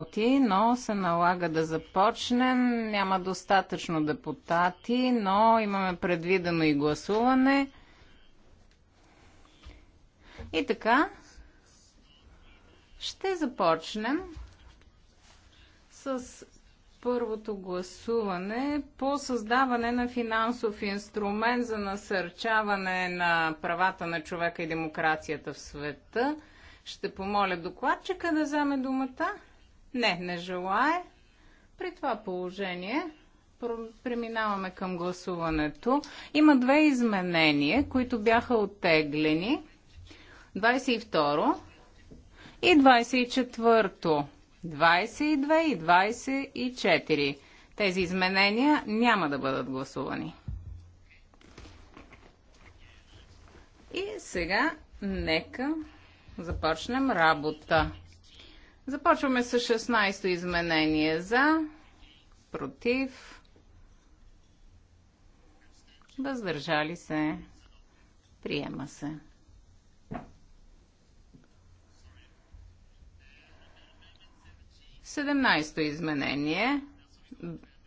работи, но се налага да започнем. Няма достатъчно депутати, но имаме предвидено и гласуване. И така, ще започнем с първото гласуване по създаване на финансов инструмент за насърчаване на правата на човека и демокрацията в света. Ще помоля докладчика да вземе думата. Не, не желая. При това положение преминаваме към гласуването. Има две изменения, които бяха оттеглени. 22 и 24. 22 и 24. Тези изменения няма да бъдат гласувани. И сега нека започнем работа. Започваме с 16-то изменение за, против, въздържали се, приема се. Седемнайсто изменение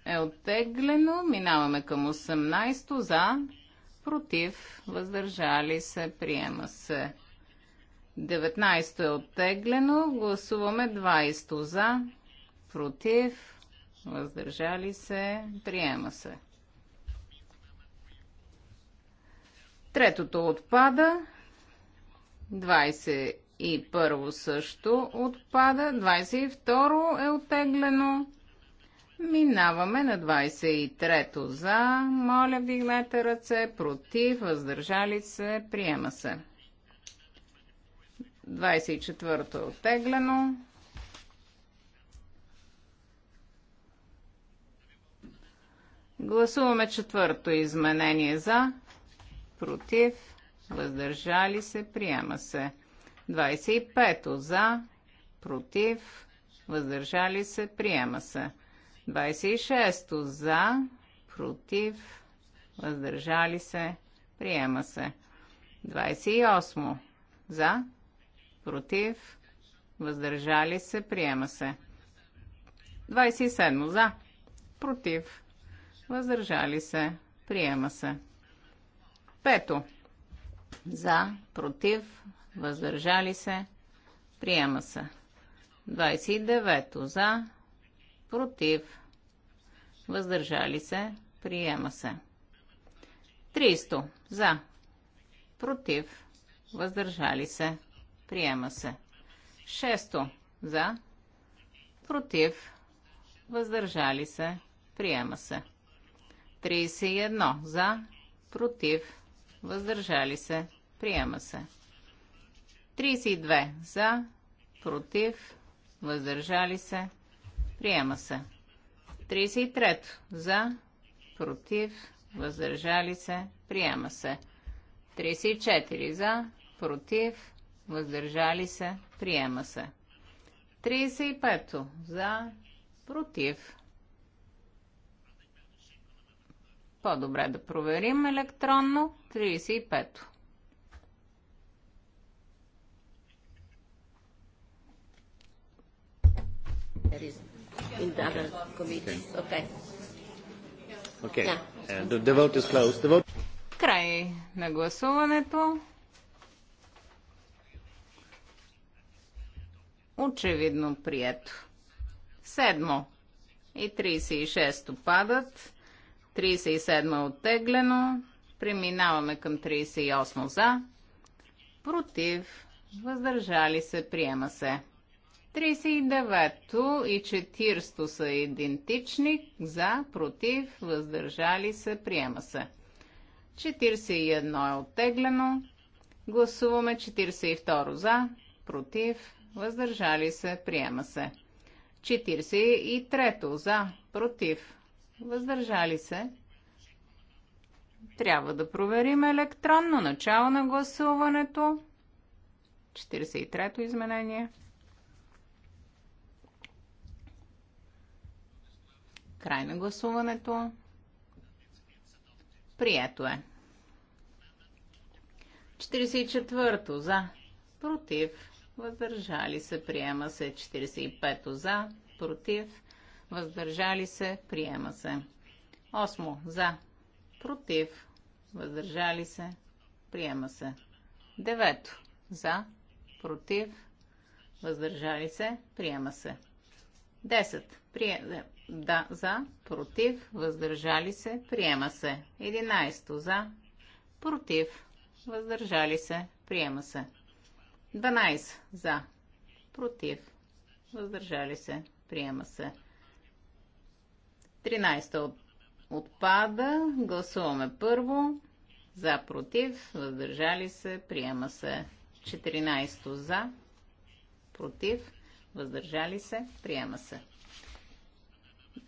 е оттеглено. Минаваме към 18 то за, против, въздържали се, приема се. 19 е оттеглено. Гласуваме 20 за, против, въздържали се, приема се. Третото отпада. 21 също отпада. 22 е оттеглено. Минаваме на 23 за. Моля, ви, гледате ръце. Против, въздържали се, приема се. 24-то е оттеглено. Гласуваме четвърто изменение за, против, въздържали се, приема се. 25-то за, против, въздържали се, приема се. 26-то за, против, въздържали се, приема се. 28-то за, против, против, въздържали се, приема се. 27 за, против, въздържали се, приема се. Пето. За, против, въздържали се, приема се. 29 за, против, въздържали се, приема се. 300 за, против, въздържали се, Приема се. Шесто. За. Против. Въздържали се. Приема се. 31. За. Против. Въздържали се. Приема се. 32. За. Против. Въздържали се. Приема се. 33. За. Против. Въздържали се. Приема се. 34. За. Против въздържали се, приема се. 35 за, против. По-добре да проверим електронно. 35 то Край на гласуването. Очевидно прието. Седмо и 36 падат. 37 е оттеглено. Преминаваме към 38 за. Против. Въздържали се. Приема се. 39 то и 40 са идентични. За. Против. Въздържали се. Приема се. 41 е оттеглено. Гласуваме 42 за. Против въздържали се, приема се. 43-то за, против, въздържали се. Трябва да проверим електронно начало на гласуването. 43-то изменение. Край на гласуването. Прието е. 44-то за, против, въздържали се, приема се 45 за, против, въздържали се, приема се. 8 за, против, въздържали се, приема се. 9 за, против, въздържали се, приема се. 10 прие... да, за, против, въздържали се, приема се. 11 за, против, въздържали се, приема се. 12 за, против, въздържали се, приема се. 13 отпада, гласуваме първо, за, против, въздържали се, приема се. 14 за, против, въздържали се, приема се.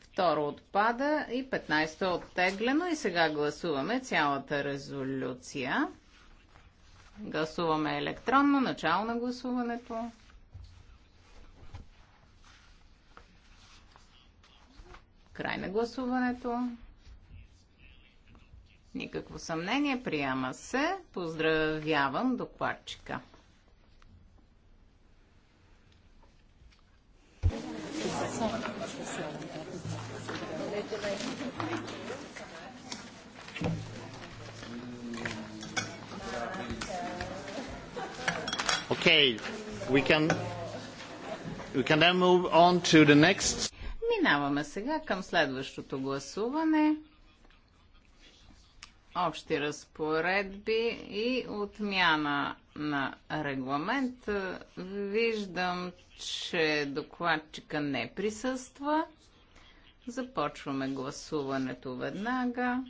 Второ отпада и 15 е оттеглено и сега гласуваме цялата резолюция. Гласуваме електронно, начало на гласуването. Край на гласуването. Никакво съмнение, приема се. Поздравявам докладчика. Thank you. Минаваме сега към следващото гласуване. Общи разпоредби и отмяна на регламент. Виждам, че докладчика не присъства. Започваме гласуването веднага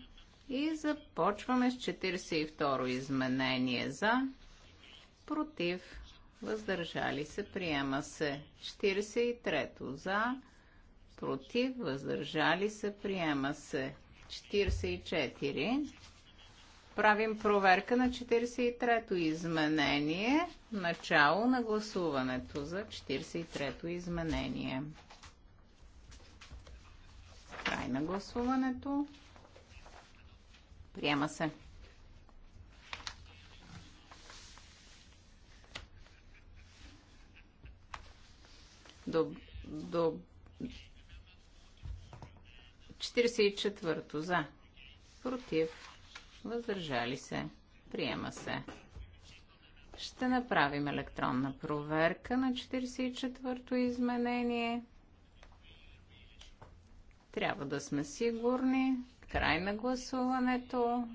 и започваме с 42 изменение за, против, въздържали се, приема се. 43-то за, против, въздържали се, приема се. 44. Правим проверка на 43-то изменение. Начало на гласуването за 43-то изменение. Край на гласуването. Приема се. до, до 44-то за. Против. Въздържали се. Приема се. Ще направим електронна проверка на 44-то изменение. Трябва да сме сигурни. Край на гласуването.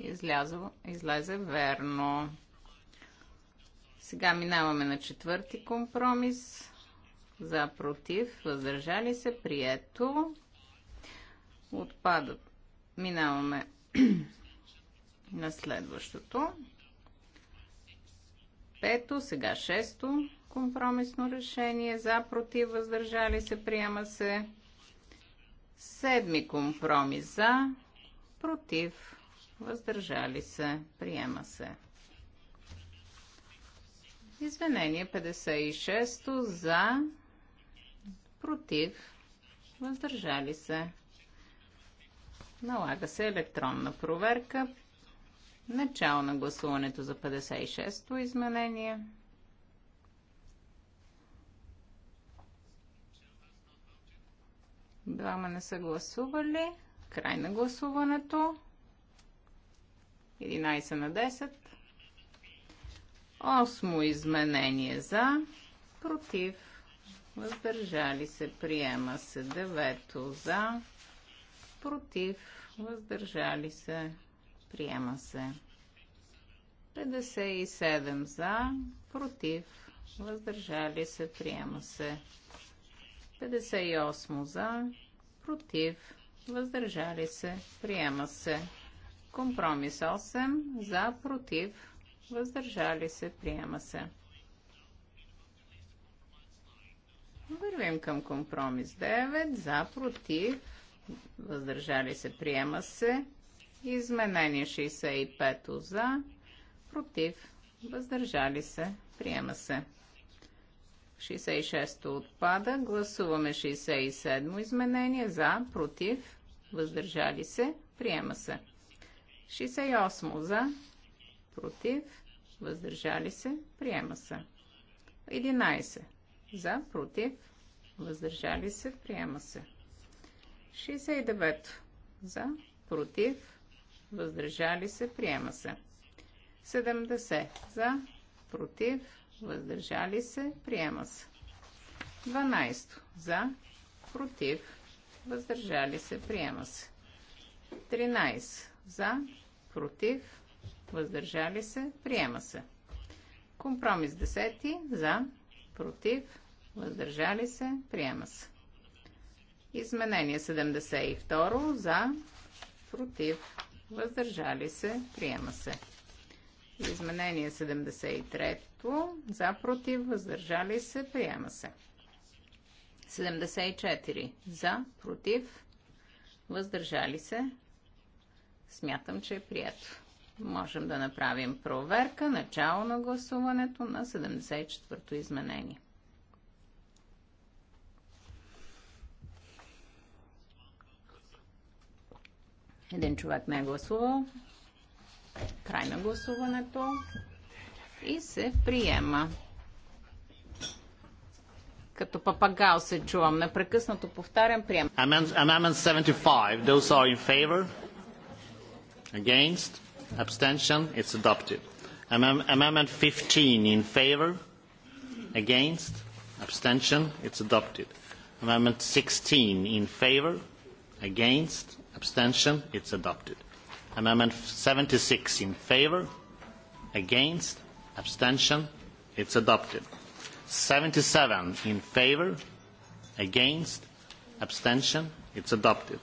Излязо, излезе верно. Сега минаваме на четвърти компромис. За, против, въздържали се, прието. Отпадат. Минаваме на следващото. Пето, сега шесто компромисно решение. За, против, въздържали се, приема се. Седми компромис за, против, въздържали се, приема се. Извинение 56 за, против, въздържали се. Налага се електронна проверка. Начало на гласуването за 56-то изменение. Двама не са гласували. Край на гласуването. 11 на 10. Осмо изменение за, против, въздържали се, приема се. Девето за, против, въздържали се, приема се. 57 за, против, въздържали се, приема се. 58 за, против, въздържали се, приема се. Компромис 8 за, против, въздържали се, приема се. Вървим към компромис 9, за, против, въздържали се, приема се. Изменение 65 за, против, въздържали се, приема се. 66-то отпада. Гласуваме 67-мо изменение. За, против, въздържали се, приема се. 68-мо за, против, въздържали се, приема се. 11. За, против, въздържали се, приема се. 69. За, против, въздържали се, приема се. 70. За, против, въздържали се, приема се. 12. За, против, въздържали се, приема се. 13. За, против, въздържали се, приема се. Компромис 10 за, против, въздържали се, приема се. Изменение 72 за, против, въздържали се, приема се. Изменение 73 за, против, въздържали се, приема се. 74 за, против, въздържали се. Смятам, че е прието. Можем да направим проверка, начало на гласуването на 74-то изменение. Един човек не е гласувал. Край на гласуването. И се приема. Като папагал се чувам. Непрекъснато повтарям приема. Amendment 75. Those are in favor? Against? abstention it is adopted amendment fifteen in favour against abstention it is adopted amendment sixteen in favour against abstention it is adopted amendment seventy six in favour against abstention it is adopted seventy seven in favour against abstention it is adopted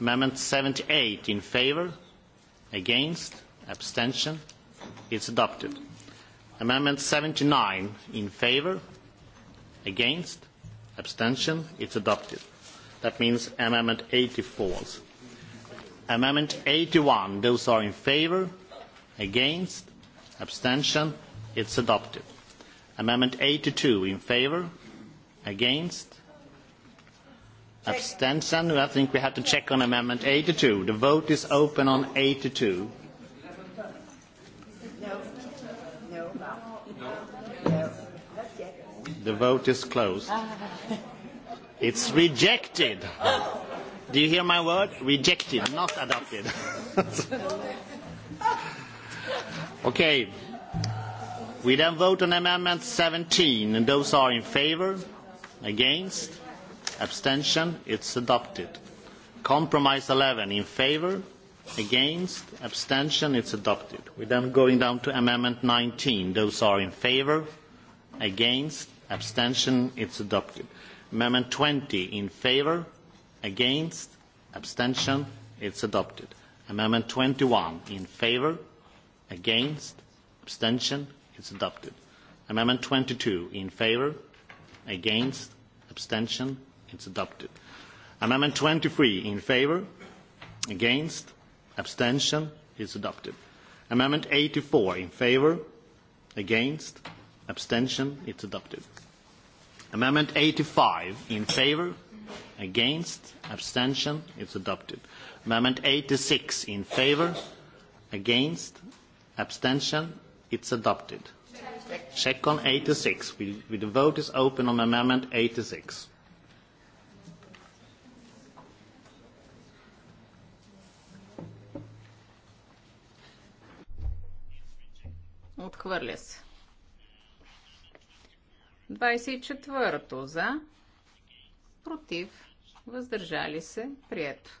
amendment seventy eight in favour against abstention it's adopted amendment 79 in favor against abstention it's adopted that means amendment eighty four. amendment 81 those are in favor against abstention it's adopted amendment 82 in favor against Abstention. I think we have to check on Amendment 82. The vote is open on 82. The vote is closed. It's rejected. Do you hear my word? Rejected, not adopted. okay. We then vote on Amendment 17. And those are in favor, against, abstention it is adopted compromise eleven in favour against abstention it is adopted we then going down to amendment nineteen those are in favour against abstention it is adopted amendment twenty in favour against abstention it is adopted amendment twenty one in favour against abstention it is adopted amendment twenty two in favour against abstention It's adopted. Amendment 23 in favour, against, abstention, is adopted. Amendment 84 in favour, against, abstention, it's adopted. Amendment 85 in favour, against, abstention, it's adopted. Amendment 86 in favour, against, abstention, it's adopted. Check on 86. We, we, the vote is open on Amendment 86. Отхвърля се. 24-то за. Против. Въздържали се. Прието.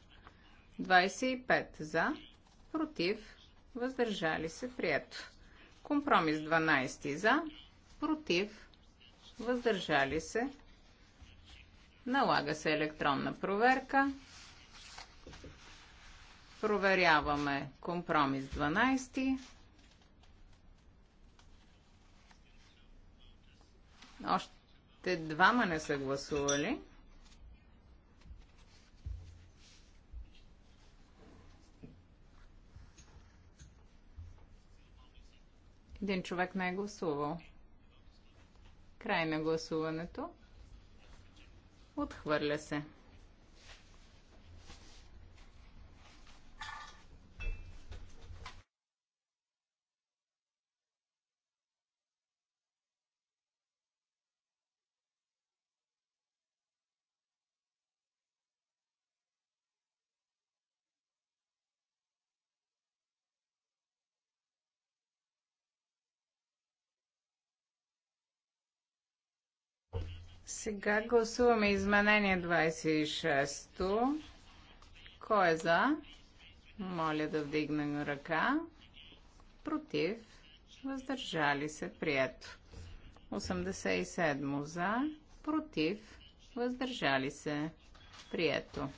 25 за. Против. Въздържали се. Прието. Компромис 12 за. Против. Въздържали се. Налага се електронна проверка. Проверяваме компромис 12. Още двама не са гласували. Един човек не е гласувал. Край на гласуването. Отхвърля се. Сега гласуваме изменение 26-то. Кой е за? Моля да вдигнем ръка. Против. Въздържали се. Прието. 87 за. Против. Въздържали се. Прието.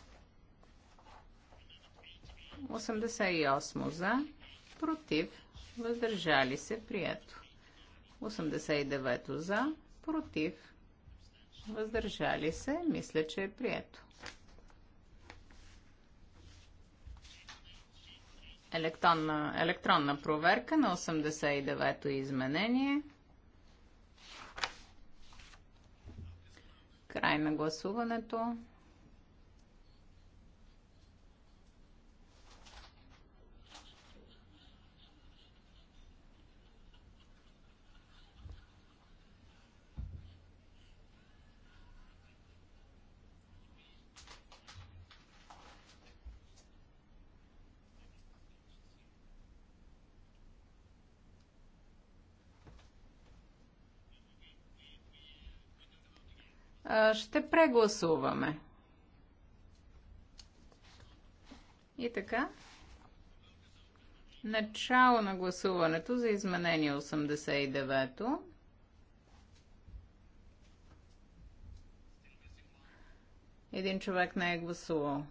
88 за. Против. Въздържали се. Прието. 89 за. Против Въздържали се. Мисля, че е прието. Електронна, електронна проверка на 89-то изменение. Край на гласуването. Ще прегласуваме. И така. Начало на гласуването за изменение 89-то. Един човек не е гласувал.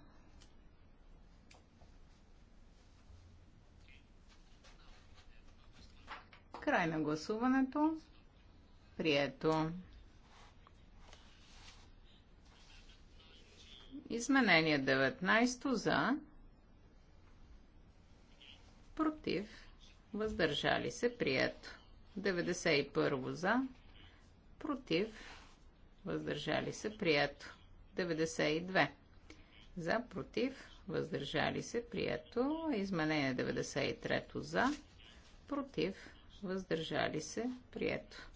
Край на гласуването. Прието. Изменение 19 за, против, въздържали се, прието. 91 за, против, въздържали се, прието. 92 за, против, въздържали се, прието. Изменение 93 за, против, въздържали се, прието.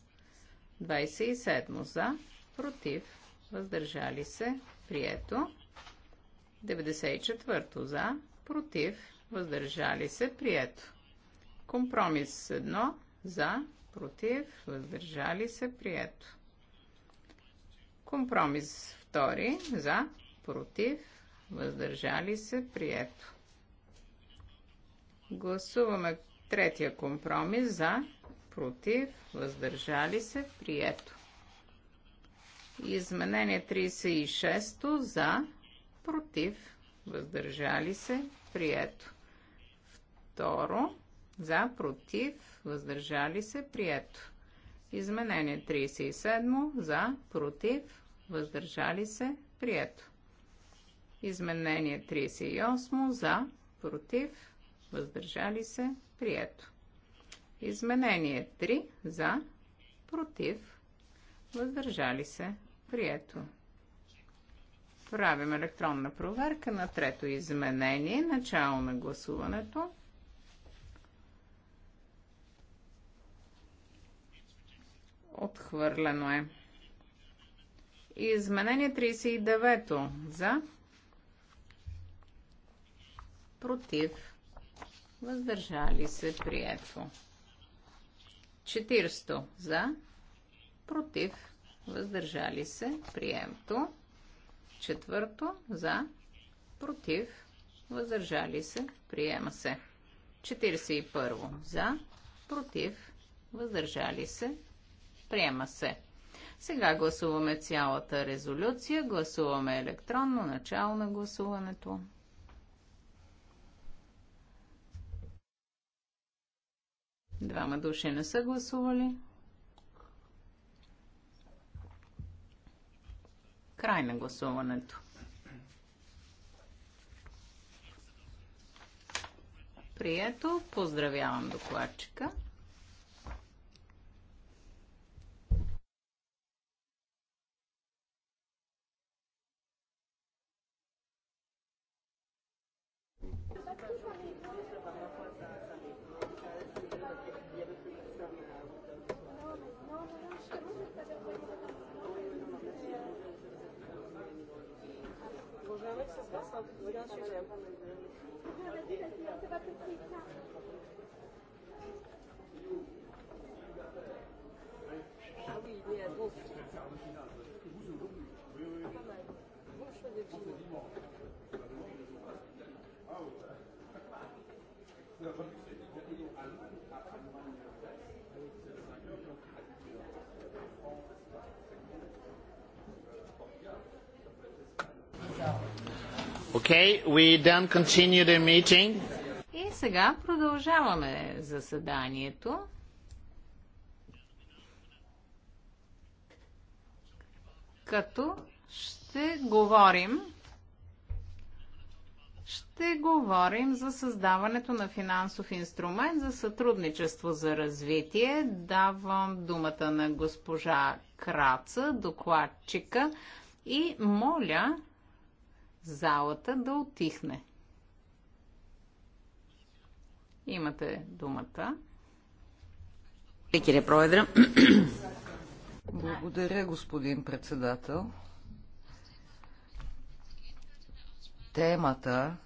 27 за, против, въздържали се, прието. 94 то за, против, въздържали се, прието. Компромис 1 за, против, въздържали се, прието. Компромис 2 за, против, въздържали се, прието. Гласуваме третия компромис за, против, въздържали се, прието. Изменение 36 то за, против, въздържали се, прието. Второ, за, против, въздържали се, прието. Изменение 37, за, против, въздържали се, прието. Изменение 38, за, против, въздържали се, прието. Изменение 3, за, против, въздържали се, прието. Правим електронна проверка на трето изменение. Начало на гласуването. Отхвърлено е. изменение 39-то. За. Против. Въздържали се. Прието. 40 За. Против. Въздържали се. прието. Четвърто за, против, въздържали се, приема се. 41 за, против, въздържали се, приема се. Сега гласуваме цялата резолюция, гласуваме електронно начало на гласуването. Двама души не са гласували. Край на гласуването. Прието. Поздравявам докладчика. Okay, we then continue the meeting. И сега продължаваме заседанието. Като ще говорим ще говорим за създаването на финансов инструмент за сътрудничество за развитие. Давам думата на госпожа Краца, докладчика, и моля залата да отихне. Имате думата. Благодаря, господин председател. Темата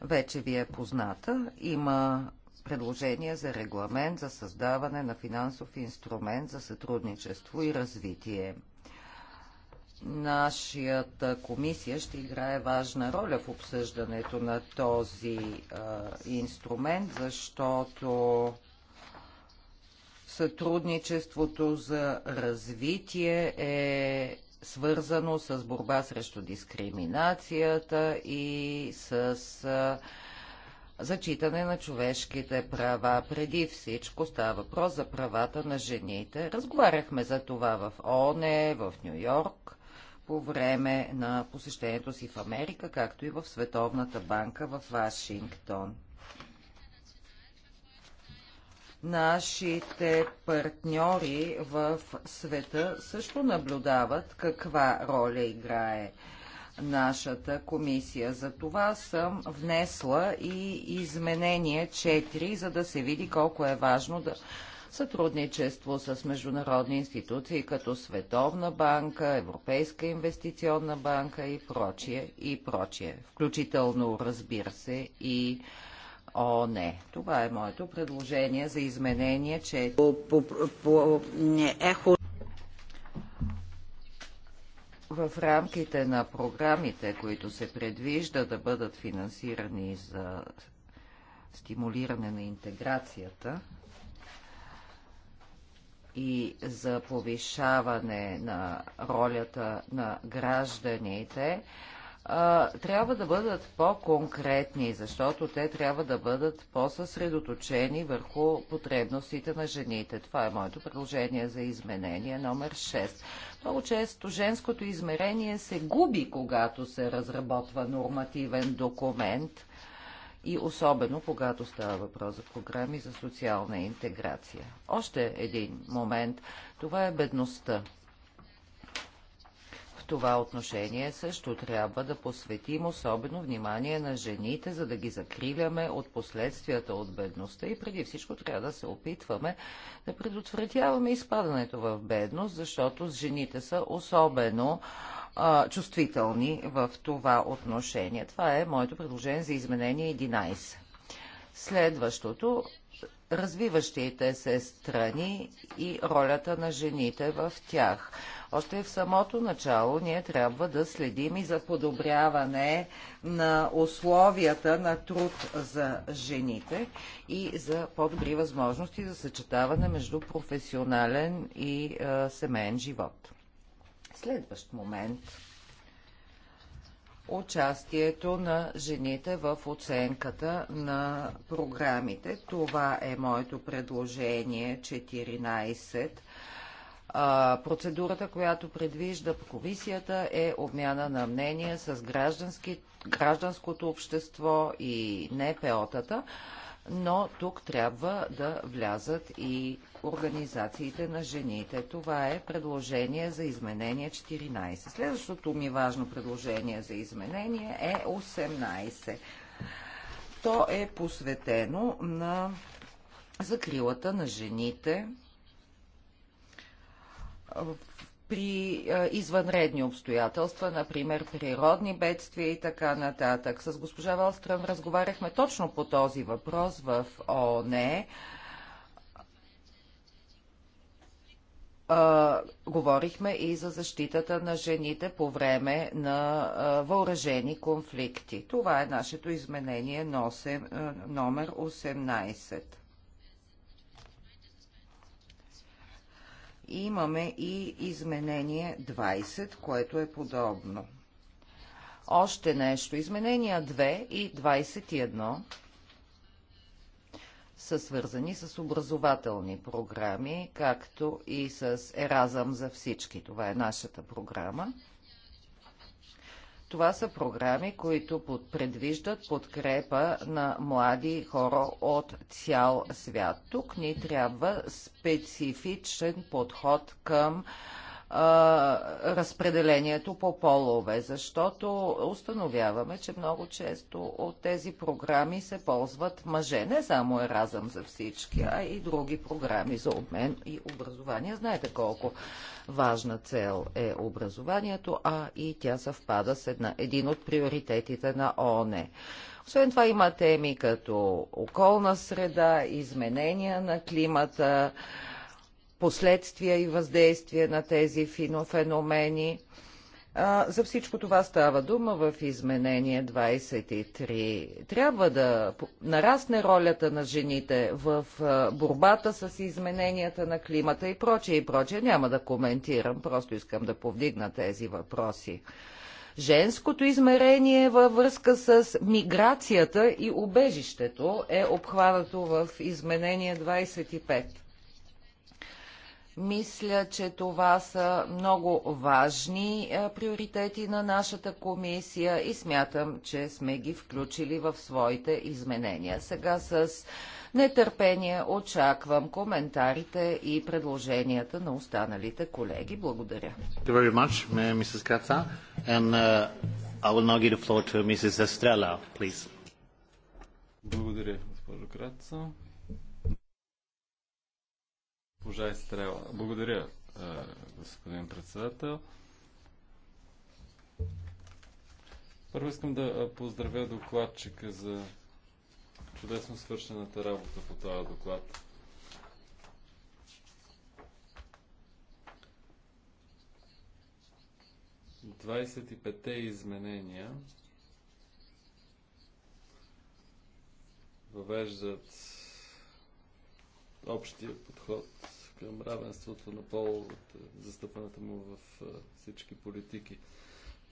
вече ви е позната. Има предложение за регламент за създаване на финансов инструмент за сътрудничество и развитие. Нашата комисия ще играе важна роля в обсъждането на този а, инструмент, защото сътрудничеството за развитие е свързано с борба срещу дискриминацията и с а, зачитане на човешките права. Преди всичко става въпрос за правата на жените. Разговаряхме за това в ОНЕ, в Нью Йорк по време на посещението си в Америка, както и в Световната банка в Вашингтон. Нашите партньори в света също наблюдават каква роля играе нашата комисия. За това съм внесла и изменение 4, за да се види колко е важно да сътрудничество с международни институции като Световна банка, Европейска инвестиционна банка и прочие, и прочие. Включително, разбира се, и О, не. Това е моето предложение за изменение, че... По, по, по, не, ехо... В рамките на програмите, които се предвижда да бъдат финансирани за стимулиране на интеграцията, и за повишаване на ролята на гражданите, трябва да бъдат по-конкретни, защото те трябва да бъдат по-съсредоточени върху потребностите на жените. Това е моето предложение за изменение номер 6. Много често женското измерение се губи, когато се разработва нормативен документ и особено когато става въпрос за програми за социална интеграция. Още един момент. Това е бедността това отношение също трябва да посветим особено внимание на жените, за да ги закриляме от последствията от бедността и преди всичко трябва да се опитваме да предотвратяваме изпадането в бедност, защото жените са особено а, чувствителни в това отношение. Това е моето предложение за изменение 11. Следващото развиващите се страни и ролята на жените в тях. Още в самото начало ние трябва да следим и за подобряване на условията на труд за жените и за по-добри възможности за съчетаване между професионален и е, семейен живот. Следващ момент – участието на жените в оценката на програмите. Това е моето предложение 14. процедурата, която предвижда комисията е обмяна на мнение с граждански, гражданското общество и НПО-тата, но тук трябва да влязат и организациите на жените. Това е предложение за изменение 14. Следващото ми важно предложение за изменение е 18. То е посветено на закрилата на жените при извънредни обстоятелства, например природни бедствия и така нататък. С госпожа Валстрън разговаряхме точно по този въпрос в ООН. а, говорихме и за защитата на жените по време на а, въоръжени конфликти. Това е нашето изменение номер 18. Имаме и изменение 20, което е подобно. Още нещо. Изменения 2 и 21 са свързани с образователни програми, както и с Еразъм за всички. Това е нашата програма. Това са програми, които предвиждат подкрепа на млади хора от цял свят. Тук ни трябва специфичен подход към разпределението по полове, защото установяваме, че много често от тези програми се ползват мъже. Не само разъм за всички, а и други програми за обмен и образование. Знаете колко важна цел е образованието, а и тя съвпада с една, един от приоритетите на ОНЕ. Освен това има теми като околна среда, изменения на климата, последствия и въздействия на тези феномени. За всичко това става дума в изменение 23. Трябва да нарасне ролята на жените в борбата с измененията на климата и прочее и прочее. Няма да коментирам, просто искам да повдигна тези въпроси. Женското измерение във връзка с миграцията и убежището е обхванато в изменение 25. Мисля, че това са много важни е, приоритети на нашата комисия и смятам, че сме ги включили в своите изменения. Сега с нетърпение очаквам коментарите и предложенията на останалите колеги. Благодаря. Uh, Благодаря, госпожо Краца. Госпожа Естрела. Благодаря, е, господин председател. Първо искам да е, поздравя докладчика за чудесно свършената работа по този доклад. Двадесет и пете изменения въвеждат общия подход към равенството на половете, застъпването му в е, всички политики.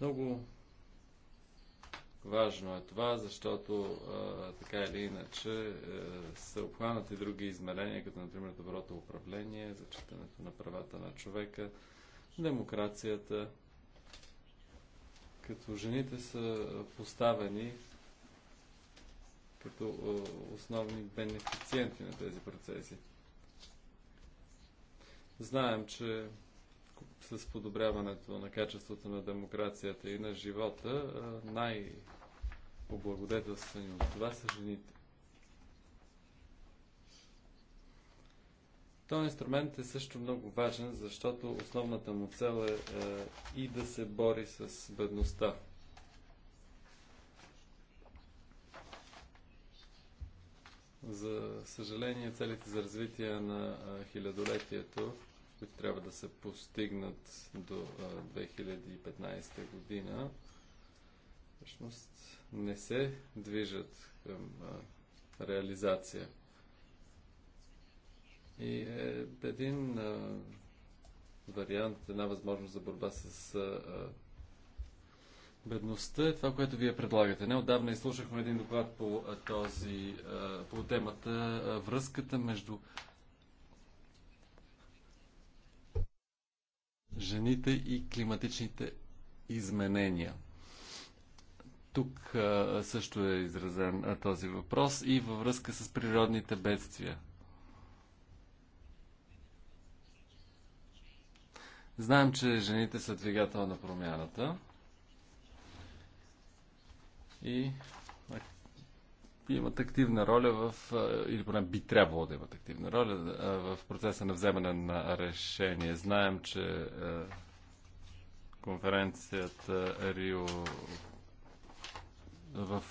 Много важно е това, защото а, е, така или иначе а, е, са обхванати други измерения, като например доброто управление, зачитането на правата на човека, демокрацията, като жените са поставени като основни бенефициенти на тези процеси. Знаем, че с подобряването на качеството на демокрацията и на живота, най-облагодетелствани от това са жените. Този инструмент е също много важен, защото основната му цел е, е и да се бори с бедността. За съжаление, целите за развитие на хилядолетието, които трябва да се постигнат до 2015 година, всъщност не се движат към реализация. И е един вариант, една възможност за борба с Бедността е това, което вие предлагате. Не отдавна изслушахме един доклад по, този, по темата връзката между жените и климатичните изменения. Тук също е изразен този въпрос и във връзка с природните бедствия. Знаем, че жените са двигател на промяната и имат активна роля в, или поне би трябвало да имат активна роля в процеса на вземане на решение. Знаем, че конференцията Рио в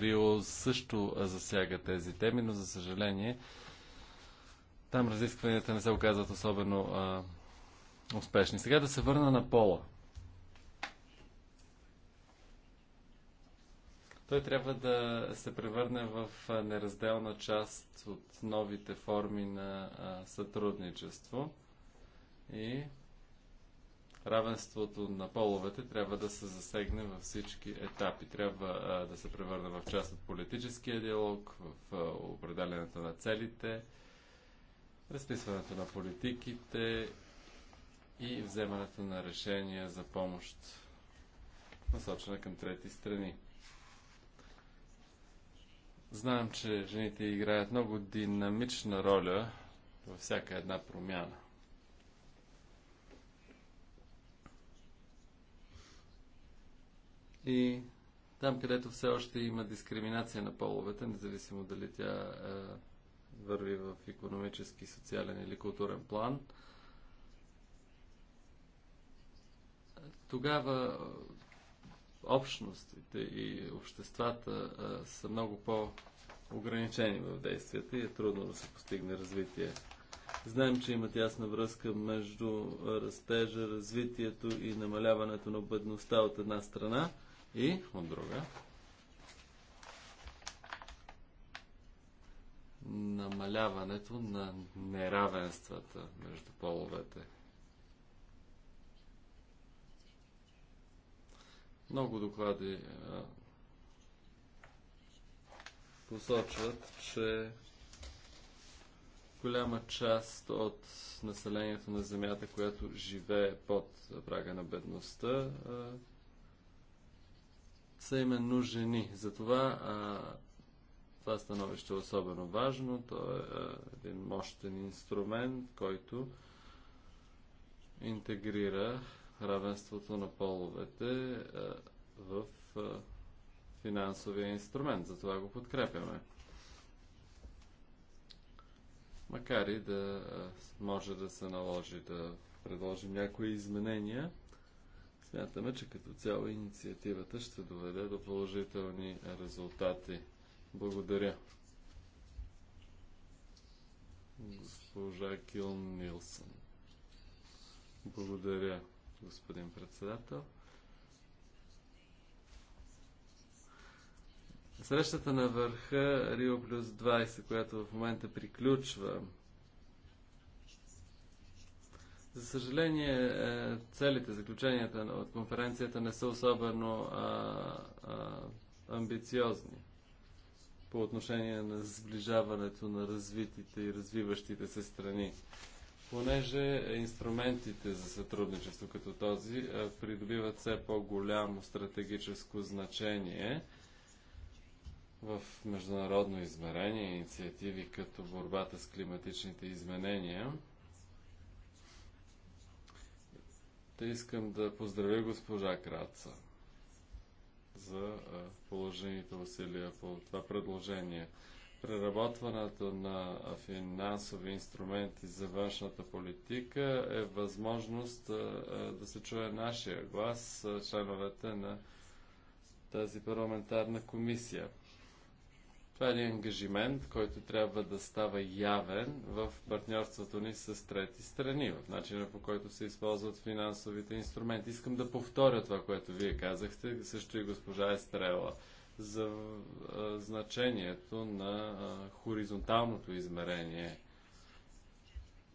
Рио също засяга тези теми, но за съжаление там разискванията не се оказват особено успешни. Сега да се върна на пола. Той трябва да се превърне в неразделна част от новите форми на сътрудничество и равенството на половете трябва да се засегне във всички етапи. Трябва да се превърне в част от политическия диалог, в определенето на целите, разписването на политиките и вземането на решения за помощ, насочена към трети страни. Знаем, че жените играят много динамична роля във всяка една промяна. И там, където все още има дискриминация на половете, независимо дали тя е, върви в економически, социален или културен план, тогава общностите и обществата а, са много по-ограничени в действията и е трудно да се постигне развитие. Знаем, че има тясна връзка между растежа, развитието и намаляването на бедността от една страна и от друга. Намаляването на неравенствата между половете. Много доклади е, посочват, че голяма част от населението на Земята, която живее под прага на бедността, е, са именно жени. Затова а, е, това становище е особено важно. То е а, един мощен инструмент, който интегрира равенството на половете е, в е, финансовия инструмент. Затова го подкрепяме. Макар и да е, може да се наложи да предложим някои изменения, смятаме, че като цяло инициативата ще доведе до положителни резултати. Благодаря. Госпожа Кил Нилсън. Благодаря господин председател. Срещата на върха Рио плюс 20, която в момента приключва, за съжаление, е, целите, заключенията от конференцията не са особено а, а, амбициозни по отношение на сближаването на развитите и развиващите се страни понеже инструментите за сътрудничество като този придобиват все по-голямо стратегическо значение в международно измерение, инициативи като борбата с климатичните изменения. Те искам да поздравя госпожа Краца за положените усилия по това предложение преработването на финансови инструменти за външната политика е възможност да се чуе нашия глас, членовете на тази парламентарна комисия. Това е един ангажимент, който трябва да става явен в партньорството ни с трети страни, в начина по който се използват финансовите инструменти. Искам да повторя това, което вие казахте, също и госпожа Естрела за значението на хоризонталното измерение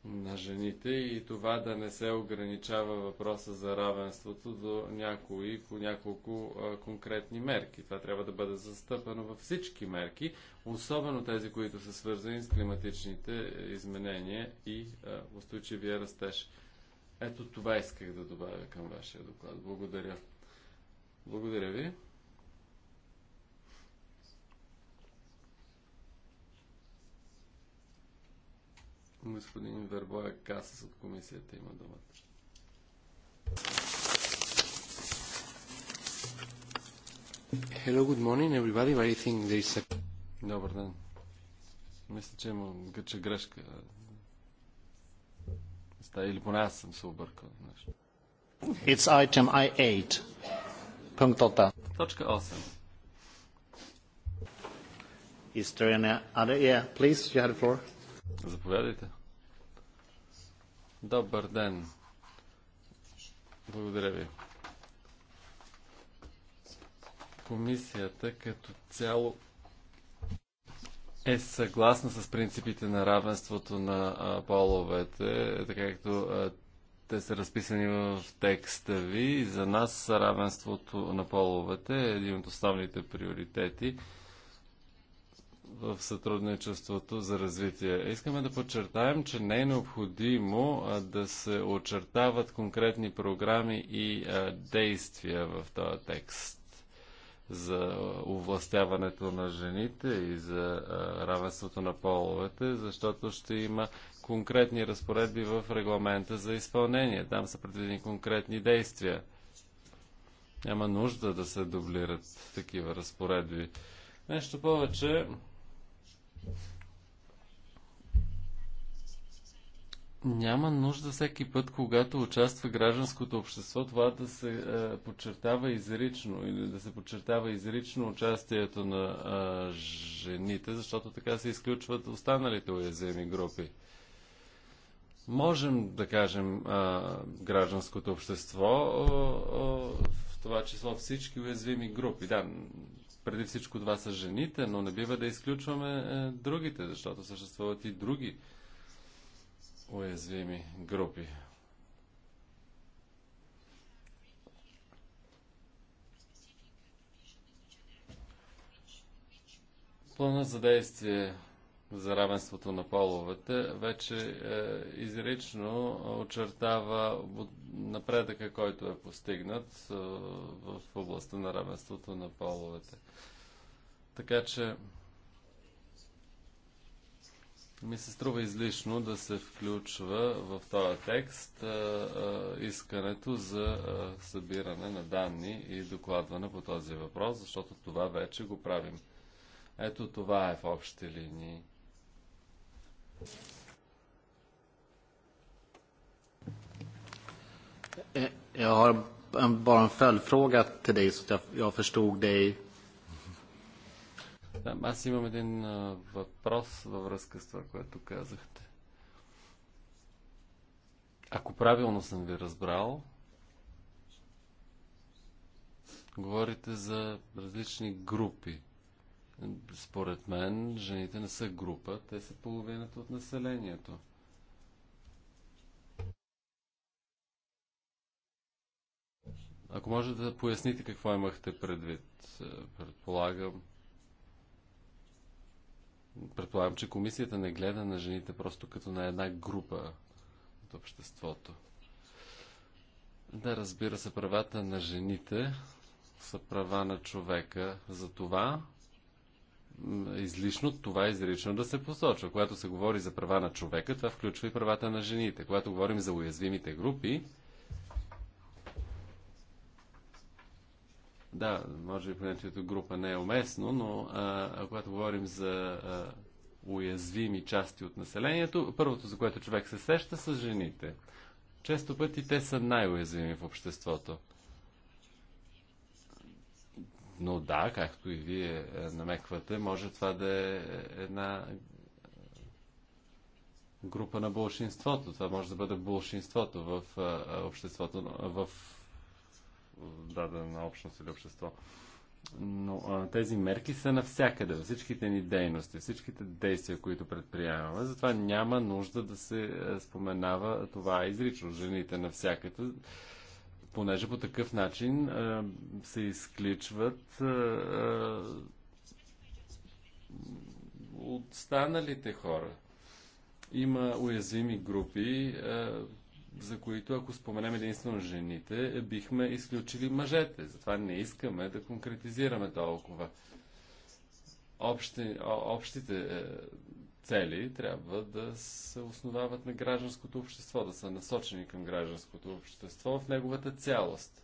на жените и това да не се ограничава въпроса за равенството до някои по няколко а, конкретни мерки. Това трябва да бъде застъпено във всички мерки, особено тези, които са свързани с климатичните е, изменения и а, устойчивия растеж. Ето това исках да добавя към вашия доклад. Благодаря. Благодаря ви. Господин Вербоя Касас от комисията има думата. Hello, good morning everybody. I think there is a... Добър ден. Мисля, че има гъча грешка. Или поне аз съм се объркал. Нещо. It's item I8. Пунктота. Точка 8. Is there any other? Yeah, please, you had the floor. Заповядайте. Добър ден. Благодаря ви. Комисията като цяло е съгласна с принципите на равенството на половете, така както те са разписани в текста ви. За нас равенството на половете е един от основните приоритети в сътрудничеството за развитие. Искаме да подчертаем, че не е необходимо да се очертават конкретни програми и действия в този текст за овластяването на жените и за равенството на половете, защото ще има конкретни разпоредби в регламента за изпълнение. Там са предвидени конкретни действия. Няма нужда да се дублират такива разпоредби. Нещо повече, няма нужда всеки път, когато участва гражданското общество, това да се а, е, подчертава изрично или да се подчертава изрично участието на а, е, жените, защото така се изключват останалите уязвими групи. Можем да кажем а, е, гражданското общество, о, о, в това число всички уязвими групи. Да, преди всичко това са жените, но не бива да изключваме е, другите, защото съществуват и други уязвими групи. Плана за действие за равенството на половете вече е, изрично очертава напредъка, който е постигнат е, в областта на равенството на половете. Така че ми се струва излишно да се включва в този текст а, а, искането за а, събиране на данни и докладване по този въпрос, защото това вече го правим. Ето това е в общи линии. Е, Jag har bara en följdfråga till dig så att jag förstod dig да, аз имам един а, въпрос във връзка с това, което казахте. Ако правилно съм ви разбрал, говорите за различни групи. Според мен, жените не са група, те са половината от населението. Ако може да поясните какво имахте предвид, е, предполагам, Предполагам, че комисията не гледа на жените просто като на една група от обществото. Да, разбира се, правата на жените са права на човека. За това излишно това изрично да се посочва. Когато се говори за права на човека, това включва и правата на жените. Когато говорим за уязвимите групи, Да, може би понятието група не е уместно, но а, а когато говорим за а, уязвими части от населението, първото, за което човек се сеща, са жените. Често пъти те са най-уязвими в обществото. Но да, както и вие е, намеквате, може това да е една група на болшинството. Това може да бъде болшинството в обществото, в дадена общност или общество. Но а, тези мерки са навсякъде, във всичките ни дейности, всичките действия, които предприемаме. Затова няма нужда да се е, споменава това изрично. Жените навсякъде, понеже по такъв начин а, е, се изключват. А, е, останалите хора. Има уязвими групи, за които, ако споменем единствено жените, бихме изключили мъжете. Затова не искаме да конкретизираме толкова. Общи, общите е, цели трябва да се основават на гражданското общество, да са насочени към гражданското общество в неговата цялост.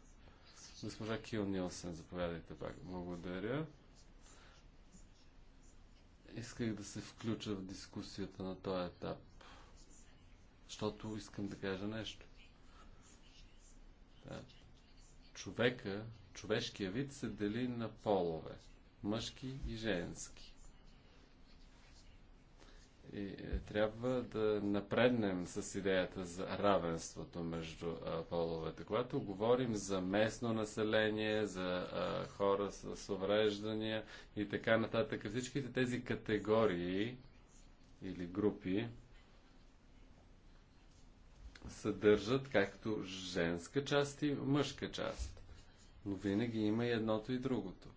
Госпожа Кил Нилсен, заповядайте пак. Благодаря. Исках да се включа в дискусията на този етап защото искам да кажа нещо. Да. Човека, човешкия вид се дели на полове. Мъжки и женски. И е, трябва да напреднем с идеята за равенството между а, половете. Когато говорим за местно население, за а, хора с, с увреждания и така нататък, всичките тези категории или групи, съдържат както женска част и мъжка част. Но винаги има и едното и другото.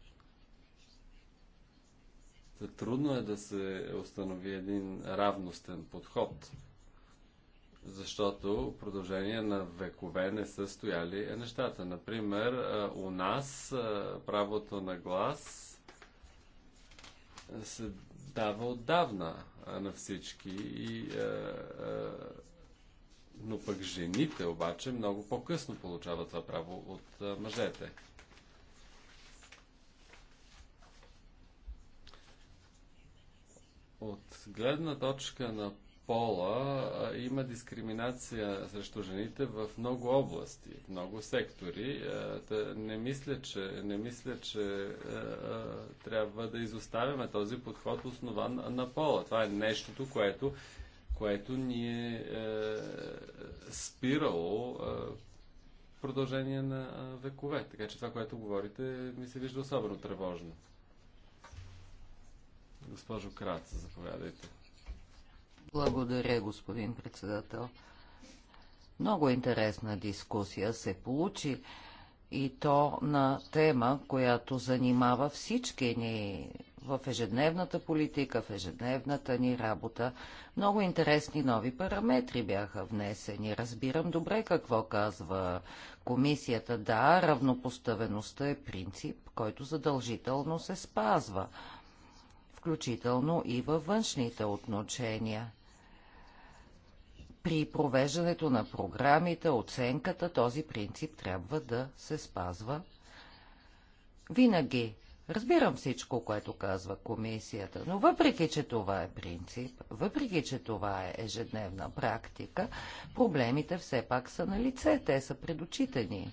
трудно е да се установи един равностен подход, защото в продължение на векове не са стояли е нещата. Например, у нас правото на глас се дава отдавна на всички и но пък жените обаче много по-късно получават това право от мъжете. От гледна точка на пола има дискриминация срещу жените в много области, в много сектори. не мисля, че, не мисля, че трябва да изоставяме този подход основан на пола. Това е нещото, което което ни е, е спирало е, продължение на е, векове. Така че това, което говорите, ми се вижда особено тревожно. Госпожо Крац, заповядайте. Благодаря, господин председател. Много интересна дискусия се получи и то на тема, която занимава всички ни в ежедневната политика, в ежедневната ни работа. Много интересни нови параметри бяха внесени. Разбирам добре какво казва комисията. Да, равнопоставеността е принцип, който задължително се спазва, включително и във външните отношения при провеждането на програмите, оценката, този принцип трябва да се спазва винаги. Разбирам всичко, което казва комисията, но въпреки, че това е принцип, въпреки, че това е ежедневна практика, проблемите все пак са на лице, те са предочитани.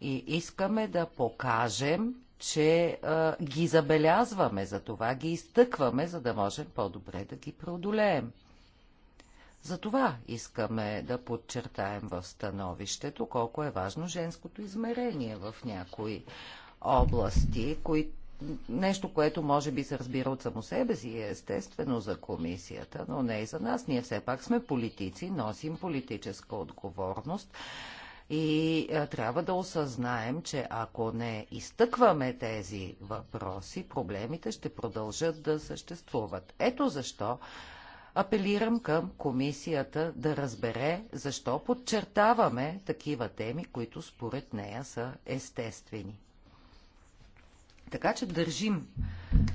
И искаме да покажем, че а, ги забелязваме, за това ги изтъкваме, за да можем по-добре да ги преодолеем. Затова искаме да подчертаем в становището колко е важно женското измерение в някои области, които нещо, което може би се разбира от само себе си, е естествено за комисията, но не и за нас. Ние все пак сме политици, носим политическа отговорност и а, е, трябва да осъзнаем, че ако не изтъкваме тези въпроси, проблемите ще продължат да съществуват. Ето защо апелирам към комисията да разбере защо подчертаваме такива теми, които според нея са естествени. Така че държим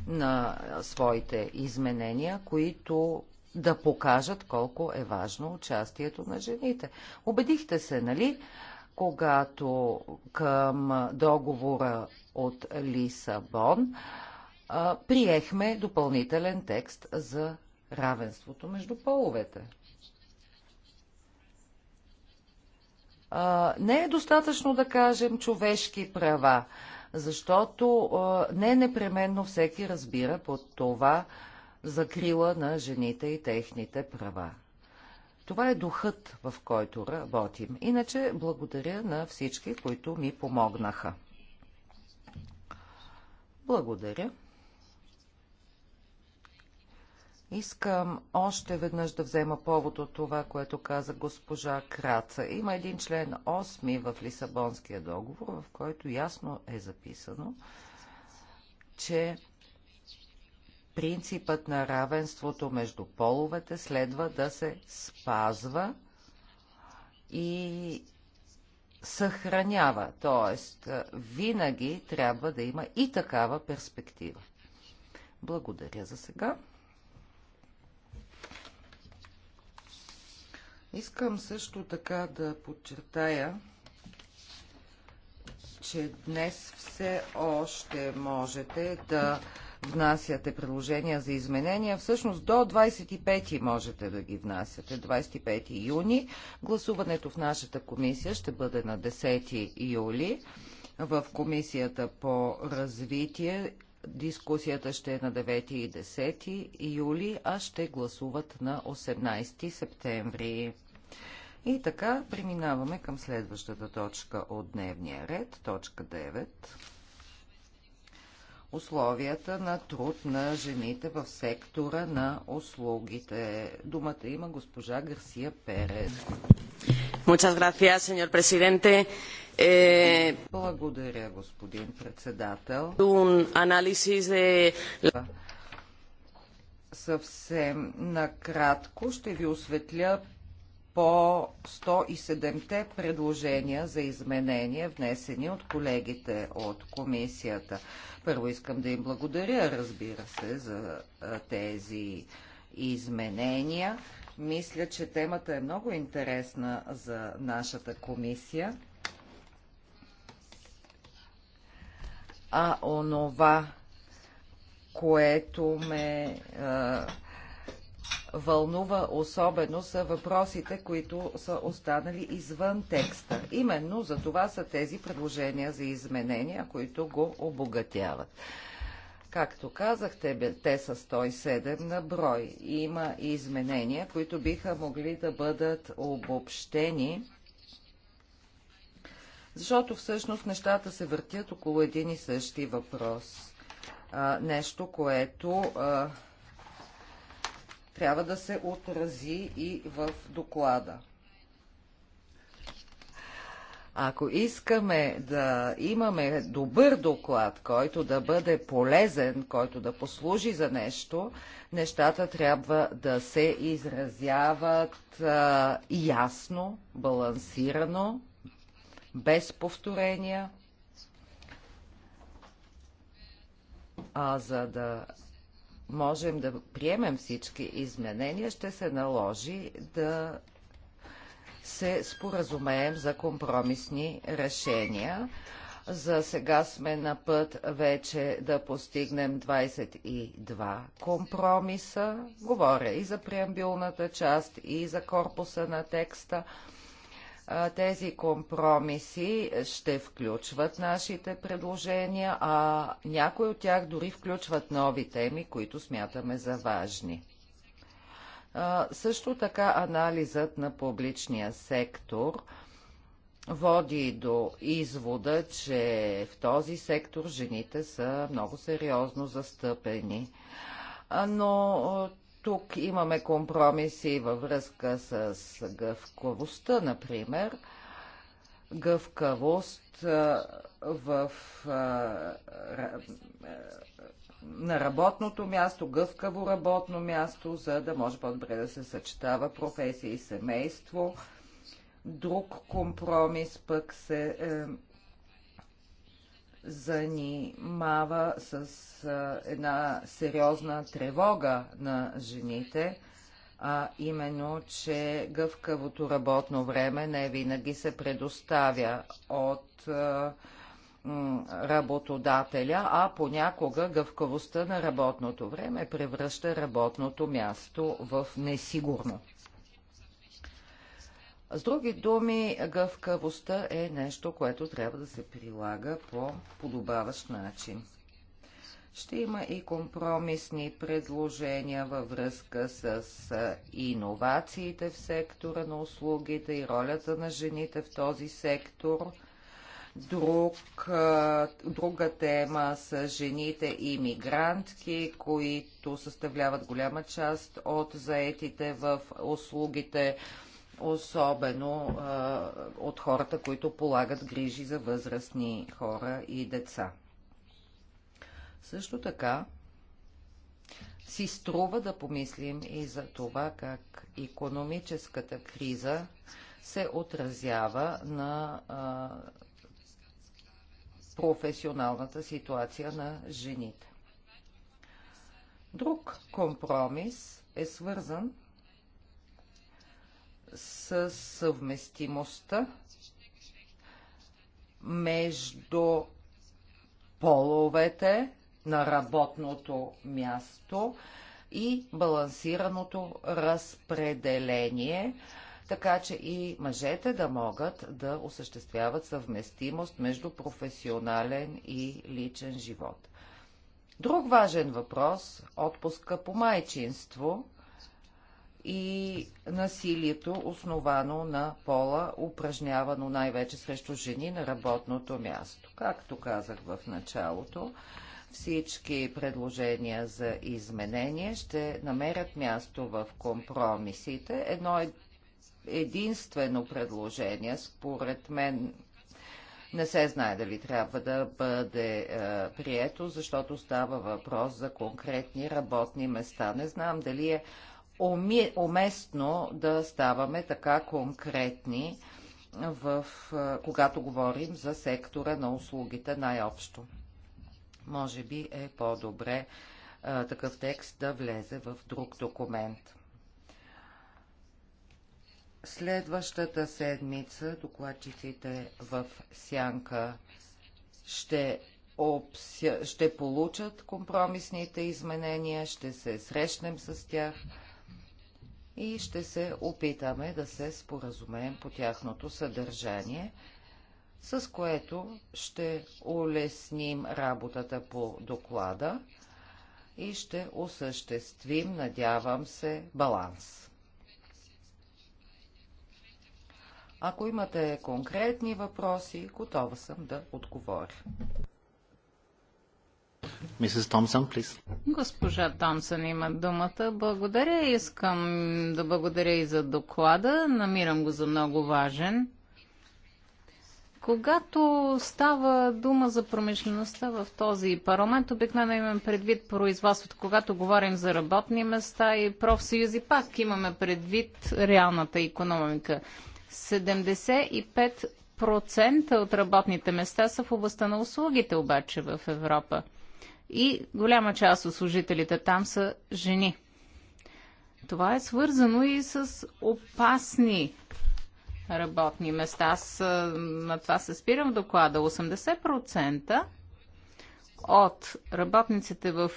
на своите изменения, които да покажат колко е важно участието на жените. Обедихте се, нали, когато към договора от Лисабон а, приехме допълнителен текст за равенството между половете. А, не е достатъчно да кажем човешки права защото не непременно всеки разбира под това закрила на жените и техните права. Това е духът, в който работим. Иначе благодаря на всички, които ми помогнаха. Благодаря. Искам още веднъж да взема повод от това, което каза госпожа Краца. Има един член 8 в Лисабонския договор, в който ясно е записано, че принципът на равенството между половете следва да се спазва и съхранява. Тоест, винаги трябва да има и такава перспектива. Благодаря за сега. Искам също така да подчертая, че днес все още можете да внасяте предложения за изменения. Всъщност до 25 можете да ги внасяте. 25 юни. Гласуването в нашата комисия ще бъде на 10 юли в комисията по развитие Дискусията ще е на 9 и 10 юли, а ще гласуват на 18 септември. И така преминаваме към следващата точка от дневния ред, точка 9. Условията на труд на жените в сектора на услугите. Думата има госпожа Гарсия Перес. Muchas gracias, señor presidente. Е... Благодаря, господин председател. Анализ е... Съвсем накратко ще ви осветля по 107-те предложения за изменения, внесени от колегите от комисията. Първо искам да им благодаря, разбира се, за тези изменения. Мисля, че темата е много интересна за нашата комисия. а онова, което ме а, вълнува особено са въпросите, които са останали извън текста. Именно за това са тези предложения за изменения, които го обогатяват. Както казахте, те са 107 на брой. Има и изменения, които биха могли да бъдат обобщени защото всъщност нещата се въртят около един и същи въпрос. А, нещо, което а, трябва да се отрази и в доклада. Ако искаме да имаме добър доклад, който да бъде полезен, който да послужи за нещо, нещата трябва да се изразяват а, ясно, балансирано без повторения, а за да можем да приемем всички изменения, ще се наложи да се споразумеем за компромисни решения. За сега сме на път вече да постигнем 22 компромиса. Говоря и за преамбилната част, и за корпуса на текста тези компромиси ще включват нашите предложения, а някои от тях дори включват нови теми, които смятаме за важни. също така анализът на публичния сектор води до извода, че в този сектор жените са много сериозно застъпени. Но тук имаме компромиси във връзка с гъвкавостта, например. Гъвкавост в, на работното място, гъвкаво работно място, за да може по-добре да се съчетава професия и семейство. Друг компромис пък се е, занимава с една сериозна тревога на жените, а именно, че гъвкавото работно време не винаги се предоставя от работодателя, а понякога гъвкавостта на работното време превръща работното място в несигурно. С други думи, гъвкавостта е нещо, което трябва да се прилага по подобаващ начин. Ще има и компромисни предложения във връзка с иновациите в сектора на услугите и ролята на жените в този сектор. Друг, друга тема са жените и мигрантки, които съставляват голяма част от заетите в услугите особено а, от хората, които полагат грижи за възрастни хора и деца. Също така си струва да помислим и за това как економическата криза се отразява на а, професионалната ситуация на жените. Друг компромис е свързан със съвместимостта между половете на работното място и балансираното разпределение, така че и мъжете да могат да осъществяват съвместимост между професионален и личен живот. Друг важен въпрос – отпуска по майчинство, и насилието, основано на пола, упражнявано най-вече срещу жени на работното място. Както казах в началото, всички предложения за изменение ще намерят място в компромисите. Едно е единствено предложение, според мен, не се знае дали трябва да бъде е, прието, защото става въпрос за конкретни работни места. Не знам дали е уместно да ставаме така конкретни, в, когато говорим за сектора на услугите най-общо. Може би е по-добре такъв текст да влезе в друг документ. Следващата седмица докладчиците в Сянка ще, обся... ще получат компромисните изменения, ще се срещнем с тях и ще се опитаме да се споразумеем по тяхното съдържание, с което ще улесним работата по доклада и ще осъществим, надявам се, баланс. Ако имате конкретни въпроси, готова съм да отговоря. Мисис Томсън, плиз. Госпожа Томсън има думата. Благодаря. Искам да благодаря и за доклада. Намирам го за много важен. Когато става дума за промишлеността в този парламент, обикновено имам предвид производството. Когато говорим за работни места и профсъюзи, пак имаме предвид реалната економика. 75% от работните места са в областта на услугите обаче в Европа и голяма част от служителите там са жени. Това е свързано и с опасни работни места. Аз на това се спирам в доклада. 80% от работниците в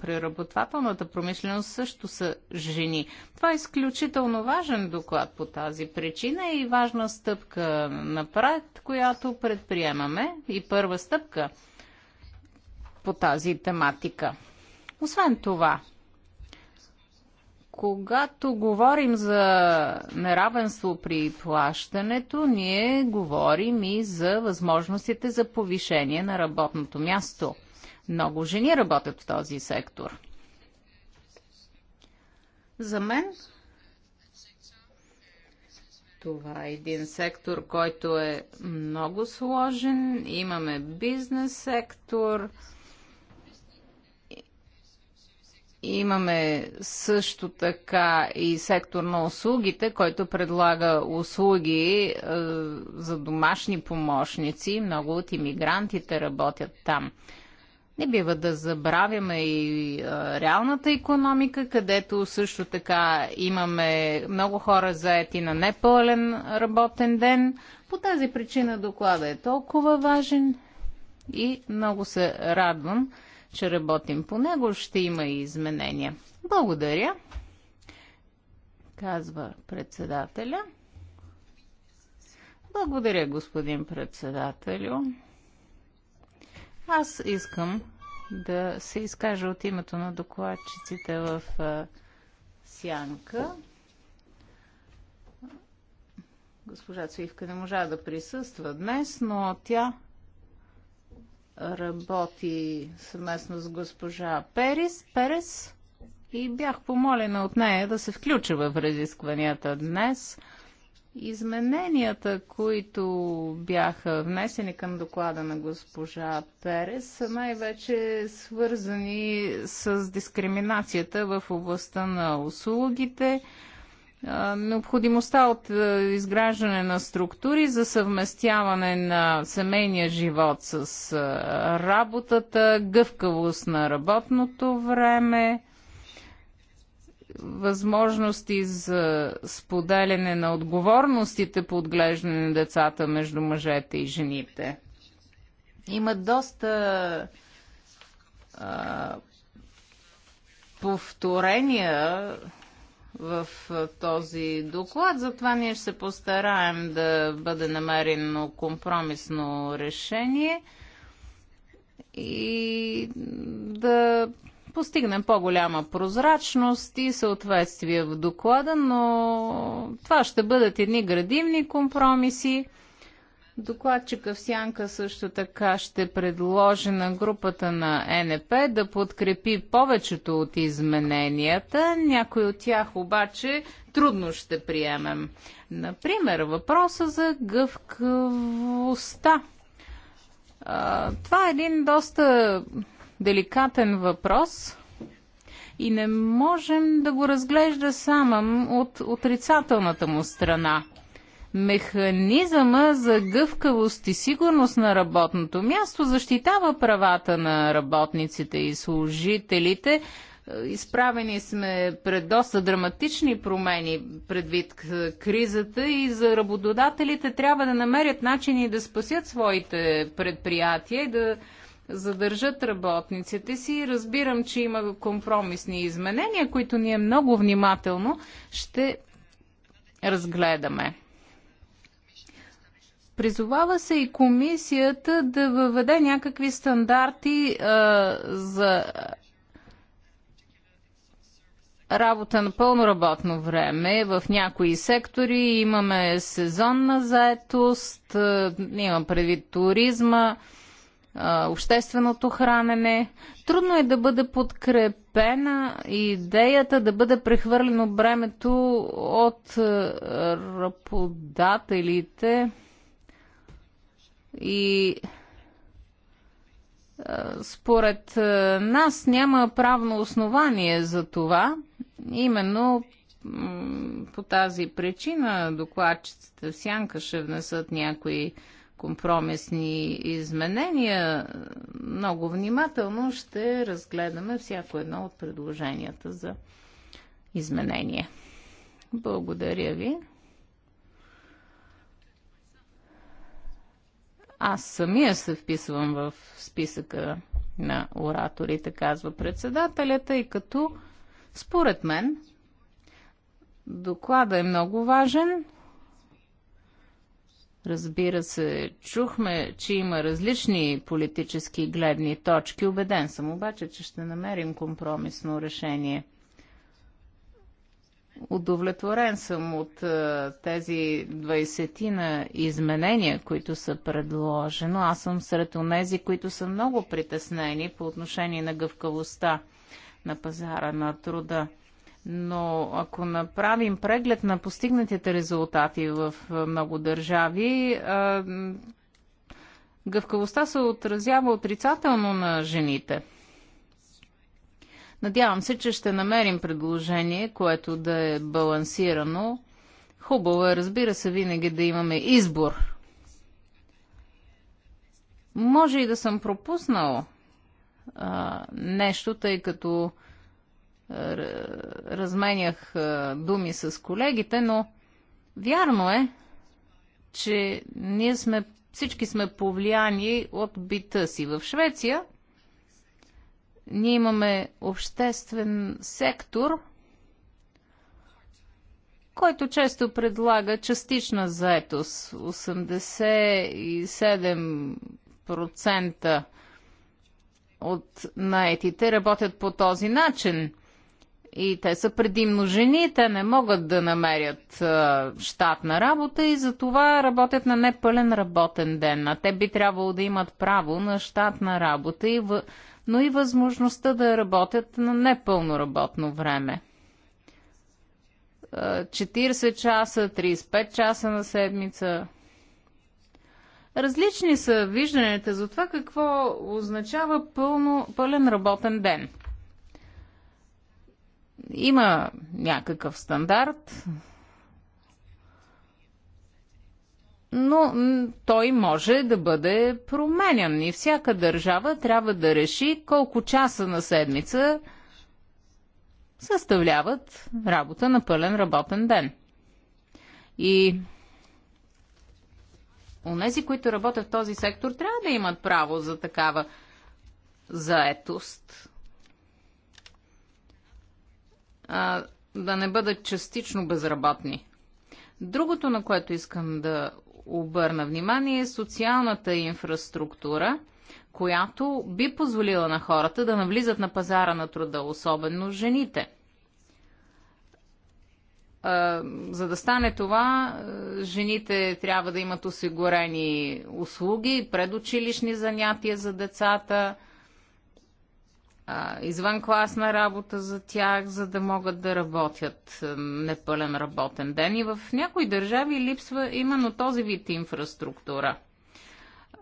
преработвателната промишленост също са жени. Това е изключително важен доклад по тази причина и важна стъпка напред, която предприемаме. И първа стъпка – по тази тематика. Освен това, когато говорим за неравенство при плащането, ние говорим и за възможностите за повишение на работното място. Много жени работят в този сектор. За мен това е един сектор, който е много сложен. Имаме бизнес сектор, Имаме също така и сектор на услугите, който предлага услуги е, за домашни помощници. Много от иммигрантите работят там. Не бива да забравяме и е, реалната економика, където също така имаме много хора заети на непълен работен ден. По тази причина доклада е толкова важен и много се радвам, че работим по него. Ще има и изменения. Благодаря, казва председателя. Благодаря, господин председателю. Аз искам да се изкажа от името на докладчиците в Сянка. Госпожа Цвивка не можа да присъства днес, но тя работи съвместно с госпожа Перис. Перес и бях помолена от нея да се включа в разискванията днес. Измененията, които бяха внесени към доклада на госпожа Перес, са най-вече свързани с дискриминацията в областта на услугите, необходимостта от изграждане на структури за съвместяване на семейния живот с работата, гъвкавост на работното време, възможности за споделяне на отговорностите по отглеждане на децата между мъжете и жените. Има доста а, повторения в този доклад. Затова ние ще се постараем да бъде намерено компромисно решение и да постигнем по-голяма прозрачност и съответствие в доклада, но това ще бъдат едни градивни компромиси Докладчика в Сянка също така ще предложи на групата на НП да подкрепи повечето от измененията, някои от тях обаче трудно ще приемем. Например, въпроса за гъвкавостта. това е един доста деликатен въпрос и не можем да го разглежда само от отрицателната му страна. Механизъма за гъвкавост и сигурност на работното място защитава правата на работниците и служителите. Изправени сме пред доста драматични промени предвид кризата и за работодателите трябва да намерят начини да спасят своите предприятия и да задържат работниците си. Разбирам, че има компромисни изменения, които ние много внимателно ще разгледаме. Призовава се и комисията да въведе някакви стандарти а, за работа на пълно работно време. В някои сектори имаме сезонна заетост, имам предвид туризма, общественото хранене. Трудно е да бъде подкрепена идеята да бъде прехвърлено бремето от работодателите и според нас няма правно основание за това. Именно по тази причина докладчиците в Сянка ще внесат някои компромисни изменения. Много внимателно ще разгледаме всяко едно от предложенията за изменение. Благодаря ви. Аз самия се вписвам в списъка на ораторите, казва председателята, и като според мен доклада е много важен. Разбира се, чухме, че има различни политически гледни точки. Обеден съм обаче, че ще намерим компромисно решение. Удовлетворен съм от а, тези 20 на изменения, които са предложено. Аз съм сред онези, които са много притеснени по отношение на гъвкавостта на пазара на труда. Но ако направим преглед на постигнатите резултати в много държави, а, гъвкавостта се отразява отрицателно на жените – Надявам се, че ще намерим предложение, което да е балансирано. Хубаво е, разбира се, винаги да имаме избор. Може и да съм пропуснал а, нещо, тъй като а, разменях а, думи с колегите, но вярно е, че ние сме, всички сме повлияни от бита си. В Швеция ние имаме обществен сектор, който често предлага частична заетост. 87% от наетите работят по този начин. И те са предимно жени, те не могат да намерят а, щатна работа и затова работят на непълен работен ден. А те би трябвало да имат право на щатна работа и в но и възможността да работят на непълно работно време. 40 е, часа, 35 часа на седмица. Различни са вижданията за това какво означава пълно, пълен работен ден. Има някакъв стандарт, но той може да бъде променян и всяка държава трябва да реши колко часа на седмица съставляват работа на пълен работен ден. И онези, които работят в този сектор, трябва да имат право за такава заетост. А, да не бъдат частично безработни. Другото, на което искам да обърна внимание, е социалната инфраструктура, която би позволила на хората да навлизат на пазара на труда, особено жените – за да стане това, жените трябва да имат осигурени услуги, предучилищни занятия за децата – а, извънкласна работа за тях, за да могат да работят е, непълен работен ден. И в някои държави липсва именно този вид инфраструктура.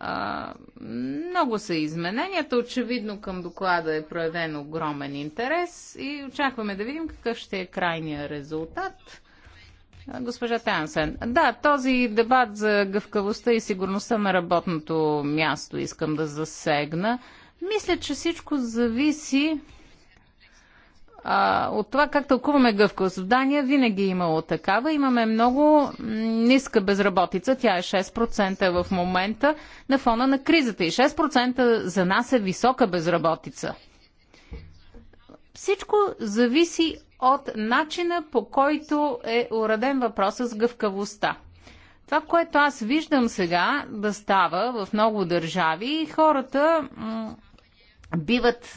А, много са измененията. Очевидно към доклада е проявен огромен интерес и очакваме да видим какъв ще е крайният резултат. Госпожа Тянсен, да, този дебат за гъвкавостта и сигурността на работното място искам да засегна. Мисля, че всичко зависи а, от това как тълкуваме гъвкавост. В Дания винаги е имало такава. Имаме много ниска безработица. Тя е 6% в момента на фона на кризата. И 6% за нас е висока безработица. Всичко зависи от начина по който е уреден въпросът с гъвкавостта. Това, което аз виждам сега да става в много държави, хората биват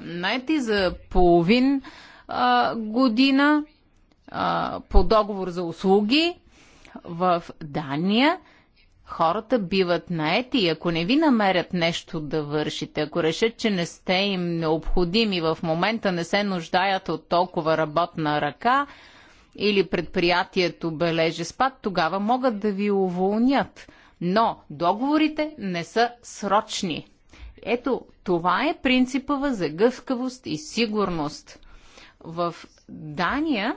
наети за половин а, година а, по договор за услуги в Дания. Хората биват наети и ако не ви намерят нещо да вършите, ако решат, че не сте им необходими в момента, не се нуждаят от толкова работна ръка или предприятието бележи спад, тогава могат да ви уволнят. Но договорите не са срочни ето, това е принципа за гъвкавост и сигурност. В Дания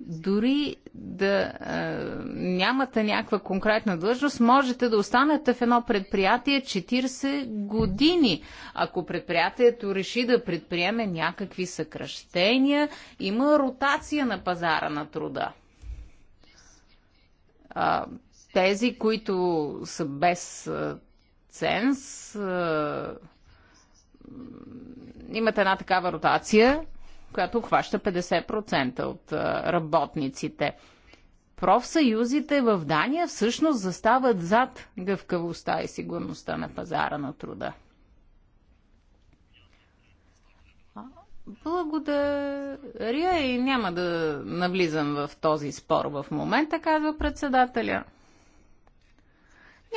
дори да е, нямате някаква конкретна длъжност, можете да останете в едно предприятие 40 години. Ако предприятието реши да предприеме някакви съкръщения, има ротация на пазара на труда. Е, тези, които са без е, Сенс. Е, Имат една такава ротация, която хваща 50% от е, работниците. Профсъюзите в Дания всъщност застават зад гъвкавостта и сигурността на пазара на труда. Благодаря и няма да навлизам в този спор в момента, казва председателя.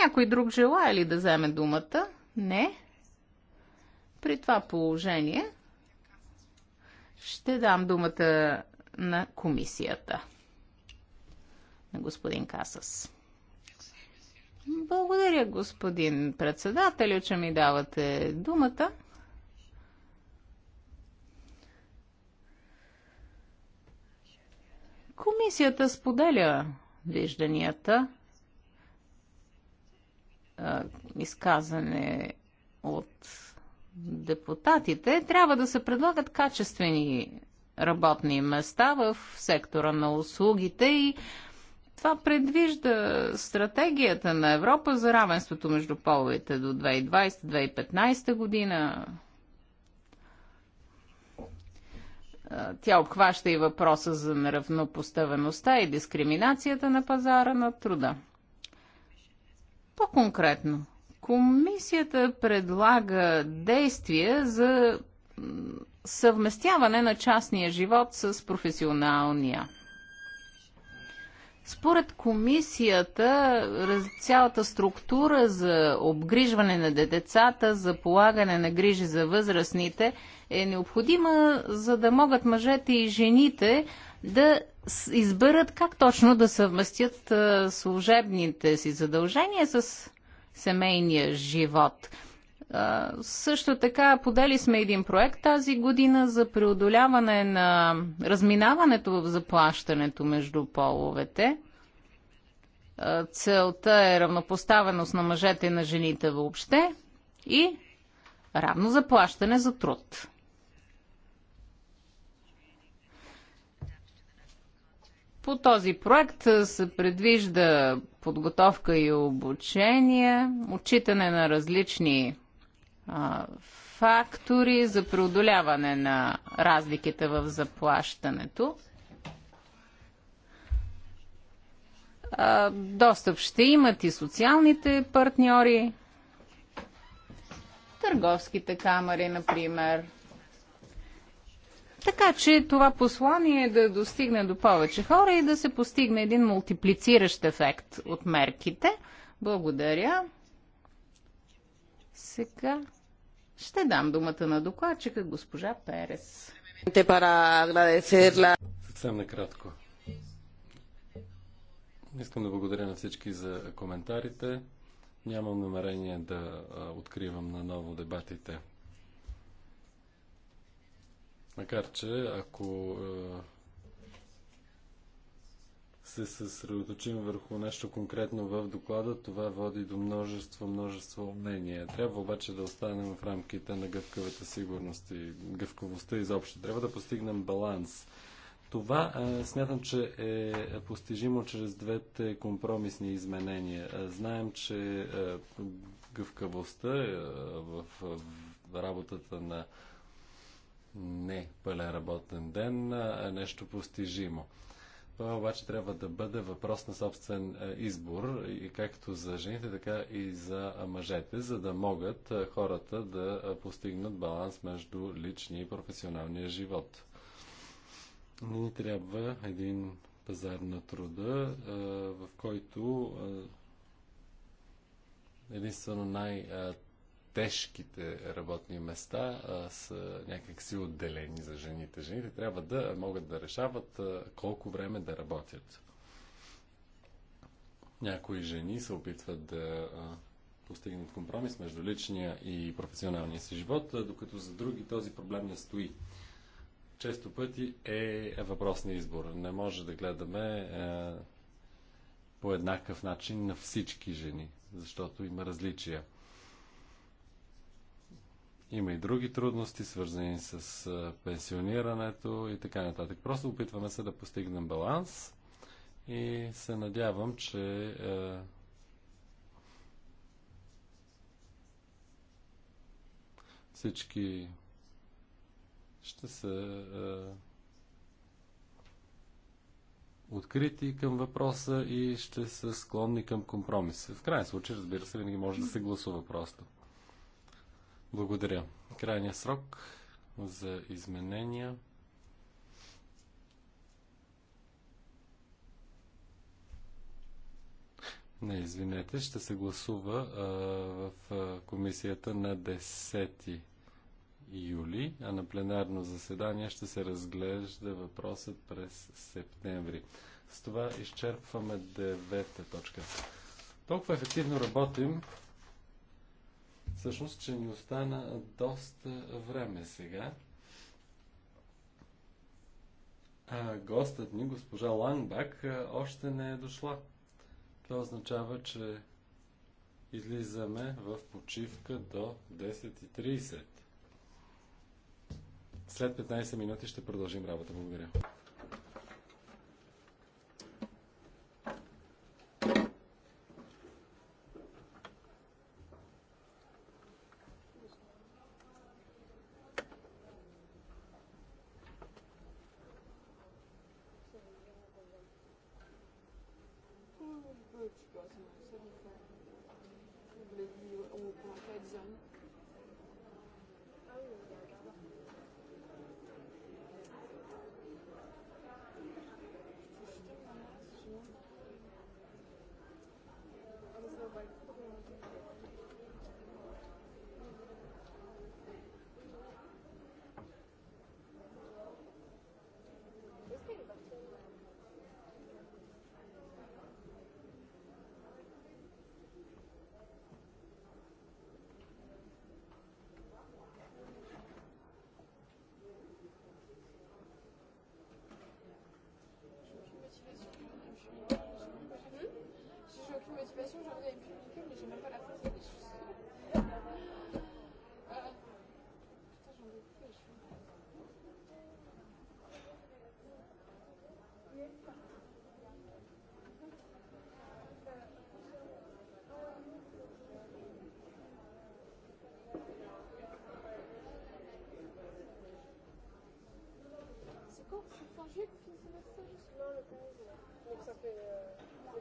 Някой друг желая ли да вземе думата? Не. При това положение ще дам думата на комисията. На господин Касас. Благодаря, господин председател, че ми давате думата. Комисията споделя вижданията изказане от депутатите, трябва да се предлагат качествени работни места в сектора на услугите и това предвижда стратегията на Европа за равенството между половете до 2020-2015 година. Тя обхваща и въпроса за неравнопоставеността и дискриминацията на пазара на труда. По-конкретно, комисията предлага действия за съвместяване на частния живот с професионалния. Според комисията, цялата структура за обгрижване на децата, за полагане на грижи за възрастните е необходима, за да могат мъжете и жените да изберат как точно да съвместят служебните си задължения с семейния живот. Също така подели сме един проект тази година за преодоляване на разминаването в заплащането между половете. Целта е равнопоставеност на мъжете и на жените въобще и равно заплащане за труд. По този проект се предвижда подготовка и обучение, отчитане на различни а, фактори за преодоляване на разликите в заплащането. А, достъп ще имат и социалните партньори, търговските камери, например – така че това послание да достигне до повече хора и да се постигне един мултиплициращ ефект от мерките. Благодаря. Сега ще дам думата на докладчика госпожа Перес. Съвсем накратко. Искам да благодаря на всички за коментарите. Нямам намерение да откривам наново дебатите. Макар, че ако се съсредоточим върху нещо конкретно в доклада, това води до множество, множество мнения. Трябва обаче да останем в рамките на гъвкавата сигурност и гъвкавостта изобщо. Трябва да постигнем баланс. Това смятам, че е постижимо чрез двете компромисни изменения. знаем, че а, гъвкавостта в, в работата на не пълен работен ден, е нещо постижимо. Това обаче трябва да бъде въпрос на собствен избор, и както за жените, така и за мъжете, за да могат хората да постигнат баланс между личния и професионалния живот. Ни трябва един пазар на труда, в който единствено най- тежките работни места а, са някакси отделени за жените. Жените трябва да могат да решават а, колко време да работят. Някои жени се опитват да а, постигнат компромис между личния и професионалния си живот, а, докато за други този проблем не стои. Често пъти е, е въпрос на избор. Не може да гледаме а, по еднакъв начин на всички жени, защото има различия. Има и други трудности, свързани с пенсионирането и така нататък. Просто опитваме се да постигнем баланс и се надявам, че всички ще са е, открити към въпроса и ще са склонни към компромис. В крайна случай, разбира се, винаги може да се гласува просто. Благодаря. Крайният срок за изменения. Не, извинете, ще се гласува а, в а, комисията на 10 юли, а на пленарно заседание ще се разглежда въпросът през септември. С това изчерпваме девета точка. Толкова ефективно работим, всъщност, че ни остана доста време сега. А, гостът ни, госпожа Лангбак, още не е дошла. Това означава, че излизаме в почивка до 10.30. След 15 минути ще продължим работа. Благодаря.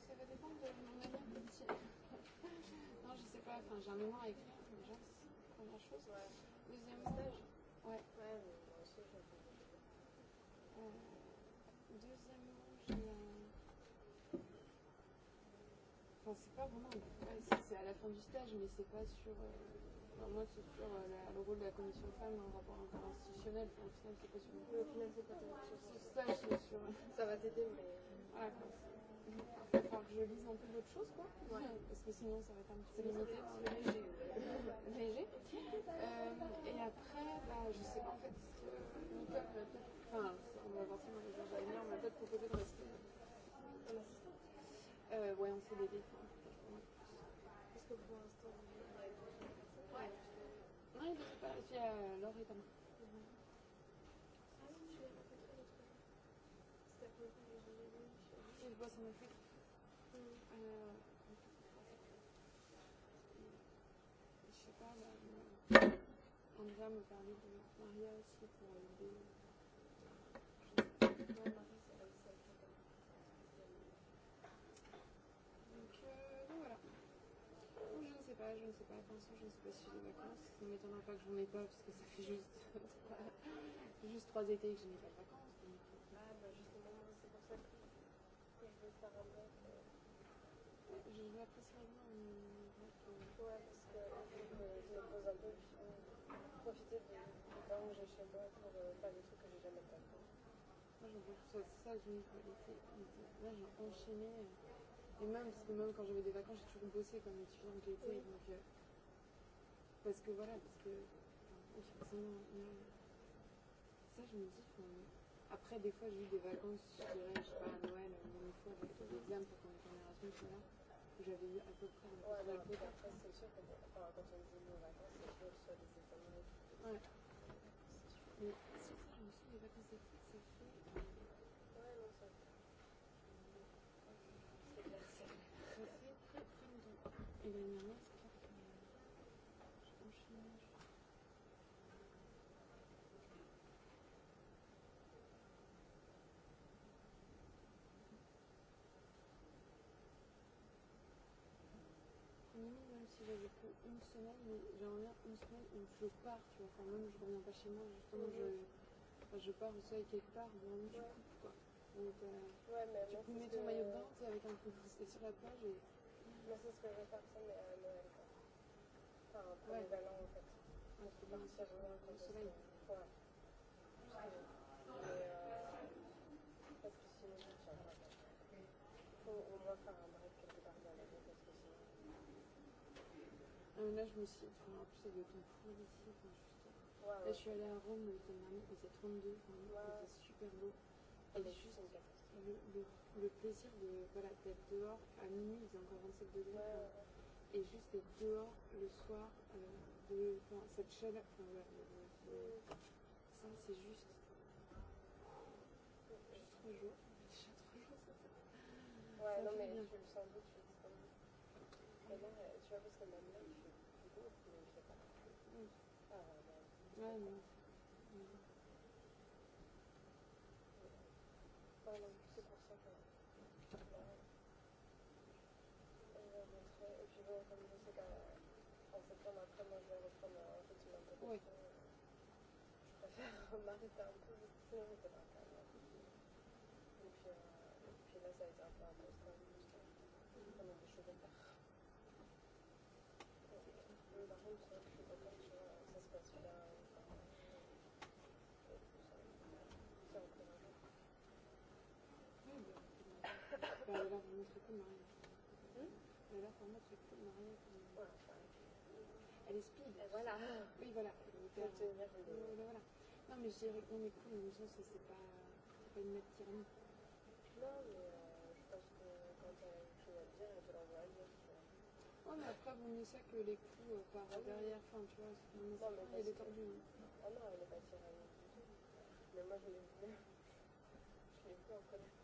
ça va dépendre de mon manière de dire. non, je sais pas, enfin, j'ai un mémoire à écrire, déjà, c'est première chose. Ouais. Deuxième stage Ouais. Ouais, mais moi aussi, j'ai euh, Deuxièmement, j'ai un. Enfin, c'est pas vraiment. Ouais, c'est à la fin du stage, mais c'est pas sur. Euh... Enfin, moi, c'est sur euh, la, le rôle de la commission femme en rapport encore institutionnel. Enfin, au final, c'est pas sur. Au final, c'est pas sur. Ce stage, c'est sur. Ça va t'aider, mais. Voilà. quoi il va falloir que je lise un peu quoi. Parce que sinon, ça va être un petit peu limité. Léger. Euh, et après, bah, je sais pas, en fait, Enfin, on va voir si on les venir, on m'a peut-être proposé de rester Euh, ouais, on fait que pour l'instant, on Ouais. Ouais, je sais pas. Et puis, euh, Laure et Thomas. quoi ça m'a fait Je sais pas, là, Andrea me parlait de Maria aussi pour l'aider. je ne sais pas, pour l'instant je ne sais pas si j'ai des vacances. Ça ne m'étonnera pas que j'en ai pas parce que ça fait juste, juste trois étés que je n'ai pas de vacances. Donc, parallèle. J'ai l'impression que... Ouais, parce que je me pose un peu, profiter du temps où j'ai chez moi pour faire des trucs que j'ai jamais fait. Moi, j'ai beaucoup ça, c'est ça que je me disais. Là, j'ai enchaîné. Et même, parce que même quand j'avais des vacances, j'ai toujours bossé comme étudiant que j'étais. Donc, euh, parce que voilà, parce que. Enfin, effectivement, ça, je me dis, enfin, Après, des fois, j'ai eu des vacances, je dirais, je sais pas, à Noël, une fois, avec les examens, pour qu'on ait en Erasmus, voilà, j'avais eu à peu près Ouais, mais après, c'est sûr que enfin, quand on est nos vacances, c'est toujours les Ouais. Mais que je me suis des vacances d'été, ça fait. Ouais, non, ça fait. C'est classique. Ça fait très, très longtemps. Et l'année dernière, j'avais fait une semaine, mais j'aimerais bien une semaine où je pars, tu vois, Enfin, même, je reviens pas chez moi, justement, je, enfin, je pars au soleil quelque part, vraiment, je coupe, quoi. Donc, euh, ouais, mais tu peux mettre ton maillot de bain, tu sais, avec un peu de c'était sur la plage et... Moi, c'est ce que je vais faire, mais à Noël, quoi. Enfin, pour ouais. les ballons, en fait. Ouais, c'est bien, ça, je reviens au soleil. Ouais. Mais, euh, parce que sinon, je ne tiens pas. Il faut au moins faire un Ah, mais là, je me suis. Enfin, en plus, ça doit être une foule ici. Enfin, juste... ouais, ouais. Là, je suis allée à Rome le week-end il faisait 32. Enfin, ouais. C'était super beau. Et juste le, le, le plaisir de voilà, d'être dehors à minuit, il faisait encore 27 degrés. Ouais, ouais. Et juste d'être dehors le soir, euh, de, enfin, cette chaleur. Enfin, ça, c'est juste. Juste trois jours. Déjà trois jours, ça fait. Ouais, ça non, mais bien. tu le sens vite, tu le sens tu vois, parce que ma mère, Правильно. you Oui. Je préfère m'arrêter un peu, لازم يكون معايا العلاقة ما تكون معايا Elle est speed. Voilà. Oui, voilà. voilà. Non, mais j'ai dirais mes couilles, mais gens, c'est pas, pas une mode tyrannie. Non, mais euh, je pense que quand elle a une chose à dire, elle peut l'envoyer. Ouais, mais après, vaut mieux ça que les coups euh, par derrière. Enfin, tu vois, non, mais elle est tordue. Ah non, elle est pas tyrannie. Mais moi, je l'ai vu. Je l'ai plus en connaître.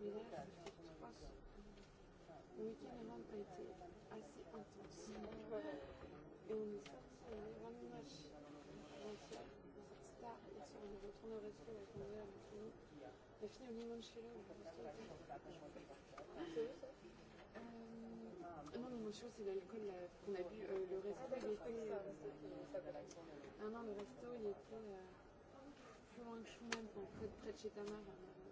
le week-end a été assez intense. Et on est sorti, on est vraiment moche. on est tard, soir, on est retourné au resto avec mon verre, On a fini au limoncello, au resto. non, mais mon c'est l'alcool qu'on a bu. Euh, le resto, il était. Euh, non, le resto, il était euh, plus loin que Schumann, près de chez ta mère. Euh,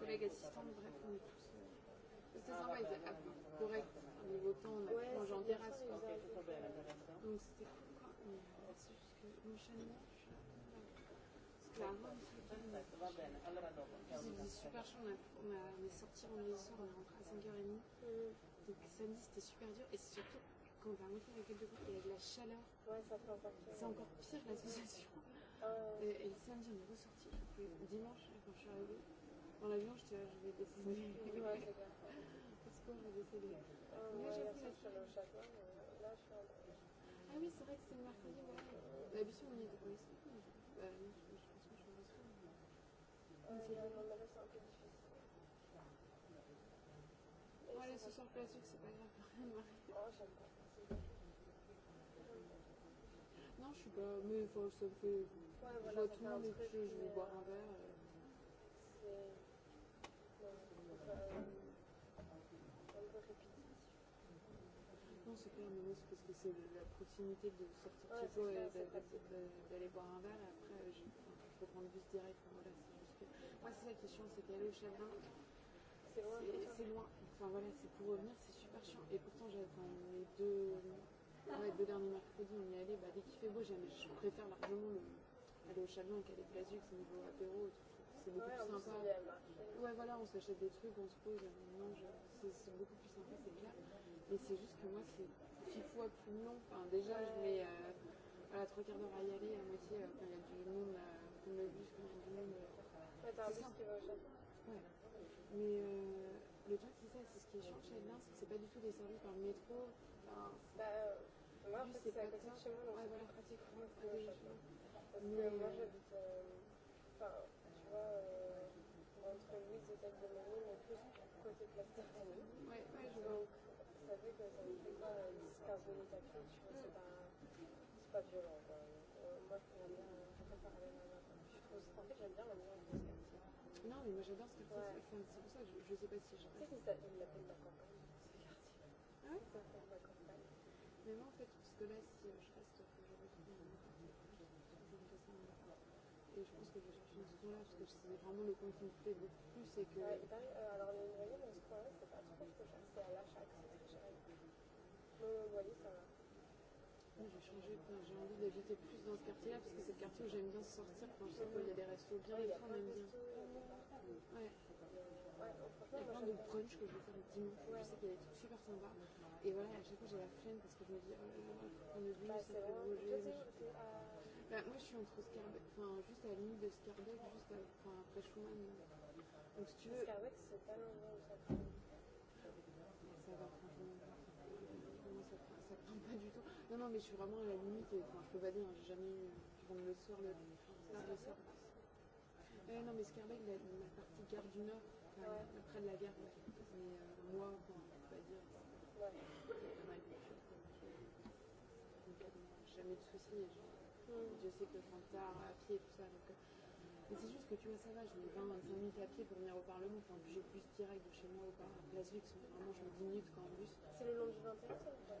collègues assistants, bref, on est tous. C'était sympa, étaient corrects. Au niveau temps, on a pu manger en terrasse. Donc c'était cool. Merci juste que l'enchaînement. C'était super chaud, on, a, on est sorti en liaison, on est rentré à 5h30. Donc samedi c'était super dur et c'est surtout quand on va monter avec quelques groupes, il y a de la chaleur. C'est encore pire l'association. Euh... Et, et le samedi on est ressorti. Dimanche, quand je suis arrivée, On a vu, je vais dessiner. Ouais, c'est bien. Parce qu'on va dessiner. j'ai sur le château. Là, je suis en... Ah oui, c'est vrai que c'est le mercredi. Ouais. on y pas ici. Bah, je pense que je suis en non, mais c'est un peu difficile. Ouais, c'est pas grave. Oh, j'aime pas. Non, je suis pas. Mais ça me fait. Ouais, voilà, je vois tout le monde et puis je vais boire un verre. C'est. Non, c'est pas une menace parce que c'est la proximité de sortir ouais, Chico et d'aller boire un verre. et Après, je, il faut prendre le bus direct. Voilà, juste Moi, c'est ça qui est chiant, c'est qu'aller au Chabin, c'est loin. Enfin, voilà, c'est pour revenir, c'est super chiant. Et pourtant, j'avais les deux, ouais, deux derniers mercredis, on y allait. Bah, dès qu'il fait beau, je préfère largement le, aller au Chabin qu'aller Plazux, niveau apéro, et tout c'est beaucoup plus sympa. Ouais, voilà, on s'achète des trucs, on se pose, on mange, c'est beaucoup plus sympa, c'est clair. Mais c'est juste que moi, c'est six fois plus long. Enfin, déjà, ouais. je mets euh, voilà, trois quarts d'heure à y aller, à moitié euh, quand il y a du monde, euh, comme le bus, quand il y a du monde. Euh, ouais, t'as un bus qui va au Ouais. Mais euh, le truc, c'est ça, c'est ce qui est chiant chez Edlin, c'est que c'est pas du tout desservi par le métro. Enfin, bah, euh, moi, en fait, c'est à côté de chez moi, donc ouais, c'est voilà. pratique pour moi. Parce que moi, j'habite. Enfin, entre 8 attaques de Manu, mais plus côté Ouais, ouais, je Donc, ça fait que ça me fait 10-15 minutes à pied, tu vois, c'est pas, c'est pas violent, quoi. Donc, euh, moi, je pourrais bien, préfère aller là Je trouve, en fait, j'aime bien l'ambiance de ce Non, mais moi, j'adore ce tu ouais. c'est pour ça que je, je sais pas si j'en Tu sais la campagne, quartier. Ah ouais la campagne. Mais moi, en fait, parce que là, si je reste plus... et je pense que j'utilise ce mot-là parce que c'est vraiment le compte qui me plaît beaucoup plus. et que... Ouais, euh, alors les loyer, mais ce problème, c'est pas trop que cher, c'est à l'achat que c'est très cher. Le loyer, ça va. j'ai changé, j'ai envie d'habiter plus dans ce quartier-là parce que c'est le quartier où j'aime bien sortir. Quand je sais quoi, il y a des restos bien, ouais, on aime bien. Ouais. Il y a plein de brunch que je vais faire le dimanche. Je sais qu'il y a des trucs super sympas. Et voilà, à chaque fois j'ai la flemme parce que je me dis, oh là là, faut prendre le ça fait bouger. Bah, moi, je suis entre Scarbeck, enfin, juste à la limite de Scarbeck, juste à, enfin, après Schumann. Donc, si tu veux. Scarbeck, c'est pas où ça prend. Ça va, franchement. ça, prend, ça prend pas du tout. Non, non, mais je suis vraiment à la limite, et, enfin, je peux pas dire, j'ai jamais eu. Je le sort de. le Euh, non, mais Scarbeck, la, la partie gare du Nord, enfin, ouais. après de la gare, ouais. Mais euh, moi, enfin, je peux pas dire. Ouais. Jamais de soucis. Genre. Je sais que je rentre tard à pied et tout ça. Donc, mais c'est juste que tu vois, ça va, je mets 20 25 minutes à pied pour venir au Parlement. Enfin, j'ai plus direct de chez moi au Parlement. Place Vix, vraiment, je mets 10 minutes quand en bus. C'est le long du 21 ça ou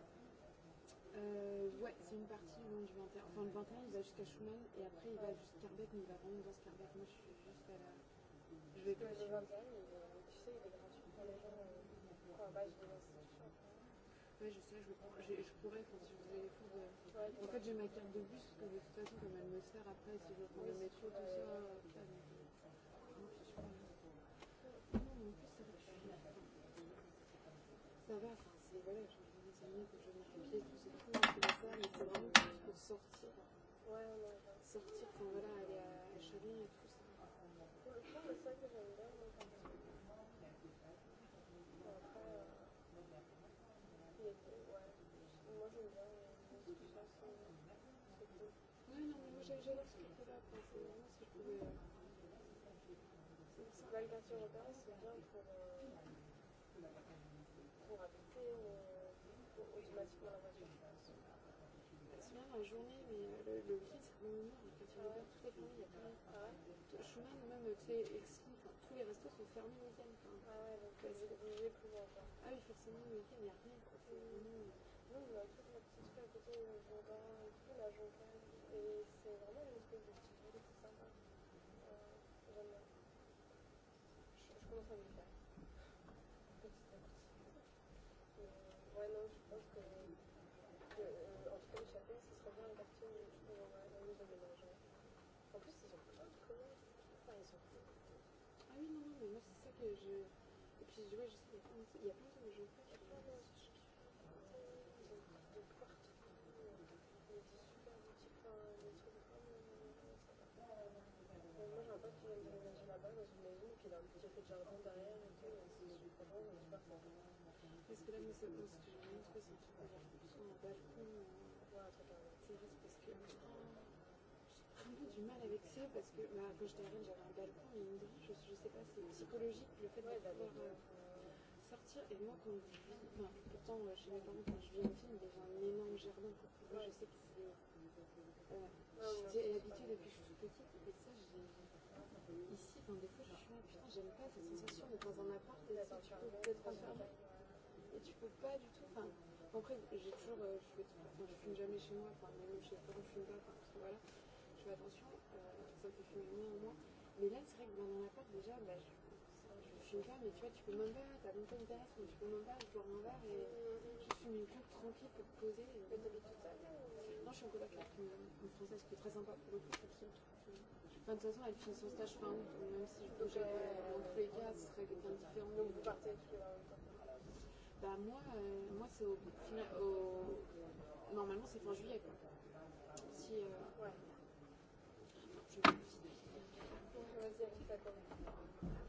euh, ouais, c'est une partie le long du 21. Enfin, le 21, il va jusqu'à Schumann et après, il va jusqu'à Carbec, mais il va vraiment dans ce Carbec. Moi, je suis juste à la. Je vais pas. Le 21, tu sais, il est gratuit pour les gens. Enfin, bah, je vais Ouais, je sais, je, je pourrais enfin, si vous avez fou. De... En fait, j'ai ma carte de bus, parce que de toute façon, comme elle me sert après, si je prends le métro, tout ça. Euh, ça va, enfin, c'est voilà, je me dis, c'est mieux que je vienne à pied, tout c'est tout c'est pas ça, mais c'est vraiment que je peux sortir. Ouais, ouais. Sortir, enfin voilà, aller à, à Chalon et tout ça. Pour le coup, c'est ça que j'aime bien, moi, j'ai j'ai lorsque je faisais si je pouvais c'est une européenne c'est bien pour habiter automatiquement la voiture journée mais le, le week-end c'est vraiment mort quand tu regardes toute la famille il y a plein de Schumann même tu sais exclu tous les restos sont fermés le week-end ah ouais donc c'est obligé plus longtemps ah oui forcément le week-end il n'y a rien quoi c'est vraiment non il y a petite fille à côté Jourdain et tout la Jourdain Et c'est vraiment une espèce de petit boulot tout sympa. Euh, J'aime Je, je commence à m'y faire. Petit à petit. ouais, non, je pense que. que euh, en tout cas, l'échappée, ce serait bien un quartier où on va aller déménager. En plus, ils ont plein de commerces. Enfin, ils sont Ah oui, non, non, mais moi, c'est ça que je. Et puis, ouais, je sais, il y a plein de. Il y a plein de jeux. qu'il a déjà fait de jardin derrière et tout, c'est des parents, on n'est pas formé. Parce que là, mais c'est parce que je trouve c'est tout pour un balcon, une terrasse, parce que j'ai un du mal avec ça, parce que bah, quand j'étais reine, j'avais un balcon, mais une grille, je, je sais pas, c'est psychologique le fait ouais, d'avoir. sortir et moi quand je vis, enfin, pourtant chez mes parents quand je vis en film déjà un énorme jardin moi je sais que c'est euh, j'ai l'habitude depuis que je suis petite et ça j'ai Ici, dans des fois, je suis là, putain, j'aime pas cette sensation d'être dans un appart et tu peux peut-être enfermé. Et tu peux pas du tout. Enfin, après, j'ai toujours, euh, je, fais, enfin, je fume jamais chez moi, enfin, même chez les parents, je fume pas, enfin, parce que voilà, je fais attention, euh, ça me fait fumer moins au moins. Mais là, c'est vrai que dans un appart, déjà, bah, je, je fume pas, mais tu vois, tu peux même pas, t'as même pas une terrasse, mais tu peux même pas, je dors mon verre et je fume une clope tranquille pour te poser. Et... Mais Non, je suis en coloc avec une, une française qui est très sympa pour le coup, je suis Enfin, de toute façon, elle finit son stage fin août, même si je bougeais dans tous les cas, ce serait quelqu'un de différent. Donc vous partez Bah moi, euh, moi c'est au, au... Normalement c'est fin juillet quoi. Si, euh... Ouais. Je vais vous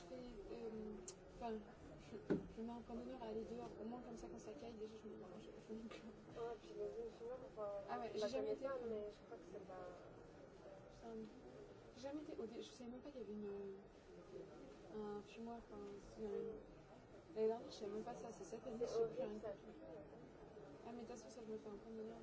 je fais. Enfin, je mets un d'honneur à aller dehors. Au moins, comme ça, quand ça caille, déjà, je me mange je puis les enfin. Ah ouais, j'ai jamais été. mais je crois que c'est pas. J'ai jamais été. Je savais même pas qu'il y avait une. Un fumoir, enfin. L'année dernière, je savais même pas ça, c'est cette année, je sais plus rien. Ah, mais de toute façon, ça, je me fais un conteneur.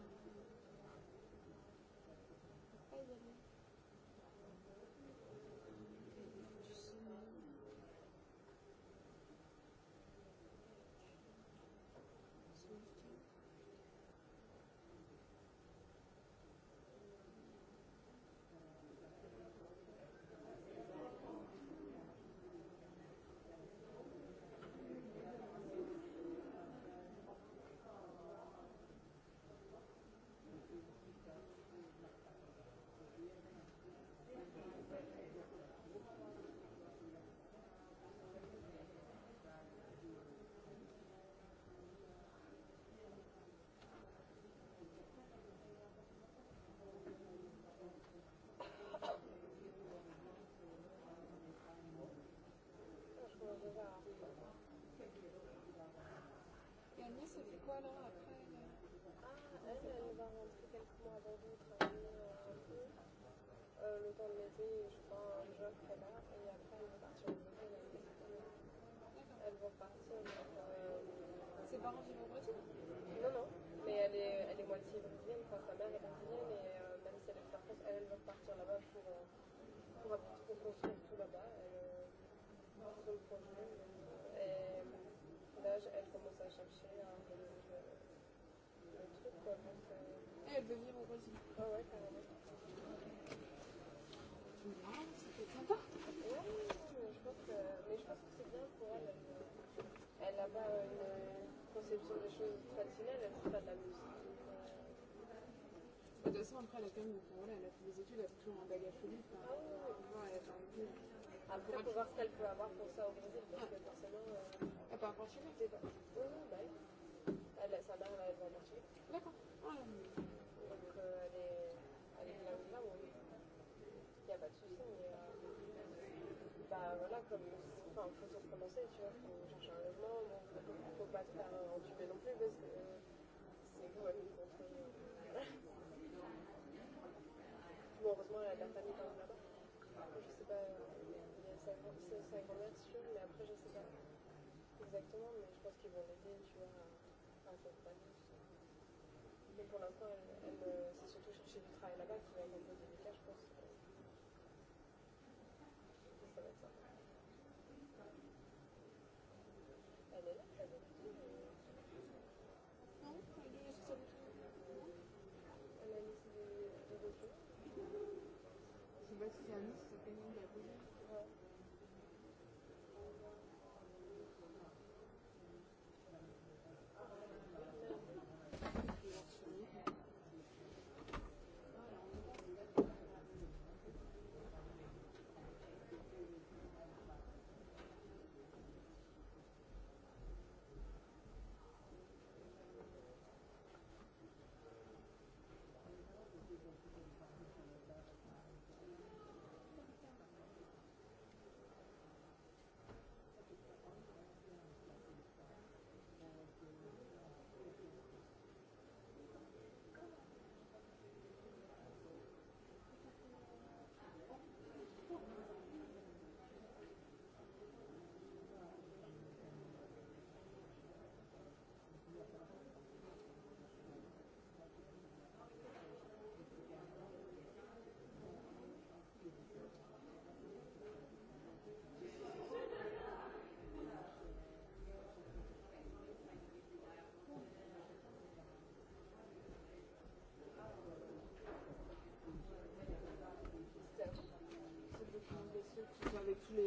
Voilà, après. Ah, elle, va rentrer quelques mois avant un peu, le temps de l'été, je crois, un job qu'elle a, et après elle va partir au Brésil. Elle va partir. Ses parents vivent au Non, non, mais elle est, moitié brésilienne, enfin, sa mère est brésilienne, et même si elle est par elle, va partir là-bas pour, euh, pour, construire tout là-bas. Elle, euh, son projet, et là, elle commence à chercher quoi. Elle veut venir au Brésil. Ah ouais, carrément. Ça peut sympa. Ouais, mais je pense que, mais je pense que c'est bien pour elle. Elle n'a pas une conception des choses traditionnelles, elle fait pas de la musique. De toute façon, après, elle a quand même voilà, elle a fait des études, elle a toujours un bagage solide. Enfin, ah, elle a un peu. Après, pour voir ce qu'elle peut avoir pour ça au Brésil, parce que forcément. Euh... Elle peut avoir chez nous, c'est pas. Oui, bah oui elle, sa mère, elle va marcher. D'accord. Donc, euh, elle est, elle est là où là, oui. Il n'y a pas de souci, mais. Euh, bah voilà, comme. Enfin, faut se recommencer, tu vois, faut chercher un logement. Bon, faut, faut pas se faire entuber non plus, parce que c'est vous, elle nous conseille. Euh, bon, heureusement, elle a la famille quand même là-bas. Je sais pas, il y a sa grand-mère, sûr, mais après, je sais pas exactement, mais je pense qu'ils vont l'aider, tu vois. À, Mais pour l'instant, elle, elle, surtout chercher du travail là-bas qui va être des cas, je pense. Ça va être ça. Elle est là, elle est sais pas si c'est un avec tous les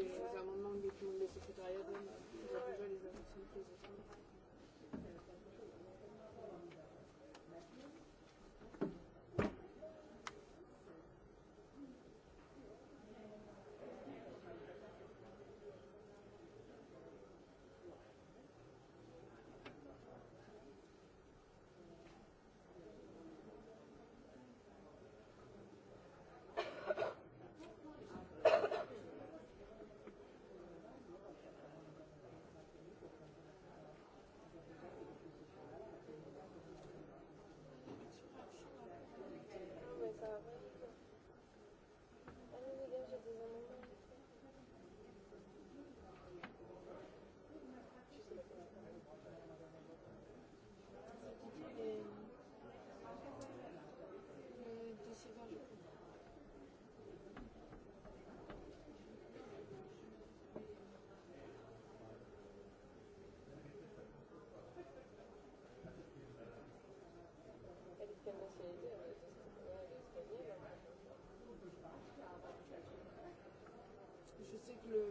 le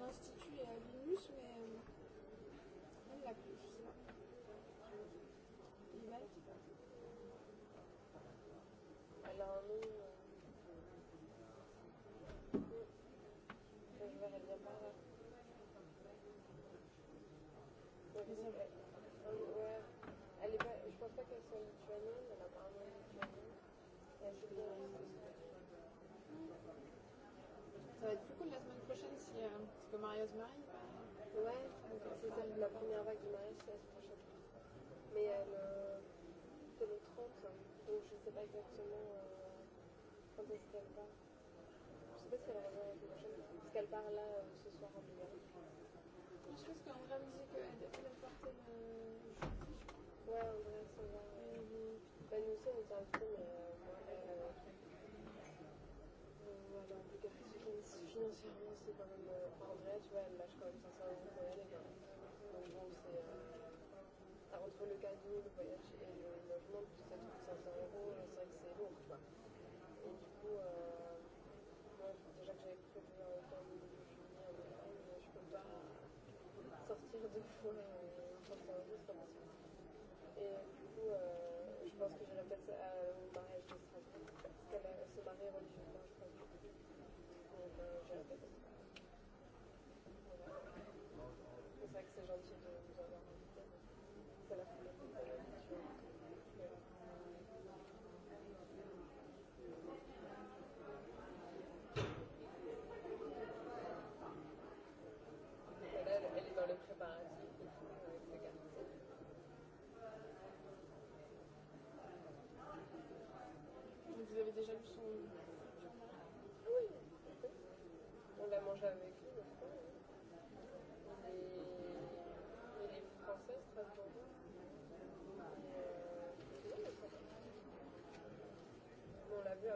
l'institut est à Vilnius, mais elle l'a plus, je sais pas. Elle a un nom. Je elle est pas, je pense pas qu'elle soit lituanienne, elle a pas un nom lituanien. le mariage se marie Ouais, c'est ça, la première vague du mariage, c'est la semaine prochaine. Mais elle, c'est le 30, donc je ne sais pas exactement quand est-ce qu'elle part. Je ne sais pas si elle va revient la semaine prochaine, parce qu'elle part là ce soir en Bulgarie. Je pense qu'en vrai, me dit qu'elle a porté le jeudi. Ouais, en vrai, ça va. Bah, nous aussi, on était invités, mais. franchement, si lui, c'est quand même un regret, tu vois, elle lâche quand même 500 euros pour y aller. Quoi. Donc bon, c'est. Euh, entre le cadeau, le voyage et le logement, tout ça, tout 500 euros, c'est vrai que c'est lourd, tu vois. Et du coup, euh, moi, déjà que j'avais prévu un temps de juillet en Espagne, je peux pas sortir deux fois.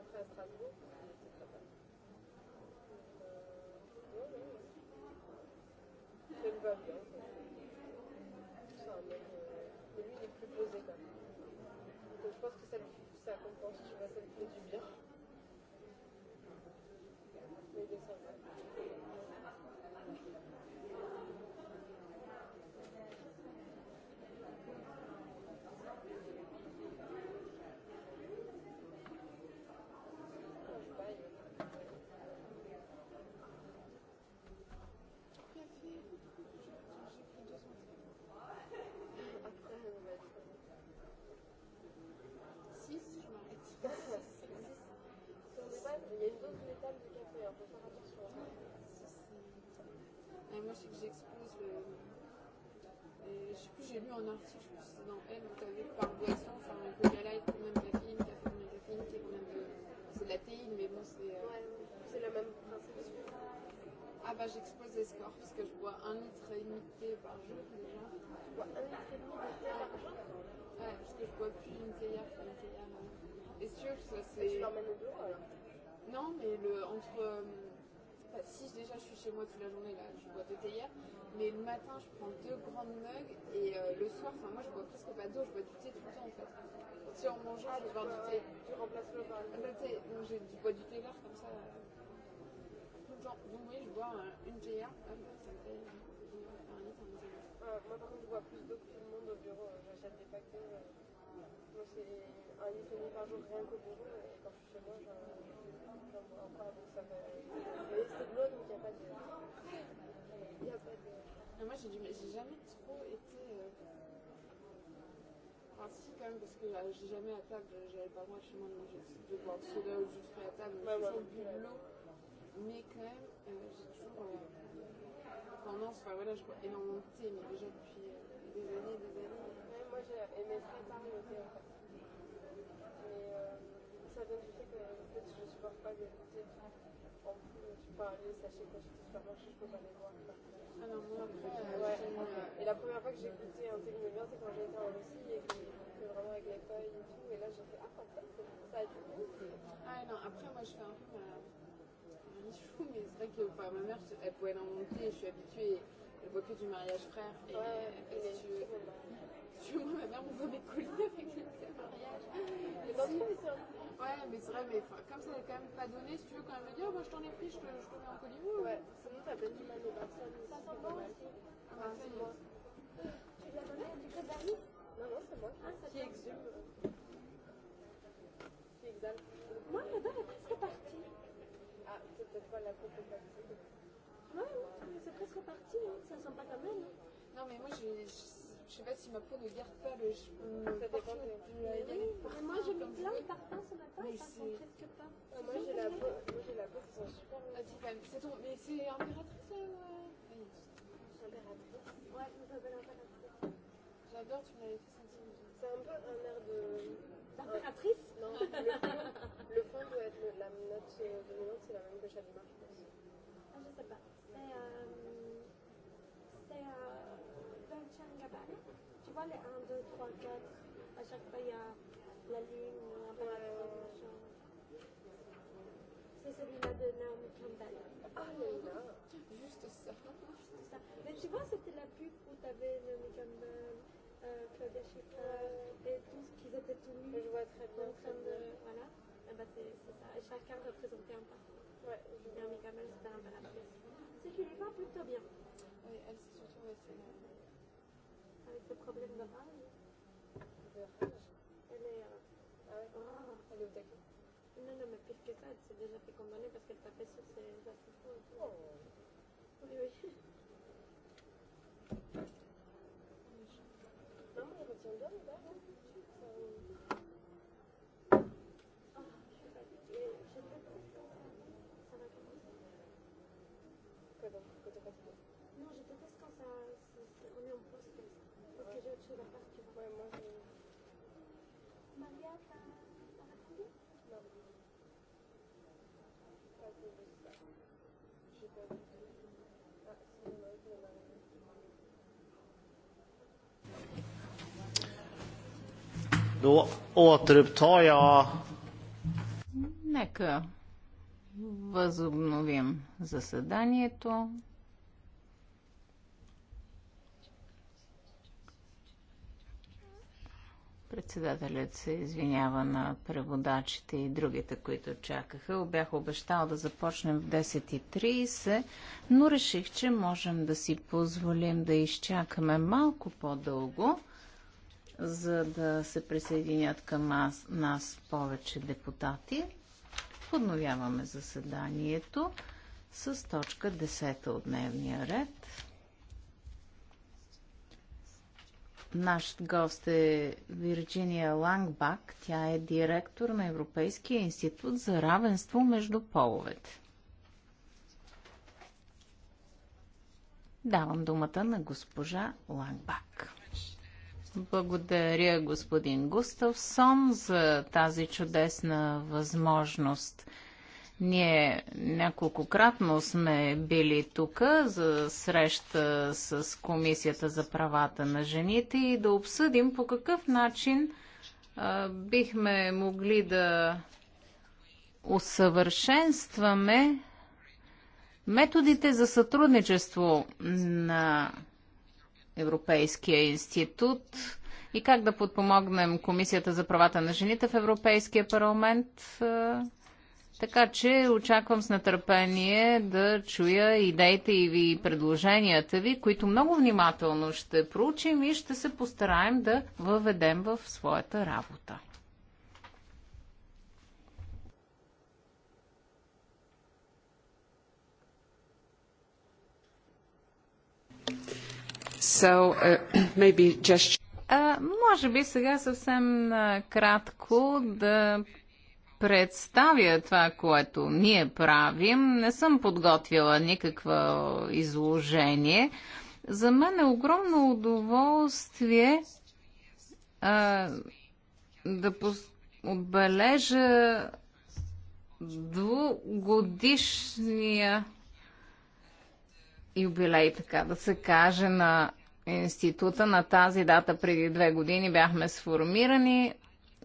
après à Strasbourg. Ça me va bien. C'est un mec. Mais lui, il est plus posé quand même. Donc je pense que ça, lui, ça compense, tu vois, ça lui fait du bien. moi, c'est que j'expose le. Et je sais plus, j'ai lu un article, je c'est dans Elle, où tu avais par boisson, enfin, le coca light, combien de caféine, t'as combien de caféine, quand même de. C'est de la théine, mais bon, c'est. Euh... Ouais, c'est le même principe. Ah bah, j'expose les scores, parce que je bois un litre et demi de thé par jour, déjà. Tu bois un litre et demi de thé par jour Ouais, parce que je bois plus une théière qu'une théière. Et sûr, ça c'est. Tu l'emmènes au bureau alors Non, mais le, entre. Euh, pas. Si déjà je suis chez moi toute la journée, là, je bois deux théières, mais le matin je prends deux grandes mugs et euh, le soir, enfin moi je bois presque pas d'eau, je bois du thé tout le temps en fait. Si en mangeant, ah, je bois du thé. Tu remplaces le vin. Le thé, donc je bois du thé vert comme ça. Tout le temps. Donc oui, je bois euh, une théière, ah, ça me fait un litre litre. Moi par contre, je bois plus d'eau que tout le monde au bureau, j'achète des paquets. Moi c'est un litre et demi par jour rien qu'au bureau, et quand je suis chez moi, en quoi vous sommes. Euh, de l'eau, donc il n'y a pas de. Il n'y a pas de. moi, j'ai, j'ai jamais trop été. Euh... Enfin, si, quand même, parce que j'ai jamais à table, j'avais pas moi chez moi de manger de boire de soda ou juste à table, j'ai toujours bu de l'eau. Mais quand même, euh, j'ai toujours euh, tendance, enfin voilà, je bois énormément de thé, mais déjà depuis euh, des années et des années. Ouais, moi, j'ai aimé très tard au thé, en fait ça vient du fait que en fait, je ne supporte pas les en plus, sachez que je suis ne je peux pas les voir. Ah non, moi, ouais. Et la première fois que j'ai goûté un thé bien, c'est quand j'étais en Russie et que, j'ai vraiment avec les feuilles et tout. Et là, j'ai fait, ah, en fait, ça a du goût. Ah non, après, moi, je fais un peu ma chou, mais c'est vrai que enfin, ma mère, elle pouvait en monter, je suis habituée, elle voit que du mariage frère. Et, ouais, et, et si tu veux, que moi, ma on voulait coller avec les mariage. Et si, ouais, mais c'est vrai, mais comme ça n'est quand même pas donné, si tu veux quand même me dire, moi je t'en ai pris, je te, mets en collier. Ouais, sinon t'as bien du mal au Barcelone. Ça sent bon aussi. Ah, c'est moi. Tu l'as donné du coup Non, non, c'est moi. qui exhume. Moi, ma dame est presque partie. Ah, c'est peut-être pas la coupe partie. Ouais, c'est presque parti, hein. ça sent pas quand même. Hein. Non, mais moi, j'ai Je sais pas si ma peau ne garde pas le. Ça dépend de. Moi j'ai mis plein de parfums ce matin, mais ça sent presque pas. Moi j'ai la peau, moi j'ai la peau qui sent super bien. Ah, c'est ton, mais c'est impératrice. Euh... Impératrice. Ouais, je m'appelle impératrice. J'adore, tu m'as l'avais fait sentir. C'est un peu un air de. D'impératrice. Non. Le fond, le fond doit être la note dominante, c'est la même que Chalimar. pas les 1, 2, 3, 4. À chaque fois, il y a la ligne ou un peu la machin. C'est celui-là de Naomi Campbell. Ah là là, juste ça. Juste ça. Mais tu vois, c'était la pub où t'avais Naomi Campbell, euh, Claudia Schiffer et tous qu'ils étaient tous nus. Je vois très bien. En train de... Voilà. Et bah, c'est ça. Et chacun représentait un parcours. Ouais, Naomi Campbell, c'était un peu la pièce. C'est qu'il est pas plutôt bien. Oui, elle s'est surtout essayée ce problème de rage. Elle est, euh, elle est au taquet. Non, non, mais pire que ça, elle s'est déjà fait condamner parce qu'elle tapait sur ses assistants. Oh. Oui, oui. Då återupptar jag... Нека възобновим заседанието. Председателят се извинява на преводачите и другите, които чакаха. Бях обещал да започнем в 10.30, но реших, че можем да си позволим да изчакаме малко по-дълго за да се присъединят към нас, нас повече депутати. Подновяваме заседанието с точка 10 от дневния ред. Наш гост е Вирджиния Лангбак. Тя е директор на Европейския институт за равенство между половете. Давам думата на госпожа Лангбак. Благодаря, господин Густавсон, за тази чудесна възможност. Ние няколкократно сме били тук за среща с Комисията за правата на жените и да обсъдим по какъв начин а, бихме могли да усъвършенстваме методите за сътрудничество на Европейския институт и как да подпомогнем Комисията за правата на жените в Европейския парламент. Така че очаквам с нетърпение да чуя идеите и ви предложенията ви, които много внимателно ще проучим и ще се постараем да въведем в своята работа. So, uh, maybe just... може би сега съвсем кратко да представя това, което ние правим. Не съм подготвила никакво изложение. За мен е огромно удоволствие а, да отбележа двугодишния юбилей, така да се каже, на института. На тази дата преди две години бяхме сформирани.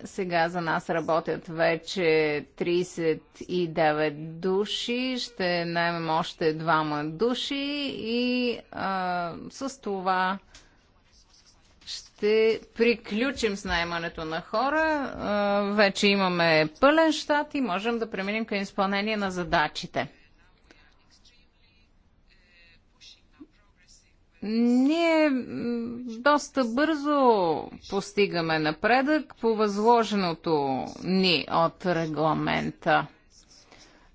Сега за нас работят вече 39 души, ще наймем още двама души и а, с това ще приключим с наймането на хора. А, вече имаме пълен щат и можем да преминем към изпълнение на задачите. Ние доста бързо постигаме напредък по възложеното ни от регламента.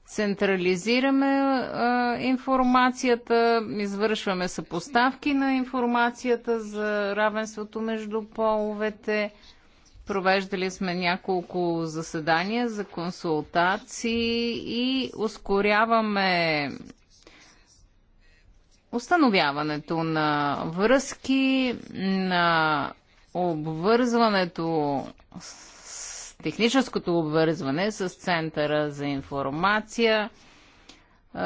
Централизираме а, информацията, извършваме съпоставки на информацията за равенството между половете. Провеждали сме няколко заседания за консултации и ускоряваме установяването на връзки, на обвързването с техническото обвързване с Центъра за информация –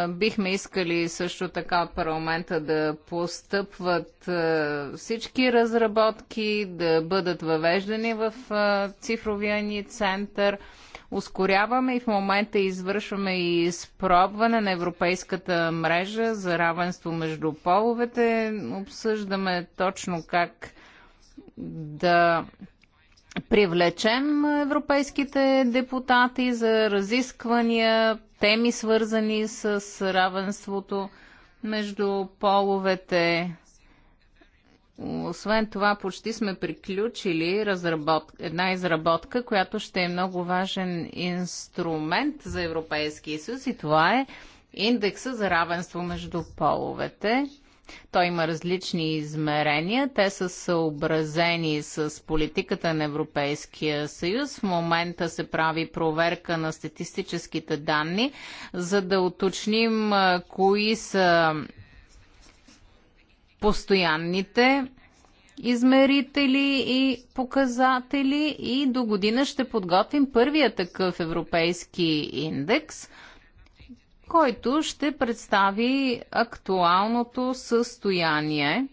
Бихме искали също така от парламента да постъпват всички разработки, да бъдат въвеждани в цифровия ни център. Ускоряваме и в момента извършваме и спробване на Европейската мрежа за равенство между половете. Обсъждаме точно как да привлечем европейските депутати за разисквания теми, свързани с равенството между половете. Освен това, почти сме приключили разработ... една изработка, която ще е много важен инструмент за Европейския съюз и това е индекса за равенство между половете. Той има различни измерения. Те са съобразени с политиката на Европейския съюз. В момента се прави проверка на статистическите данни, за да уточним кои са постоянните измерители и показатели и до година ще подготвим първия такъв европейски индекс – който ще представи актуалното състояние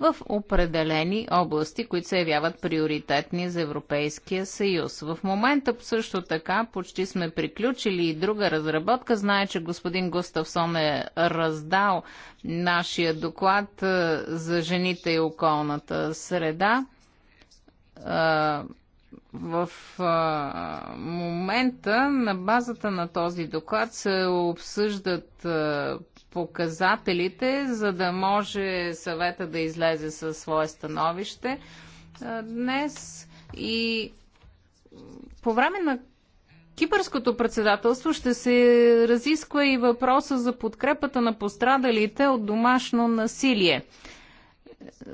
в определени области, които се явяват приоритетни за Европейския съюз. В момента също така почти сме приключили и друга разработка. Знае, че господин Густавсон е раздал нашия доклад е, за жените и околната среда е, в а, момента на базата на този доклад се обсъждат а, показателите, за да може съвета да излезе със свое становище а, днес. И по време на Кипърското председателство ще се разисква и въпроса за подкрепата на пострадалите от домашно насилие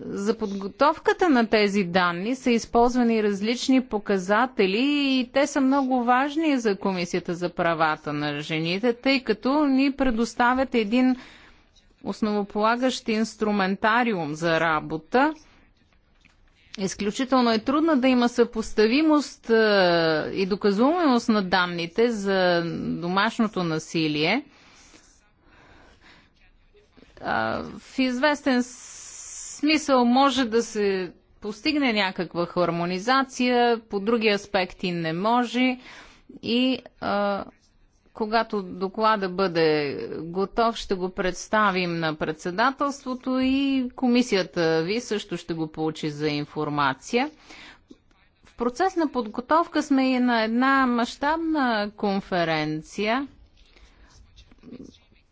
за подготовката на тези данни са използвани различни показатели и те са много важни за Комисията за правата на жените, тъй като ни предоставят един основополагащ инструментариум за работа. Изключително е трудно да има съпоставимост е, и доказуемост на данните за домашното насилие. Е, в известен смисъл може да се постигне някаква хармонизация, по други аспекти не може. И а, когато доклада бъде готов, ще го представим на председателството и комисията ви също ще го получи за информация. В процес на подготовка сме и на една мащабна конференция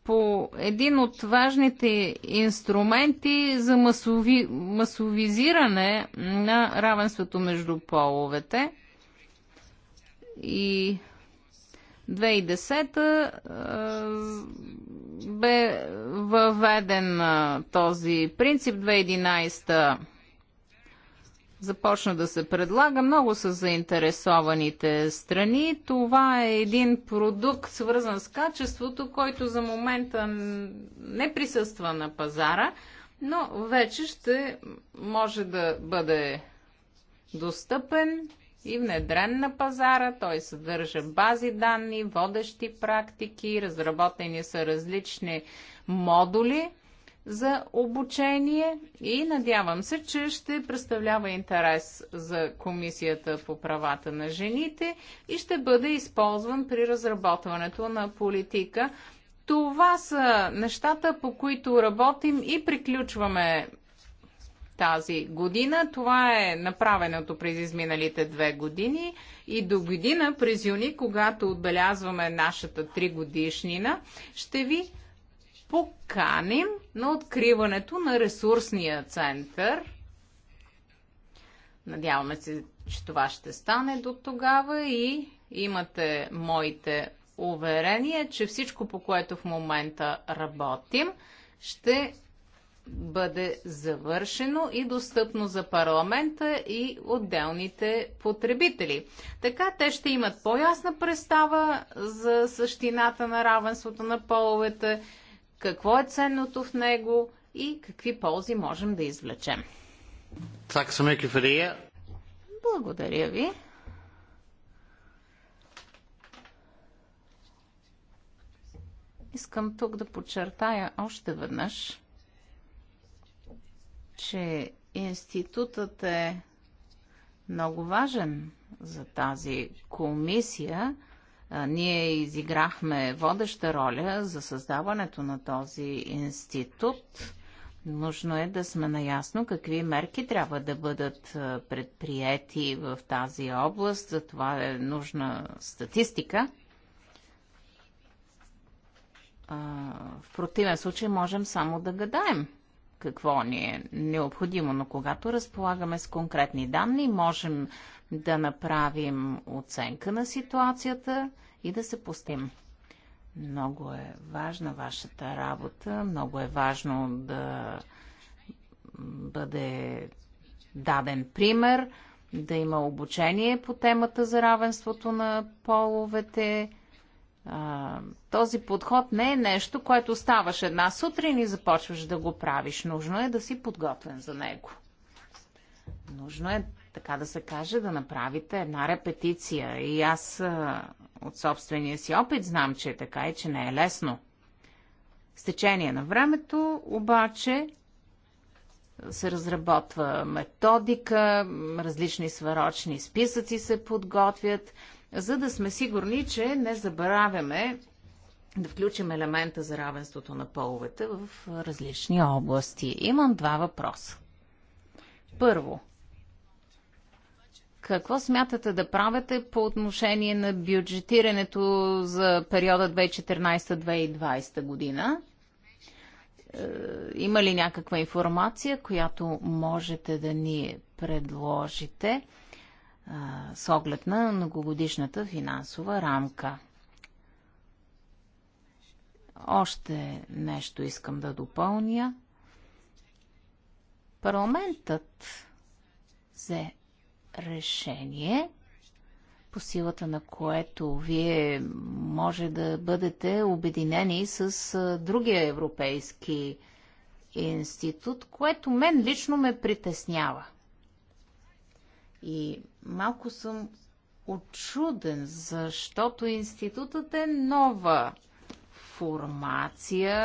по един от важните инструменти за масови, масовизиране на равенството между половете. И 2010 бе въведен този принцип, 2011 започна да се предлага. Много са заинтересованите страни. Това е един продукт, свързан с качеството, който за момента не присъства на пазара, но вече ще може да бъде достъпен и внедрен на пазара. Той съдържа бази данни, водещи практики, разработени са различни модули за обучение и надявам се, че ще представлява интерес за Комисията по правата на жените и ще бъде използван при разработването на политика. Това са нещата, по които работим и приключваме тази година. Това е направеното през изминалите две години и до година през юни, когато отбелязваме нашата три годишнина, ще ви поканим на откриването на ресурсния център. Надяваме се, че това ще стане до тогава и имате моите уверения, че всичко, по което в момента работим, ще бъде завършено и достъпно за парламента и отделните потребители. Така те ще имат по-ясна представа за същината на равенството на половете, какво е ценното в него и какви ползи можем да извлечем. Благодаря ви. Искам тук да подчертая още веднъж, че институтът е много важен за тази комисия ние изиграхме водеща роля за създаването на този институт. Нужно е да сме наясно какви мерки трябва да бъдат предприяти в тази област. За това е нужна статистика. В противен случай можем само да гадаем какво ни е необходимо, но когато разполагаме с конкретни данни, можем да направим оценка на ситуацията и да се пустим. Много е важна вашата работа, много е важно да бъде даден пример, да има обучение по темата за равенството на половете. А, този подход не е нещо, което ставаш една сутрин и започваш да го правиш. Нужно е да си подготвен за него. Нужно е, така да се каже, да направите една репетиция. И аз от собствения си опит знам, че е така и че не е лесно. С течение на времето обаче се разработва методика, различни сварочни списъци се подготвят, за да сме сигурни, че не забравяме да включим елемента за равенството на половете в различни области. Имам два въпроса. Първо, какво смятате да правите по отношение на бюджетирането за периода 2014-2020 година? Е, има ли някаква информация, която можете да ни предложите е, с оглед на многогодишната финансова рамка? Още нещо искам да допълня. Парламентът взе решение, по силата на което вие може да бъдете обединени с другия европейски институт, което мен лично ме притеснява. И малко съм очуден, защото институтът е нова формация.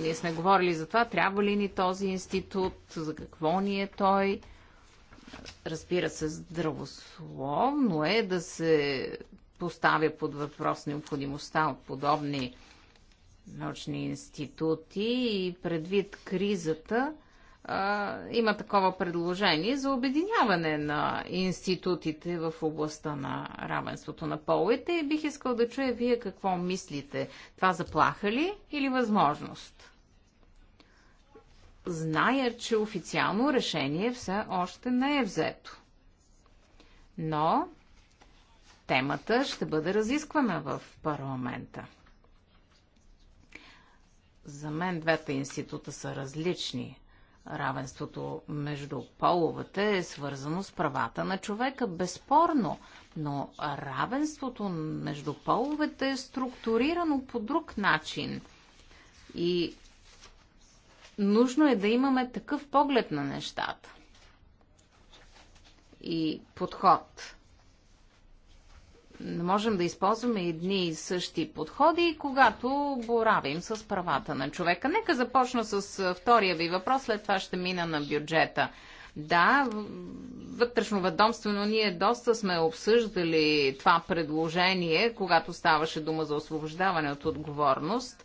Ние сме говорили за това, трябва ли ни този институт, за какво ни е той – разбира се, здравословно е да се поставя под въпрос необходимостта от подобни научни институти и предвид кризата а, има такова предложение за обединяване на институтите в областта на равенството на полите и бих искал да чуя вие какво мислите. Това заплаха ли или възможност? зная, че официално решение все още не е взето. Но темата ще бъде разисквана в парламента. За мен двете института са различни. Равенството между половете е свързано с правата на човека, безспорно, но равенството между половете е структурирано по друг начин. И нужно е да имаме такъв поглед на нещата и подход. Не можем да използваме едни и същи подходи, когато боравим с правата на човека. Нека започна с втория ви въпрос, след това ще мина на бюджета. Да, вътрешно ведомствено ние доста сме обсъждали това предложение, когато ставаше дума за освобождаване от отговорност.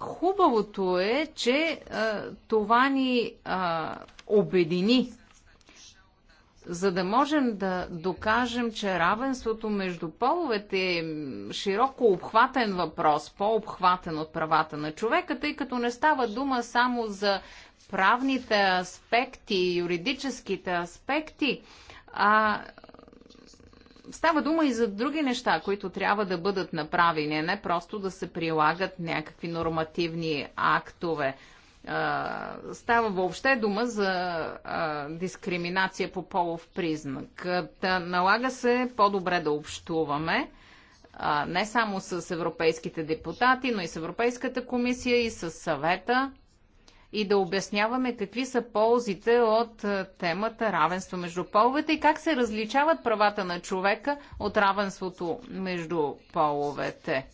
Хубавото е, че а, това ни а, обедини, за да можем да докажем, че равенството между половете е широко обхватен въпрос, по-обхватен от правата на човека, тъй като не става дума само за правните аспекти, юридическите аспекти, а става дума и за други неща, които трябва да бъдат направени, не просто да се прилагат някакви нормативни актове. Става въобще дума за дискриминация по полов признак. Налага се по-добре да общуваме не само с европейските депутати, но и с Европейската комисия и с съвета и да обясняваме какви са ползите от е, темата равенство между половете и как се различават правата на човека от равенството между половете.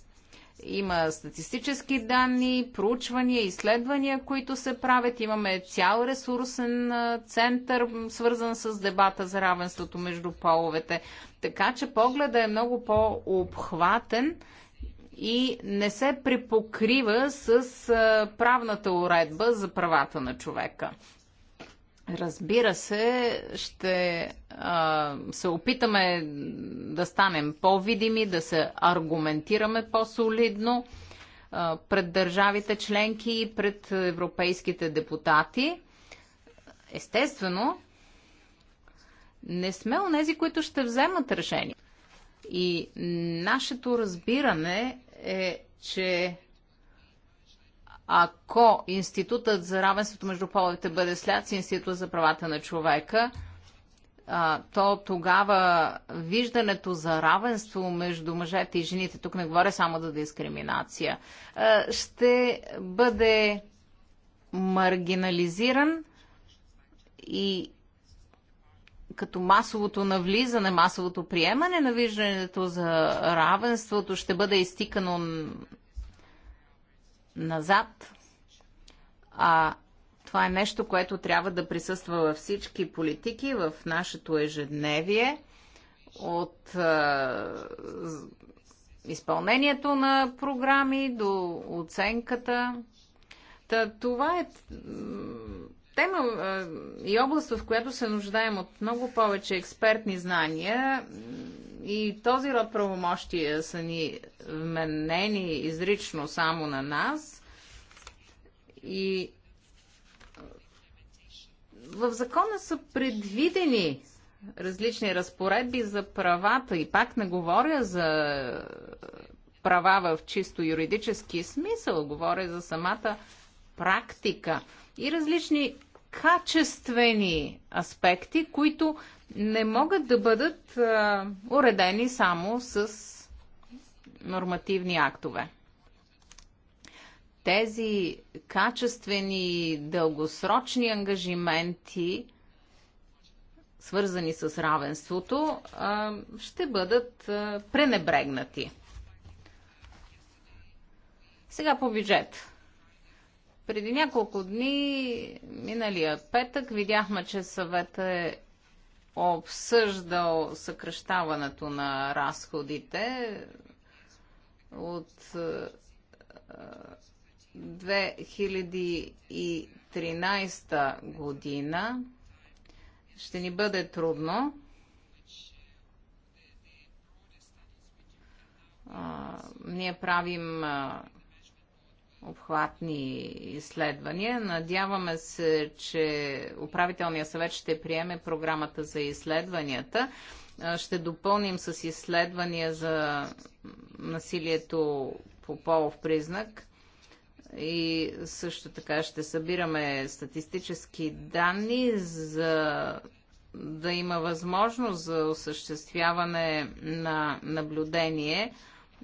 Има статистически данни, проучвания, изследвания, които се правят. Имаме цял ресурсен е, център, свързан с дебата за равенството между половете. Така че погледът е много по-обхватен и не се препокрива с правната уредба за правата на човека. Разбира се, ще а, се опитаме да станем по-видими, да се аргументираме по-солидно пред държавите членки и пред европейските депутати. Естествено, не сме онези, които ще вземат решение. И нашето разбиране е, че ако Институтът за равенството между половете бъде след Институт за правата на човека, а, то тогава виждането за равенство между мъжете и жените, тук не говоря само за дискриминация, а, ще бъде маргинализиран и като масовото навлизане, масовото приемане на виждането за равенството ще бъде изтикано назад, а това е нещо, което трябва да присъства във всички политики, в нашето ежедневие, от е, изпълнението на програми до оценката. Та, това е тема и област, в която се нуждаем от много повече експертни знания и този род правомощия са ни вменени изрично само на нас. И в закона са предвидени различни разпоредби за правата и пак не говоря за права в чисто юридически смисъл, говоря за самата практика и различни качествени аспекти, които не могат да бъдат а, уредени само с нормативни актове. Тези качествени дългосрочни ангажименти, свързани с равенството, а, ще бъдат а, пренебрегнати. Сега по бюджет. Преди няколко дни, миналия петък, видяхме, че съветът е обсъждал съкръщаването на разходите от 2013 е, е, година. Ще ни бъде трудно. ние правим обхватни изследвания. Надяваме се, че управителният съвет ще приеме програмата за изследванията. Ще допълним с изследвания за насилието по полов признак и също така ще събираме статистически данни за да има възможност за осъществяване на наблюдение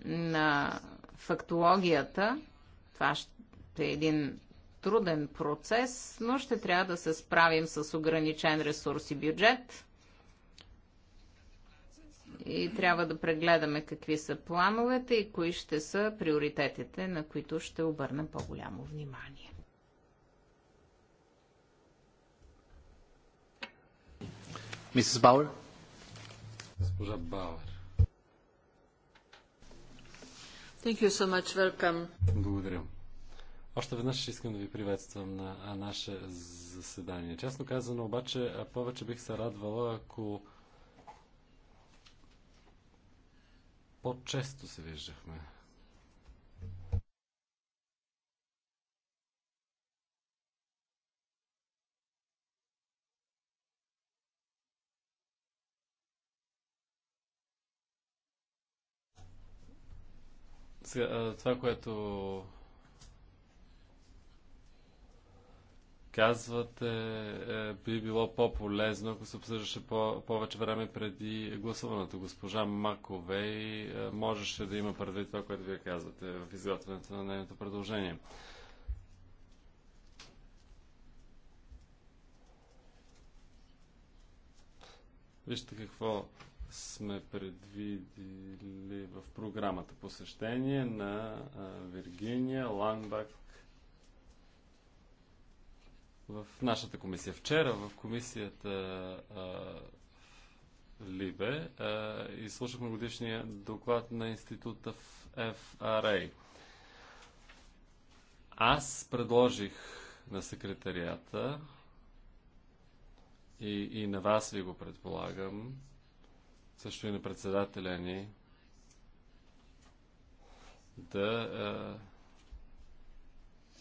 на фактологията това ще е един труден процес, но ще трябва да се справим с ограничен ресурс и бюджет. И трябва да прегледаме какви са плановете и кои ще са приоритетите, на които ще обърнем по-голямо внимание. Мисис Бауер. Госпожа Бауер. Thank you so much. Welcome. Благодаря. Още веднъж искам да ви приветствам на наше заседание. Честно казано, обаче, повече бих се радвала, ако по-често се виждахме. Сега, това, което казвате, е, би било по-полезно, ако се обсъждаше по- повече време преди гласуването. Госпожа Маковей е, можеше да има предвид това, което вие казвате в изготвянето на нейното предложение. Вижте какво сме предвидили в програмата посещение на Виргиния Ланбак. в нашата комисия. Вчера в комисията Либе изслушахме годишния доклад на института в FRA. Аз предложих на секретарията и, и на вас ви го предполагам, също и на председателя ни да а,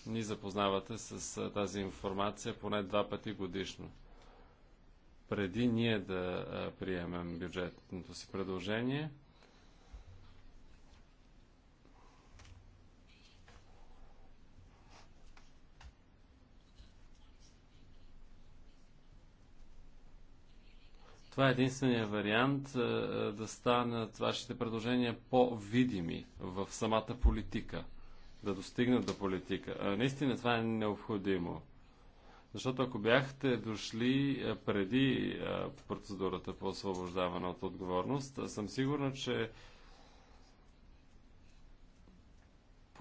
ни запознавате с а, тази информация поне два пъти годишно. Преди ние да а, приемем бюджетното си предложение – Това е единствения вариант е, е, да станат вашите предложения по-видими в самата политика, да достигнат до политика. Е, наистина това е необходимо. Защото ако бяхте дошли преди процедурата по освобождаване от отговорност, съм сигурна, че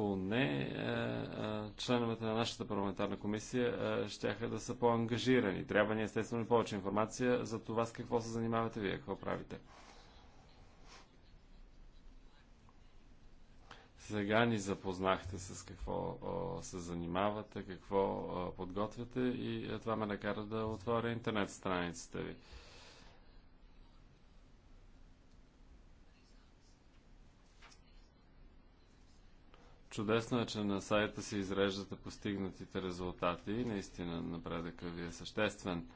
поне е, е, членовете на нашата парламентарна комисия ще щяха да са по-ангажирани. Трябва ни естествено повече информация за това с какво се занимавате вие, какво правите. Сега ни запознахте с какво се занимавате, какво подготвяте и е, това ме накара да отворя интернет страницата ви. Чудесно е, че на сайта си изреждате постигнатите резултати и наистина напредъка ви е съществен.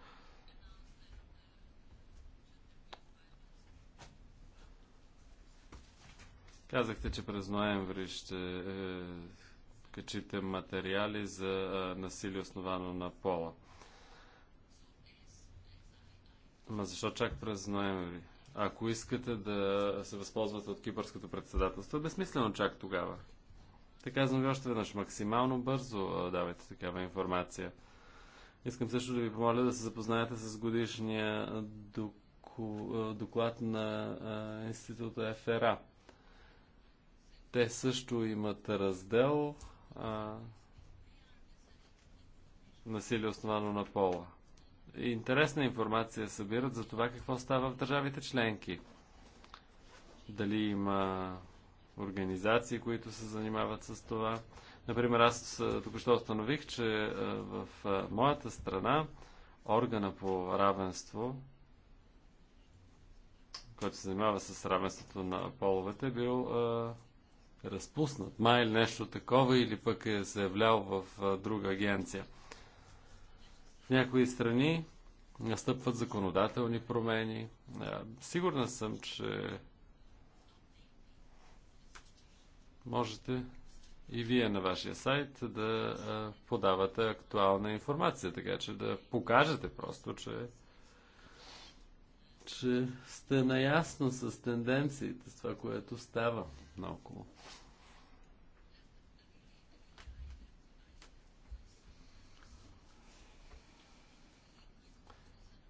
Казахте, че през ноември ще е, качите материали за е, насилие основано на пола. Ма защо чак през ноември? Ако искате да се възползвате от кипърското председателство, е безсмислено чак тогава. Така казвам ви още веднъж, максимално бързо давайте такава информация. Искам също да ви помоля да се запознаете с годишния доклад на института ФРА. Те също имат раздел а, насилие основано на пола. Интересна информация събират за това какво става в държавите членки. Дали има организации, които се занимават с това. Например, аз току-що установих, че в моята страна органа по равенство, който се занимава с равенството на половете, бил разпуснат. Май или нещо такова, или пък е заявлял в друга агенция. В някои страни настъпват законодателни промени. Сигурна съм, че можете и вие на вашия сайт да подавате актуална информация, така че да покажете просто, че че сте наясно с тенденциите, с това, което става наоколо.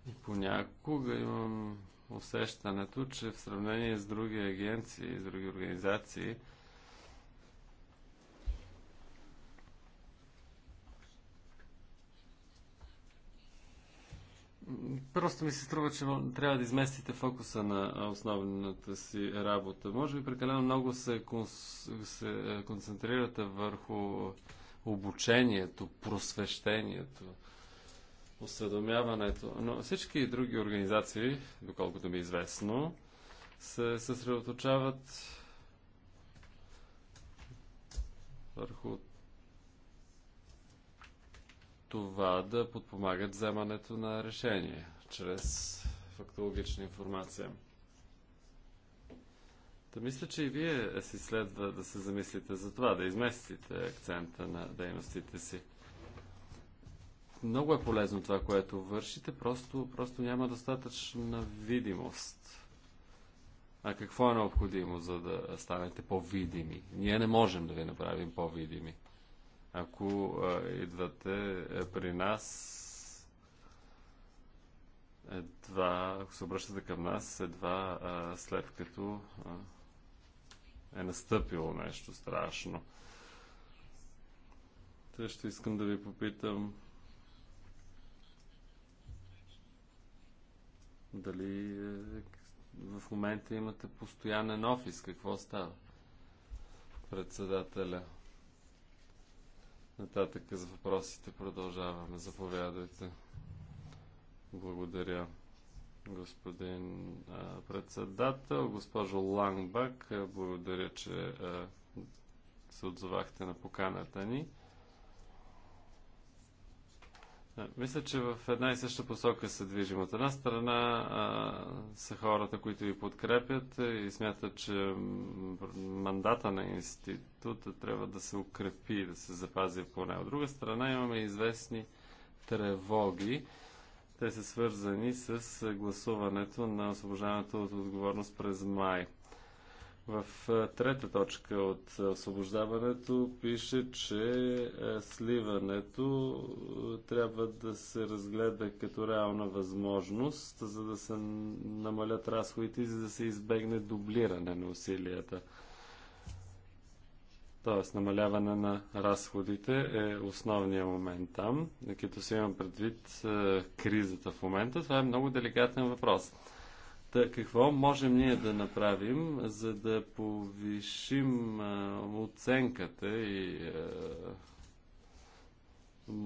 И понякога имам усещането, че в сравнение с други агенции, с други организации, Просто ми се струва, че трябва да изместите фокуса на основната си работа. Може би прекалено много се, конс... се е, концентрирате върху обучението, просвещението, осведомяването. Но всички други организации, доколкото ми е известно, се съсредоточават върху това да подпомагат вземането на решение чрез фактологична информация. Да мисля, че и вие си следва да се замислите за това, да изместите акцента на дейностите си. Много е полезно това, което вършите, просто, просто няма достатъчна видимост. А какво е необходимо, за да станете по-видими? Ние не можем да ви направим по-видими ако идвате е, при нас едва, ако се обръщате към нас, едва а, след като а, е настъпило нещо страшно. Те ще искам да ви попитам дали е, в момента имате постоянен офис, какво става? Председателя. Нататък с въпросите продължаваме. Заповядайте. Благодаря, господин а, председател. Госпожо Лангбак, благодаря, че а, се отзовахте на поканата ни мисля, че в една и съща посока се движим. От една страна а, са хората, които ви подкрепят и смятат, че мандата на института трябва да се укрепи да се запази поне. От друга страна имаме известни тревоги. Те са свързани с гласуването на освобождаването от отговорност през май. В е, трета точка от освобождаването пише, че е, сливането е, трябва да се разгледа като реална възможност, за да се намалят разходите и за да се избегне дублиране на усилията. Тоест, намаляване на разходите е основният момент там. Като си имам предвид кризата в момента, това е много деликатен въпрос. Та, какво можем ние да направим, за да повишим а, оценката и а,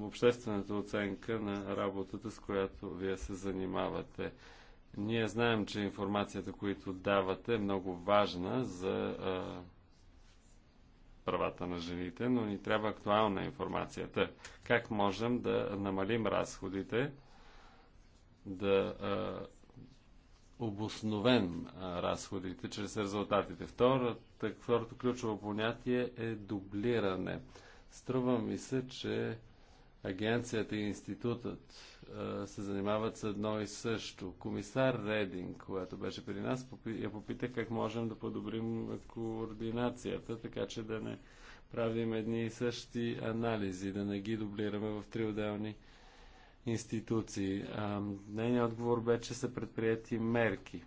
обществената оценка на работата, с която вие се занимавате? Ние знаем, че информацията, която давате, е много важна за а, правата на жените, но ни трябва актуална информацията. Как можем да намалим разходите, да. А, обосновем разходите чрез резултатите. Втората, второто ключово понятие е дублиране. Струва ми се, че агенцията и институтът се занимават с едно и също. Комисар Рединг, която беше при нас, я попита как можем да подобрим координацията, така че да не правим едни и същи анализи, да не ги дублираме в три отделни институции. Нейният отговор бе, че са предприяти мерки,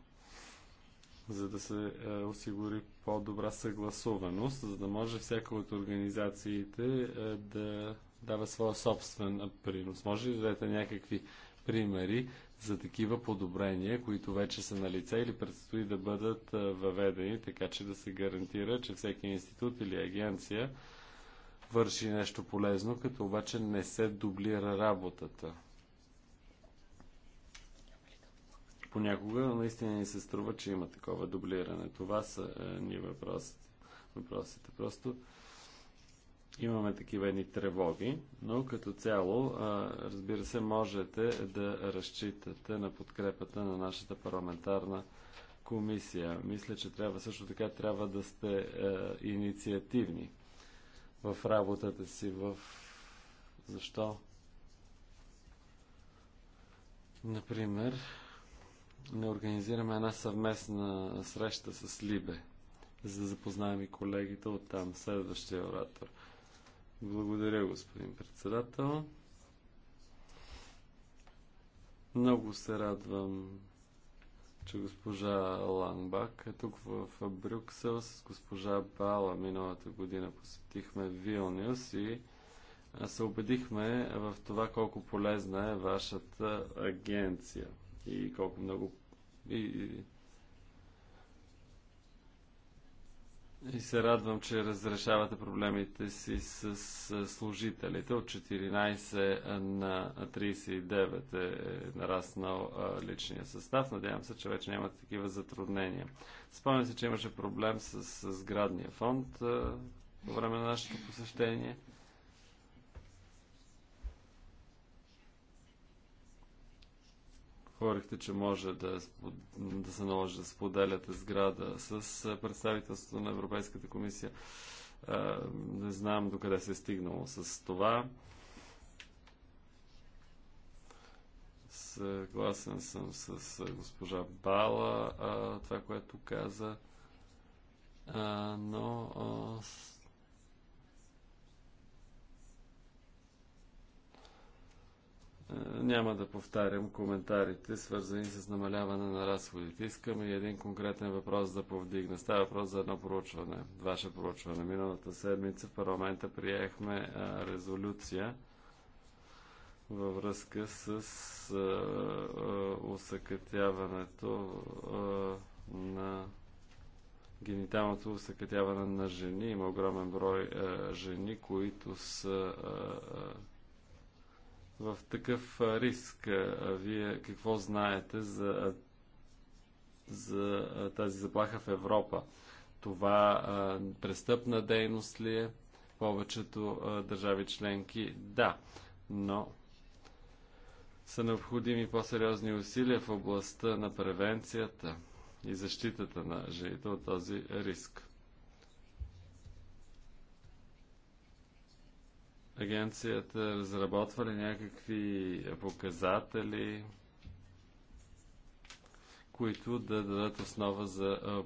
за да се осигури по-добра съгласуваност, за да може всяка от организациите да дава своя собствен принос. Може ли да дадете някакви примери за такива подобрения, които вече са на лице или предстои да бъдат въведени, така че да се гарантира, че всеки институт или агенция върши нещо полезно, като обаче не се дублира работата. понякога наистина ни се струва, че има такова дублиране. Това са е, ни въпросите. въпросите. Просто имаме такива едни тревоги, но като цяло, е, разбира се, можете да разчитате на подкрепата на нашата парламентарна комисия. Мисля, че трябва също така трябва да сте е, инициативни в работата си, в защо? Например, не организираме една съвместна среща с Либе, за да запознаем и колегите от там. Следващия оратор. Благодаря, господин председател. Много се радвам, че госпожа Лангбак е тук в Брюксел с госпожа Бала. Миналата година посетихме Вилнюс и се убедихме в това колко полезна е вашата агенция и колко много и, и се радвам, че разрешавате проблемите си с, с служителите. От 14 на 39 е, е нараснал личния състав. Надявам се, че вече няма такива затруднения. Спомням се, че имаше проблем с, с сградния фонд по време на нашето посещение. говорихте, че може да, да се наложи да споделяте сграда с представителството на Европейската комисия. Не знам докъде се е стигнало с това. Съгласен съм с госпожа Бала, това, което каза. Но Няма да повтарям коментарите, свързани с намаляване на разходите. Искам и един конкретен въпрос да повдигна. Става въпрос за едно проучване, ваше проучване. Миналата седмица в парламента приехме резолюция във връзка с усъкътяването на гениталното усъкътяване на жени. Има огромен брой жени, които са в такъв риск. Вие какво знаете за, за тази заплаха в Европа? Това а, престъпна дейност ли е? Повечето а, държави членки да, но са необходими по-сериозни усилия в областта на превенцията и защитата на жените от този риск. агенцията разработва ли някакви показатели, които да дадат основа за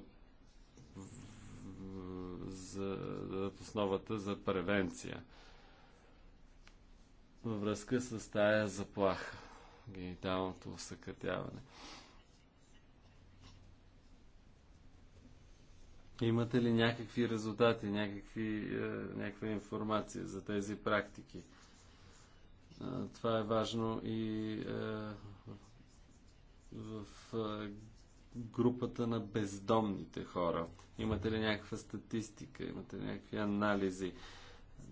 за, дадат основата за превенция във връзка с тая заплаха, гениталното съкътяване. Имате ли някакви резултати, някакви, е, някаква информация за тези практики? Това е важно и е, в е, групата на бездомните хора. Имате ли някаква статистика, имате ли някакви анализи,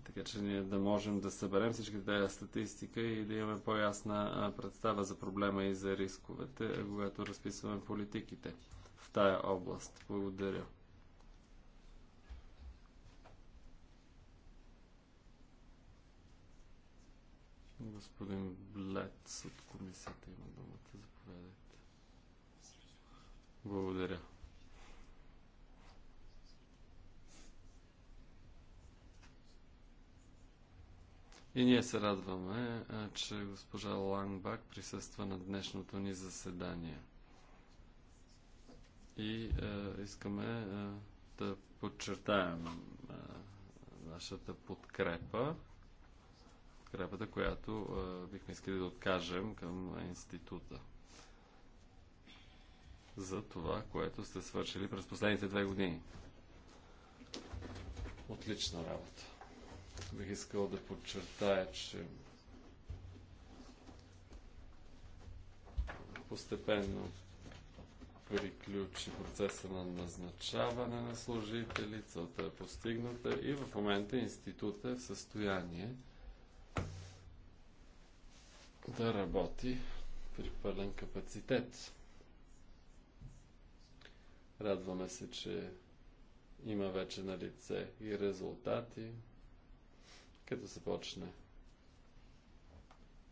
така че ние да можем да съберем всички тази статистика и да имаме по-ясна представа за проблема и за рисковете, когато разписваме политиките в тая област. Благодаря. Господин Блец от комисията има думата. Заповядайте. Благодаря. И ние се радваме, че госпожа Лангбак присъства на днешното ни заседание. И е, искаме е, да подчертаем е, нашата подкрепа подкрепата, която бихме искали да откажем към института за това, което сте свършили през последните две години. Отлична работа. Бих искал да подчертая, че постепенно приключи процеса на назначаване на служители, целта е постигната и в момента институтът е в състояние да работи при пълен капацитет. Радваме се, че има вече на лице и резултати, като се почне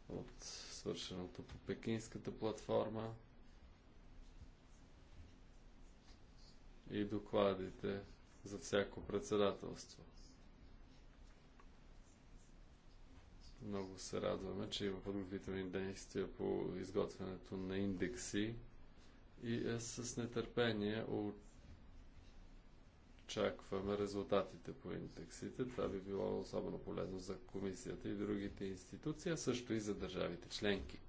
от свършеното по пекинската платформа и докладите за всяко председателство. Много се радваме, че има подготвителни действия по изготвянето на индекси и е с нетърпение очакваме резултатите по индексите. Това би било особено полезно за комисията и другите институции, а също и за държавите членки.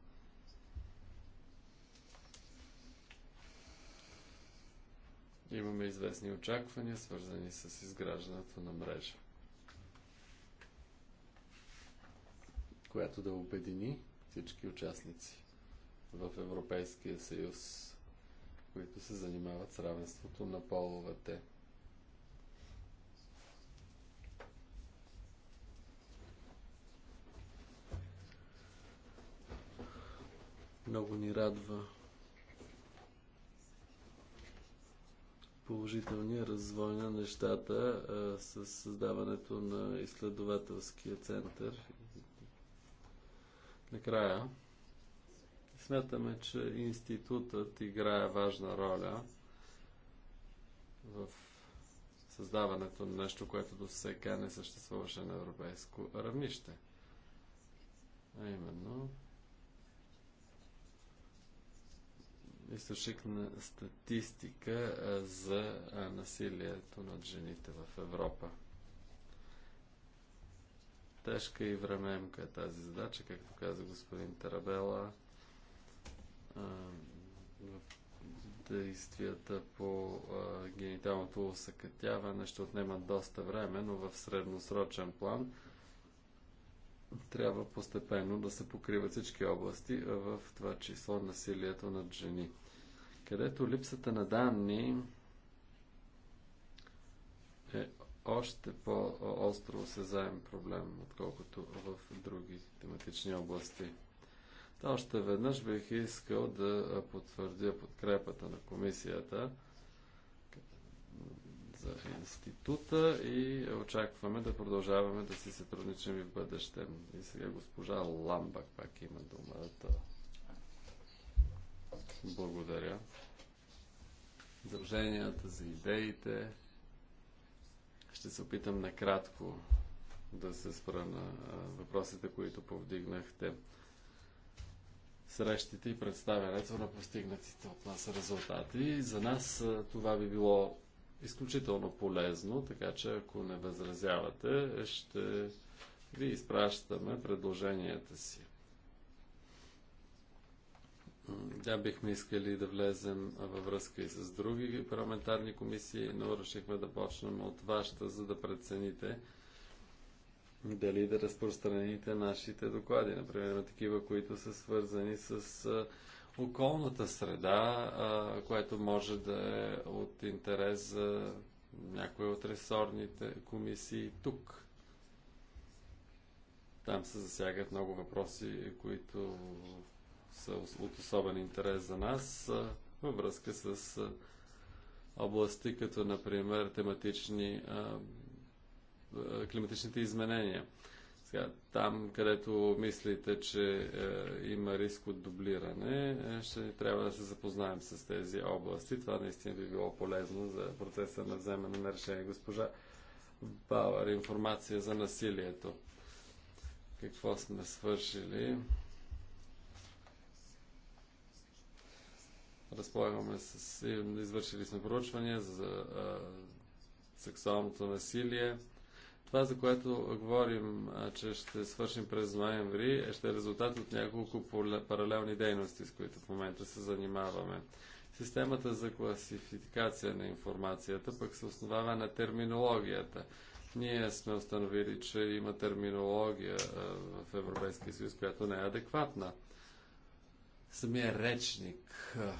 Имаме известни очаквания, свързани с изграждането на мрежа. която да обедини всички участници в Европейския съюз, които се занимават с равенството на половете. Много ни радва положителния развой на нещата а, с създаването на изследователския център Накрая, смятаме, че институтът играе важна роля в създаването на нещо, което до сега не съществуваше на европейско равнище. А именно източник на статистика за насилието над жените в Европа. Тежка и времеемка е тази задача, както каза господин Тарабела. Действията по гениталното усъкътяване ще отнемат доста време, но в средносрочен план трябва постепенно да се покриват всички области, в това число насилието над жени. Където липсата на данни още по-остро осезаем проблем, отколкото в други тематични области. Та още веднъж бих искал да потвърдя подкрепата на комисията за института и очакваме да продължаваме да си сътрудничим и в бъдеще. И сега госпожа Ламбак пак има думата. Благодаря. Задълженията за идеите. Ще се опитам накратко да се спра на въпросите, които повдигнахте. Срещите и представянето на постигнатите от нас резултати. За нас това би било изключително полезно, така че ако не възразявате, ще ви изпращаме предложенията си. Да, бихме искали да влезем във връзка и с други парламентарни комисии, но решихме да почнем от вашата, за да прецените дали да разпространите нашите доклади. Например, на такива, които са свързани с околната среда, което може да е от интерес за някои от ресорните комисии тук. Там се засягат много въпроси, които са от особен интерес за нас във връзка с области, като например тематични климатичните изменения. Сега, там, където мислите, че е, има риск от дублиране, е, ще трябва да се запознаем с тези области. Това наистина би било полезно за процеса на вземане на решение. Госпожа Бауър, информация за насилието. Какво сме свършили? Разполагаме с... Извършили сме проучвания за а, сексуалното насилие. Това, за което говорим, а, че ще свършим през ноември, е ще е резултат от няколко паралелни дейности, с които в момента се занимаваме. Системата за класификация на информацията пък се основава на терминологията. Ние сме установили, че има терминология а, в Европейския съюз, която не е адекватна самия речник,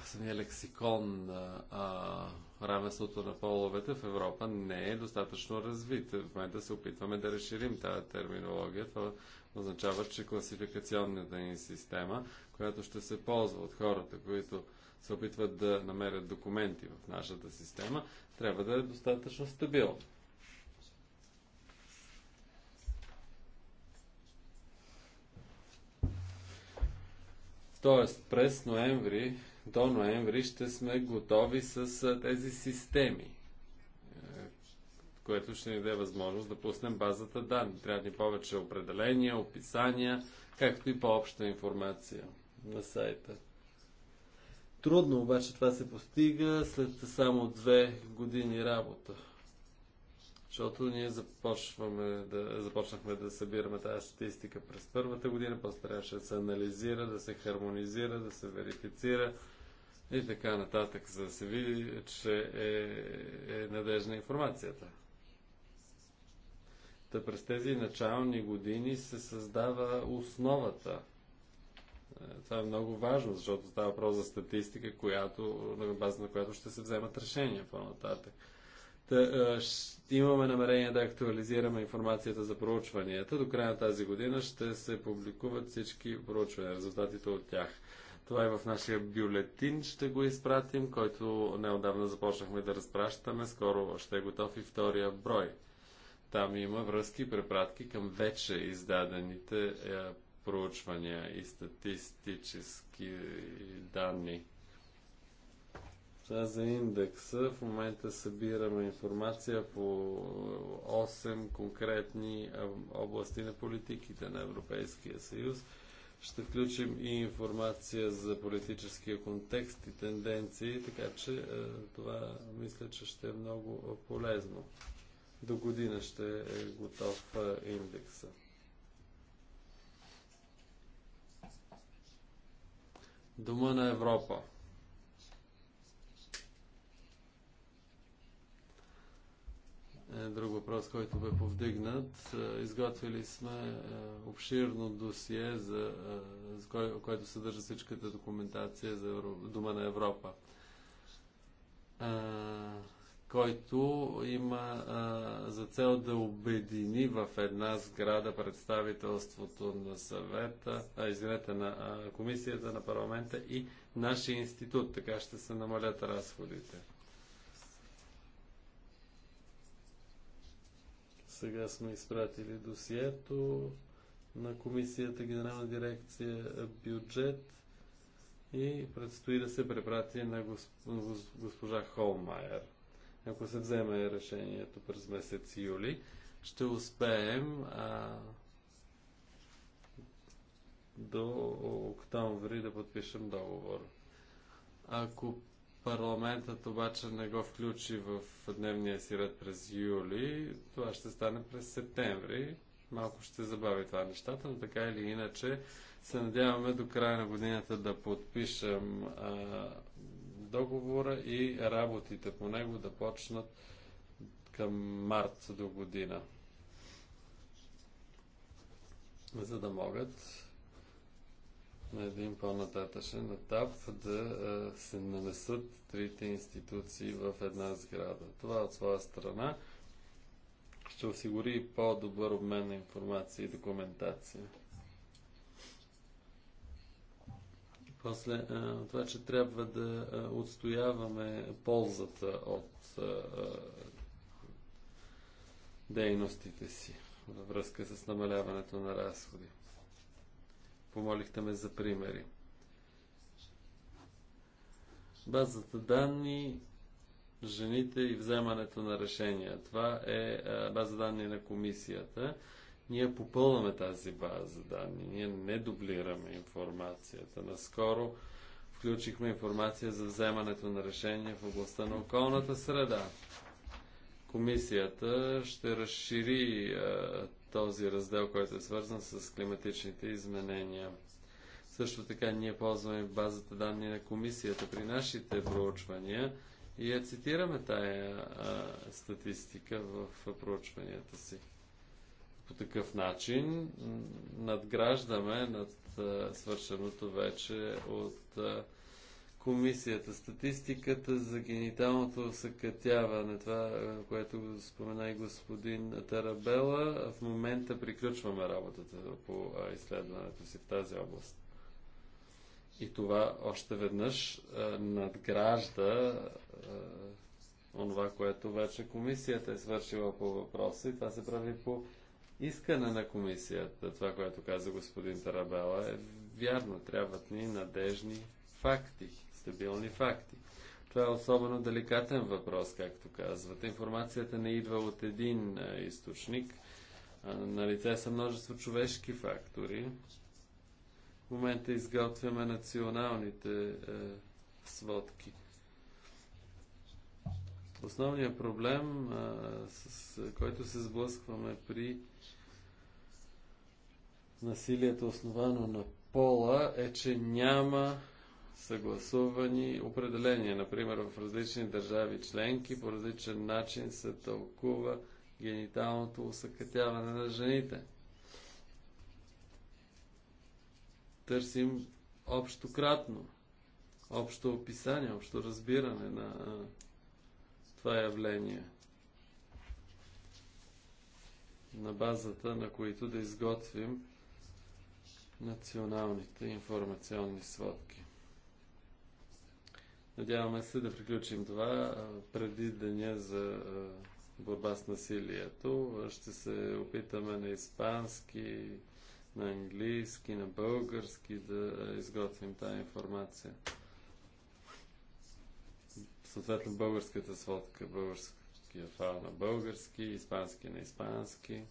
самия лексикон на равенството на половете в Европа не е достатъчно развит. В момента се опитваме да разширим тази терминология. Това означава, че класификационната ни система, която ще се ползва от хората, които се опитват да намерят документи в нашата система, трябва да е достатъчно стабилна. Тоест, през ноември, до ноември ще сме готови с тези системи, е, което ще ни даде възможност да пуснем базата данни. Трябва ни повече определения, описания, както и по-обща информация на сайта. Трудно обаче това се постига след само две години работа. Защото ние започваме да, започнахме да събираме тази статистика през първата година, после трябваше да се анализира, да се хармонизира, да се верифицира и така нататък, за да се види, че е, е надежна информацията. Та през тези начални години се създава основата. Е, това е много важно, защото става въпрос за статистика, която, на база на която ще се вземат решения по-нататък. Та, имаме намерение да актуализираме информацията за проучванията. До края на тази година ще се публикуват всички проучвания, резултатите от тях. Това е в нашия бюлетин, ще го изпратим, който неодавна започнахме да разпращаме. Скоро ще е готов и втория брой. Там има връзки и препратки към вече издадените е, проучвания и статистически данни. Сега за индекса в момента събираме информация по 8 конкретни области на политиките на Европейския съюз. Ще включим и информация за политическия контекст и тенденции, така че това мисля, че ще е много полезно. До година ще е готов индекса. Дома на Европа. Е, друг въпрос, който бе повдигнат. Е, изготвили сме е, обширно досие, за, за кое, което съдържа всичката документация за Дума на Европа, който има за цел да обедини в една сграда представителството на съвета, а, извинете, на комисията, на парламента и нашия институт. Така ще се намалят разходите. Сега сме изпратили досието на комисията, генерална дирекция бюджет и предстои да се препрати на госпожа Холмайер. Ако се вземе решението през месец юли, ще успеем а, до октомври да подпишем договор. Ако Парламентът обаче не го включи в дневния си ред през юли. Това ще стане през септември. Малко ще забави това нещата, но така или иначе се надяваме до края на годината да подпишем а, договора и работите по него да почнат към март до година. За да могат на един по-нататъчен етап да се нанесат трите институции в една сграда. Това от своя страна ще осигури по-добър обмен на информация и документация. После това, че трябва да отстояваме ползата от дейностите си във връзка с намаляването на разходи помолихте ме за примери. Базата данни, жените и вземането на решения. Това е база данни на комисията. Ние попълваме тази база данни. Ние не дублираме информацията. Наскоро включихме информация за вземането на решения в областта на околната среда. Комисията ще разшири този раздел, който е свързан с климатичните изменения. Също така ние ползваме базата данни на комисията при нашите проучвания и я цитираме тая а, статистика в проучванията си. По такъв начин надграждаме над а, свършеното вече от а, комисията, статистиката за гениталното съкътяване, това, е, което спомена и господин Тарабела, в момента приключваме работата по изследването си в тази област. И това още веднъж надгражда онова, което вече комисията е свършила по въпроса и това се прави по искане на комисията. Това, което каза господин Тарабела, е вярно. Трябват ни надежни факти стабилни факти. Това е особено деликатен въпрос, както казвате. Информацията не идва от един източник. На лице са множество човешки фактори. В момента изготвяме националните е, сводки. Основният проблем, е, с който се сблъскваме при насилието основано на пола, е, че няма съгласувани определения. Например, в различни държави членки по различен начин се тълкува гениталното усъкътяване на жените. Търсим общократно, общо описание, общо разбиране на това явление, на базата на които да изготвим националните информационни сводки. Надяваме се да приключим това преди деня за борба с насилието. Ще се опитаме на испански, на английски, на български да изготвим тази информация. Съответно българската сводка, българския фал на български, испански на испански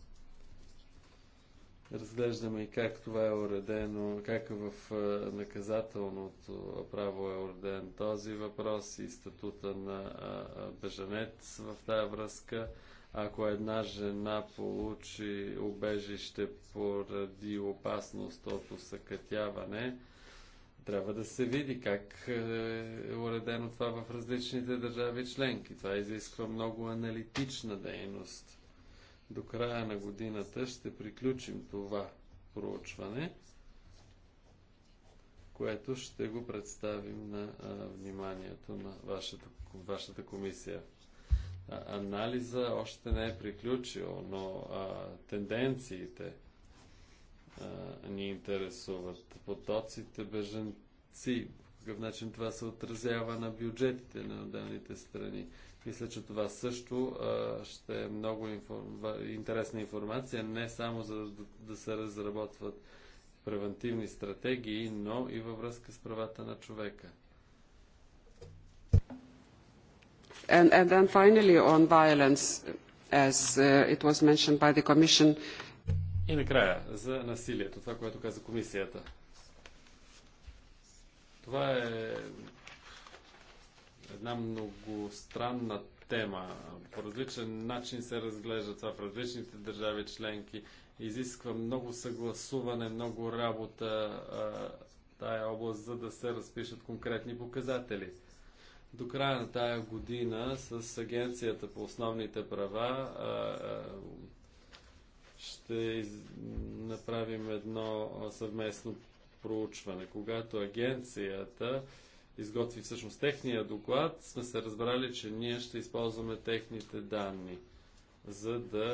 разглеждаме и как това е уредено, как в е, наказателното право е уреден този въпрос и статута на е, е, беженец в тая връзка. Ако една жена получи убежище поради опасност от усъкътяване, трябва да се види как е уредено това в различните държави членки. Това изисква много аналитична дейност до края на годината ще приключим това проучване, което ще го представим на а, вниманието на вашата, вашата комисия. А, анализа още не е приключил, но а, тенденциите а, ни интересуват. Потоците беженци, по какъв начин това се отразява на бюджетите на отделните страни. Мисля, че това също ще е много информ... интересна информация, не само за да се разработват превентивни стратегии, но и във връзка с правата на човека. And, and then finally on violence, as uh, it was mentioned by the Commission. И накрая, за насилието, това, което каза комисията. Това е една многостранна тема. По различен начин се разглежда това в различните държави членки. Изисква много съгласуване, много работа тая област, за да се разпишат конкретни показатели. До края на тая година с Агенцията по основните права ще направим едно съвместно проучване. Когато агенцията изготви всъщност техния доклад, сме се разбрали, че ние ще използваме техните данни, за да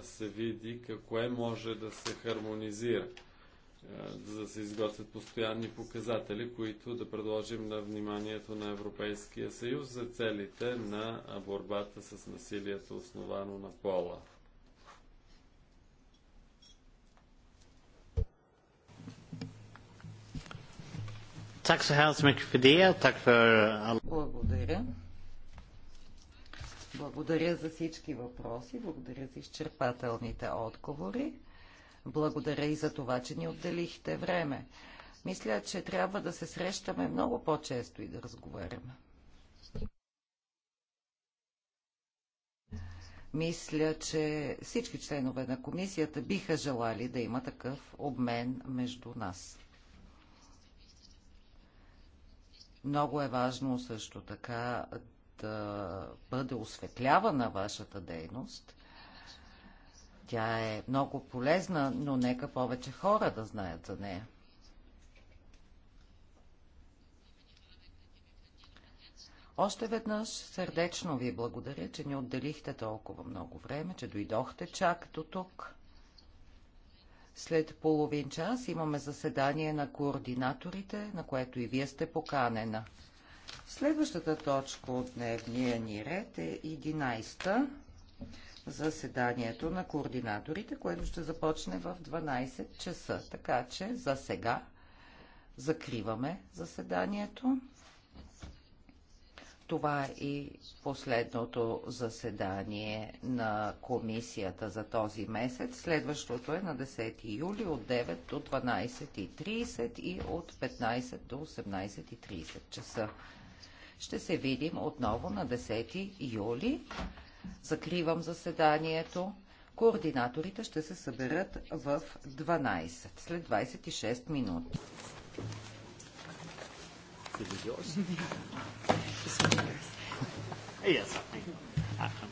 а, се види кое може да се хармонизира, а, за да се изготвят постоянни показатели, които да предложим на вниманието на Европейския съюз за целите на борбата с насилието, основано на пола. Tack så hemskt mycket för det. Tack för Благодаря. Благодаря за всички въпроси. Благодаря за изчерпателните отговори. Благодаря и за това, че ни отделихте време. Мисля, че трябва да се срещаме много по-често и да разговаряме. Мисля, че всички членове на комисията биха желали да има такъв обмен между нас. Много е важно също така да бъде осветлявана вашата дейност. Тя е много полезна, но нека повече хора да знаят за нея. Още веднъж сърдечно ви благодаря, че ни отделихте толкова много време, че дойдохте чак до тук. След половин час имаме заседание на координаторите, на което и вие сте поканена. Следващата точка от дневния ни ред е 11-та заседанието на координаторите, което ще започне в 12 часа. Така че за сега закриваме заседанието. Това е и последното заседание на комисията за този месец. Следващото е на 10 юли от 9 до 12.30 и от 15 до 18.30 часа. Ще се видим отново на 10 юли. Закривам заседанието. Координаторите ще се съберат в 12, след 26 минути. This is yours. yes. Thank you.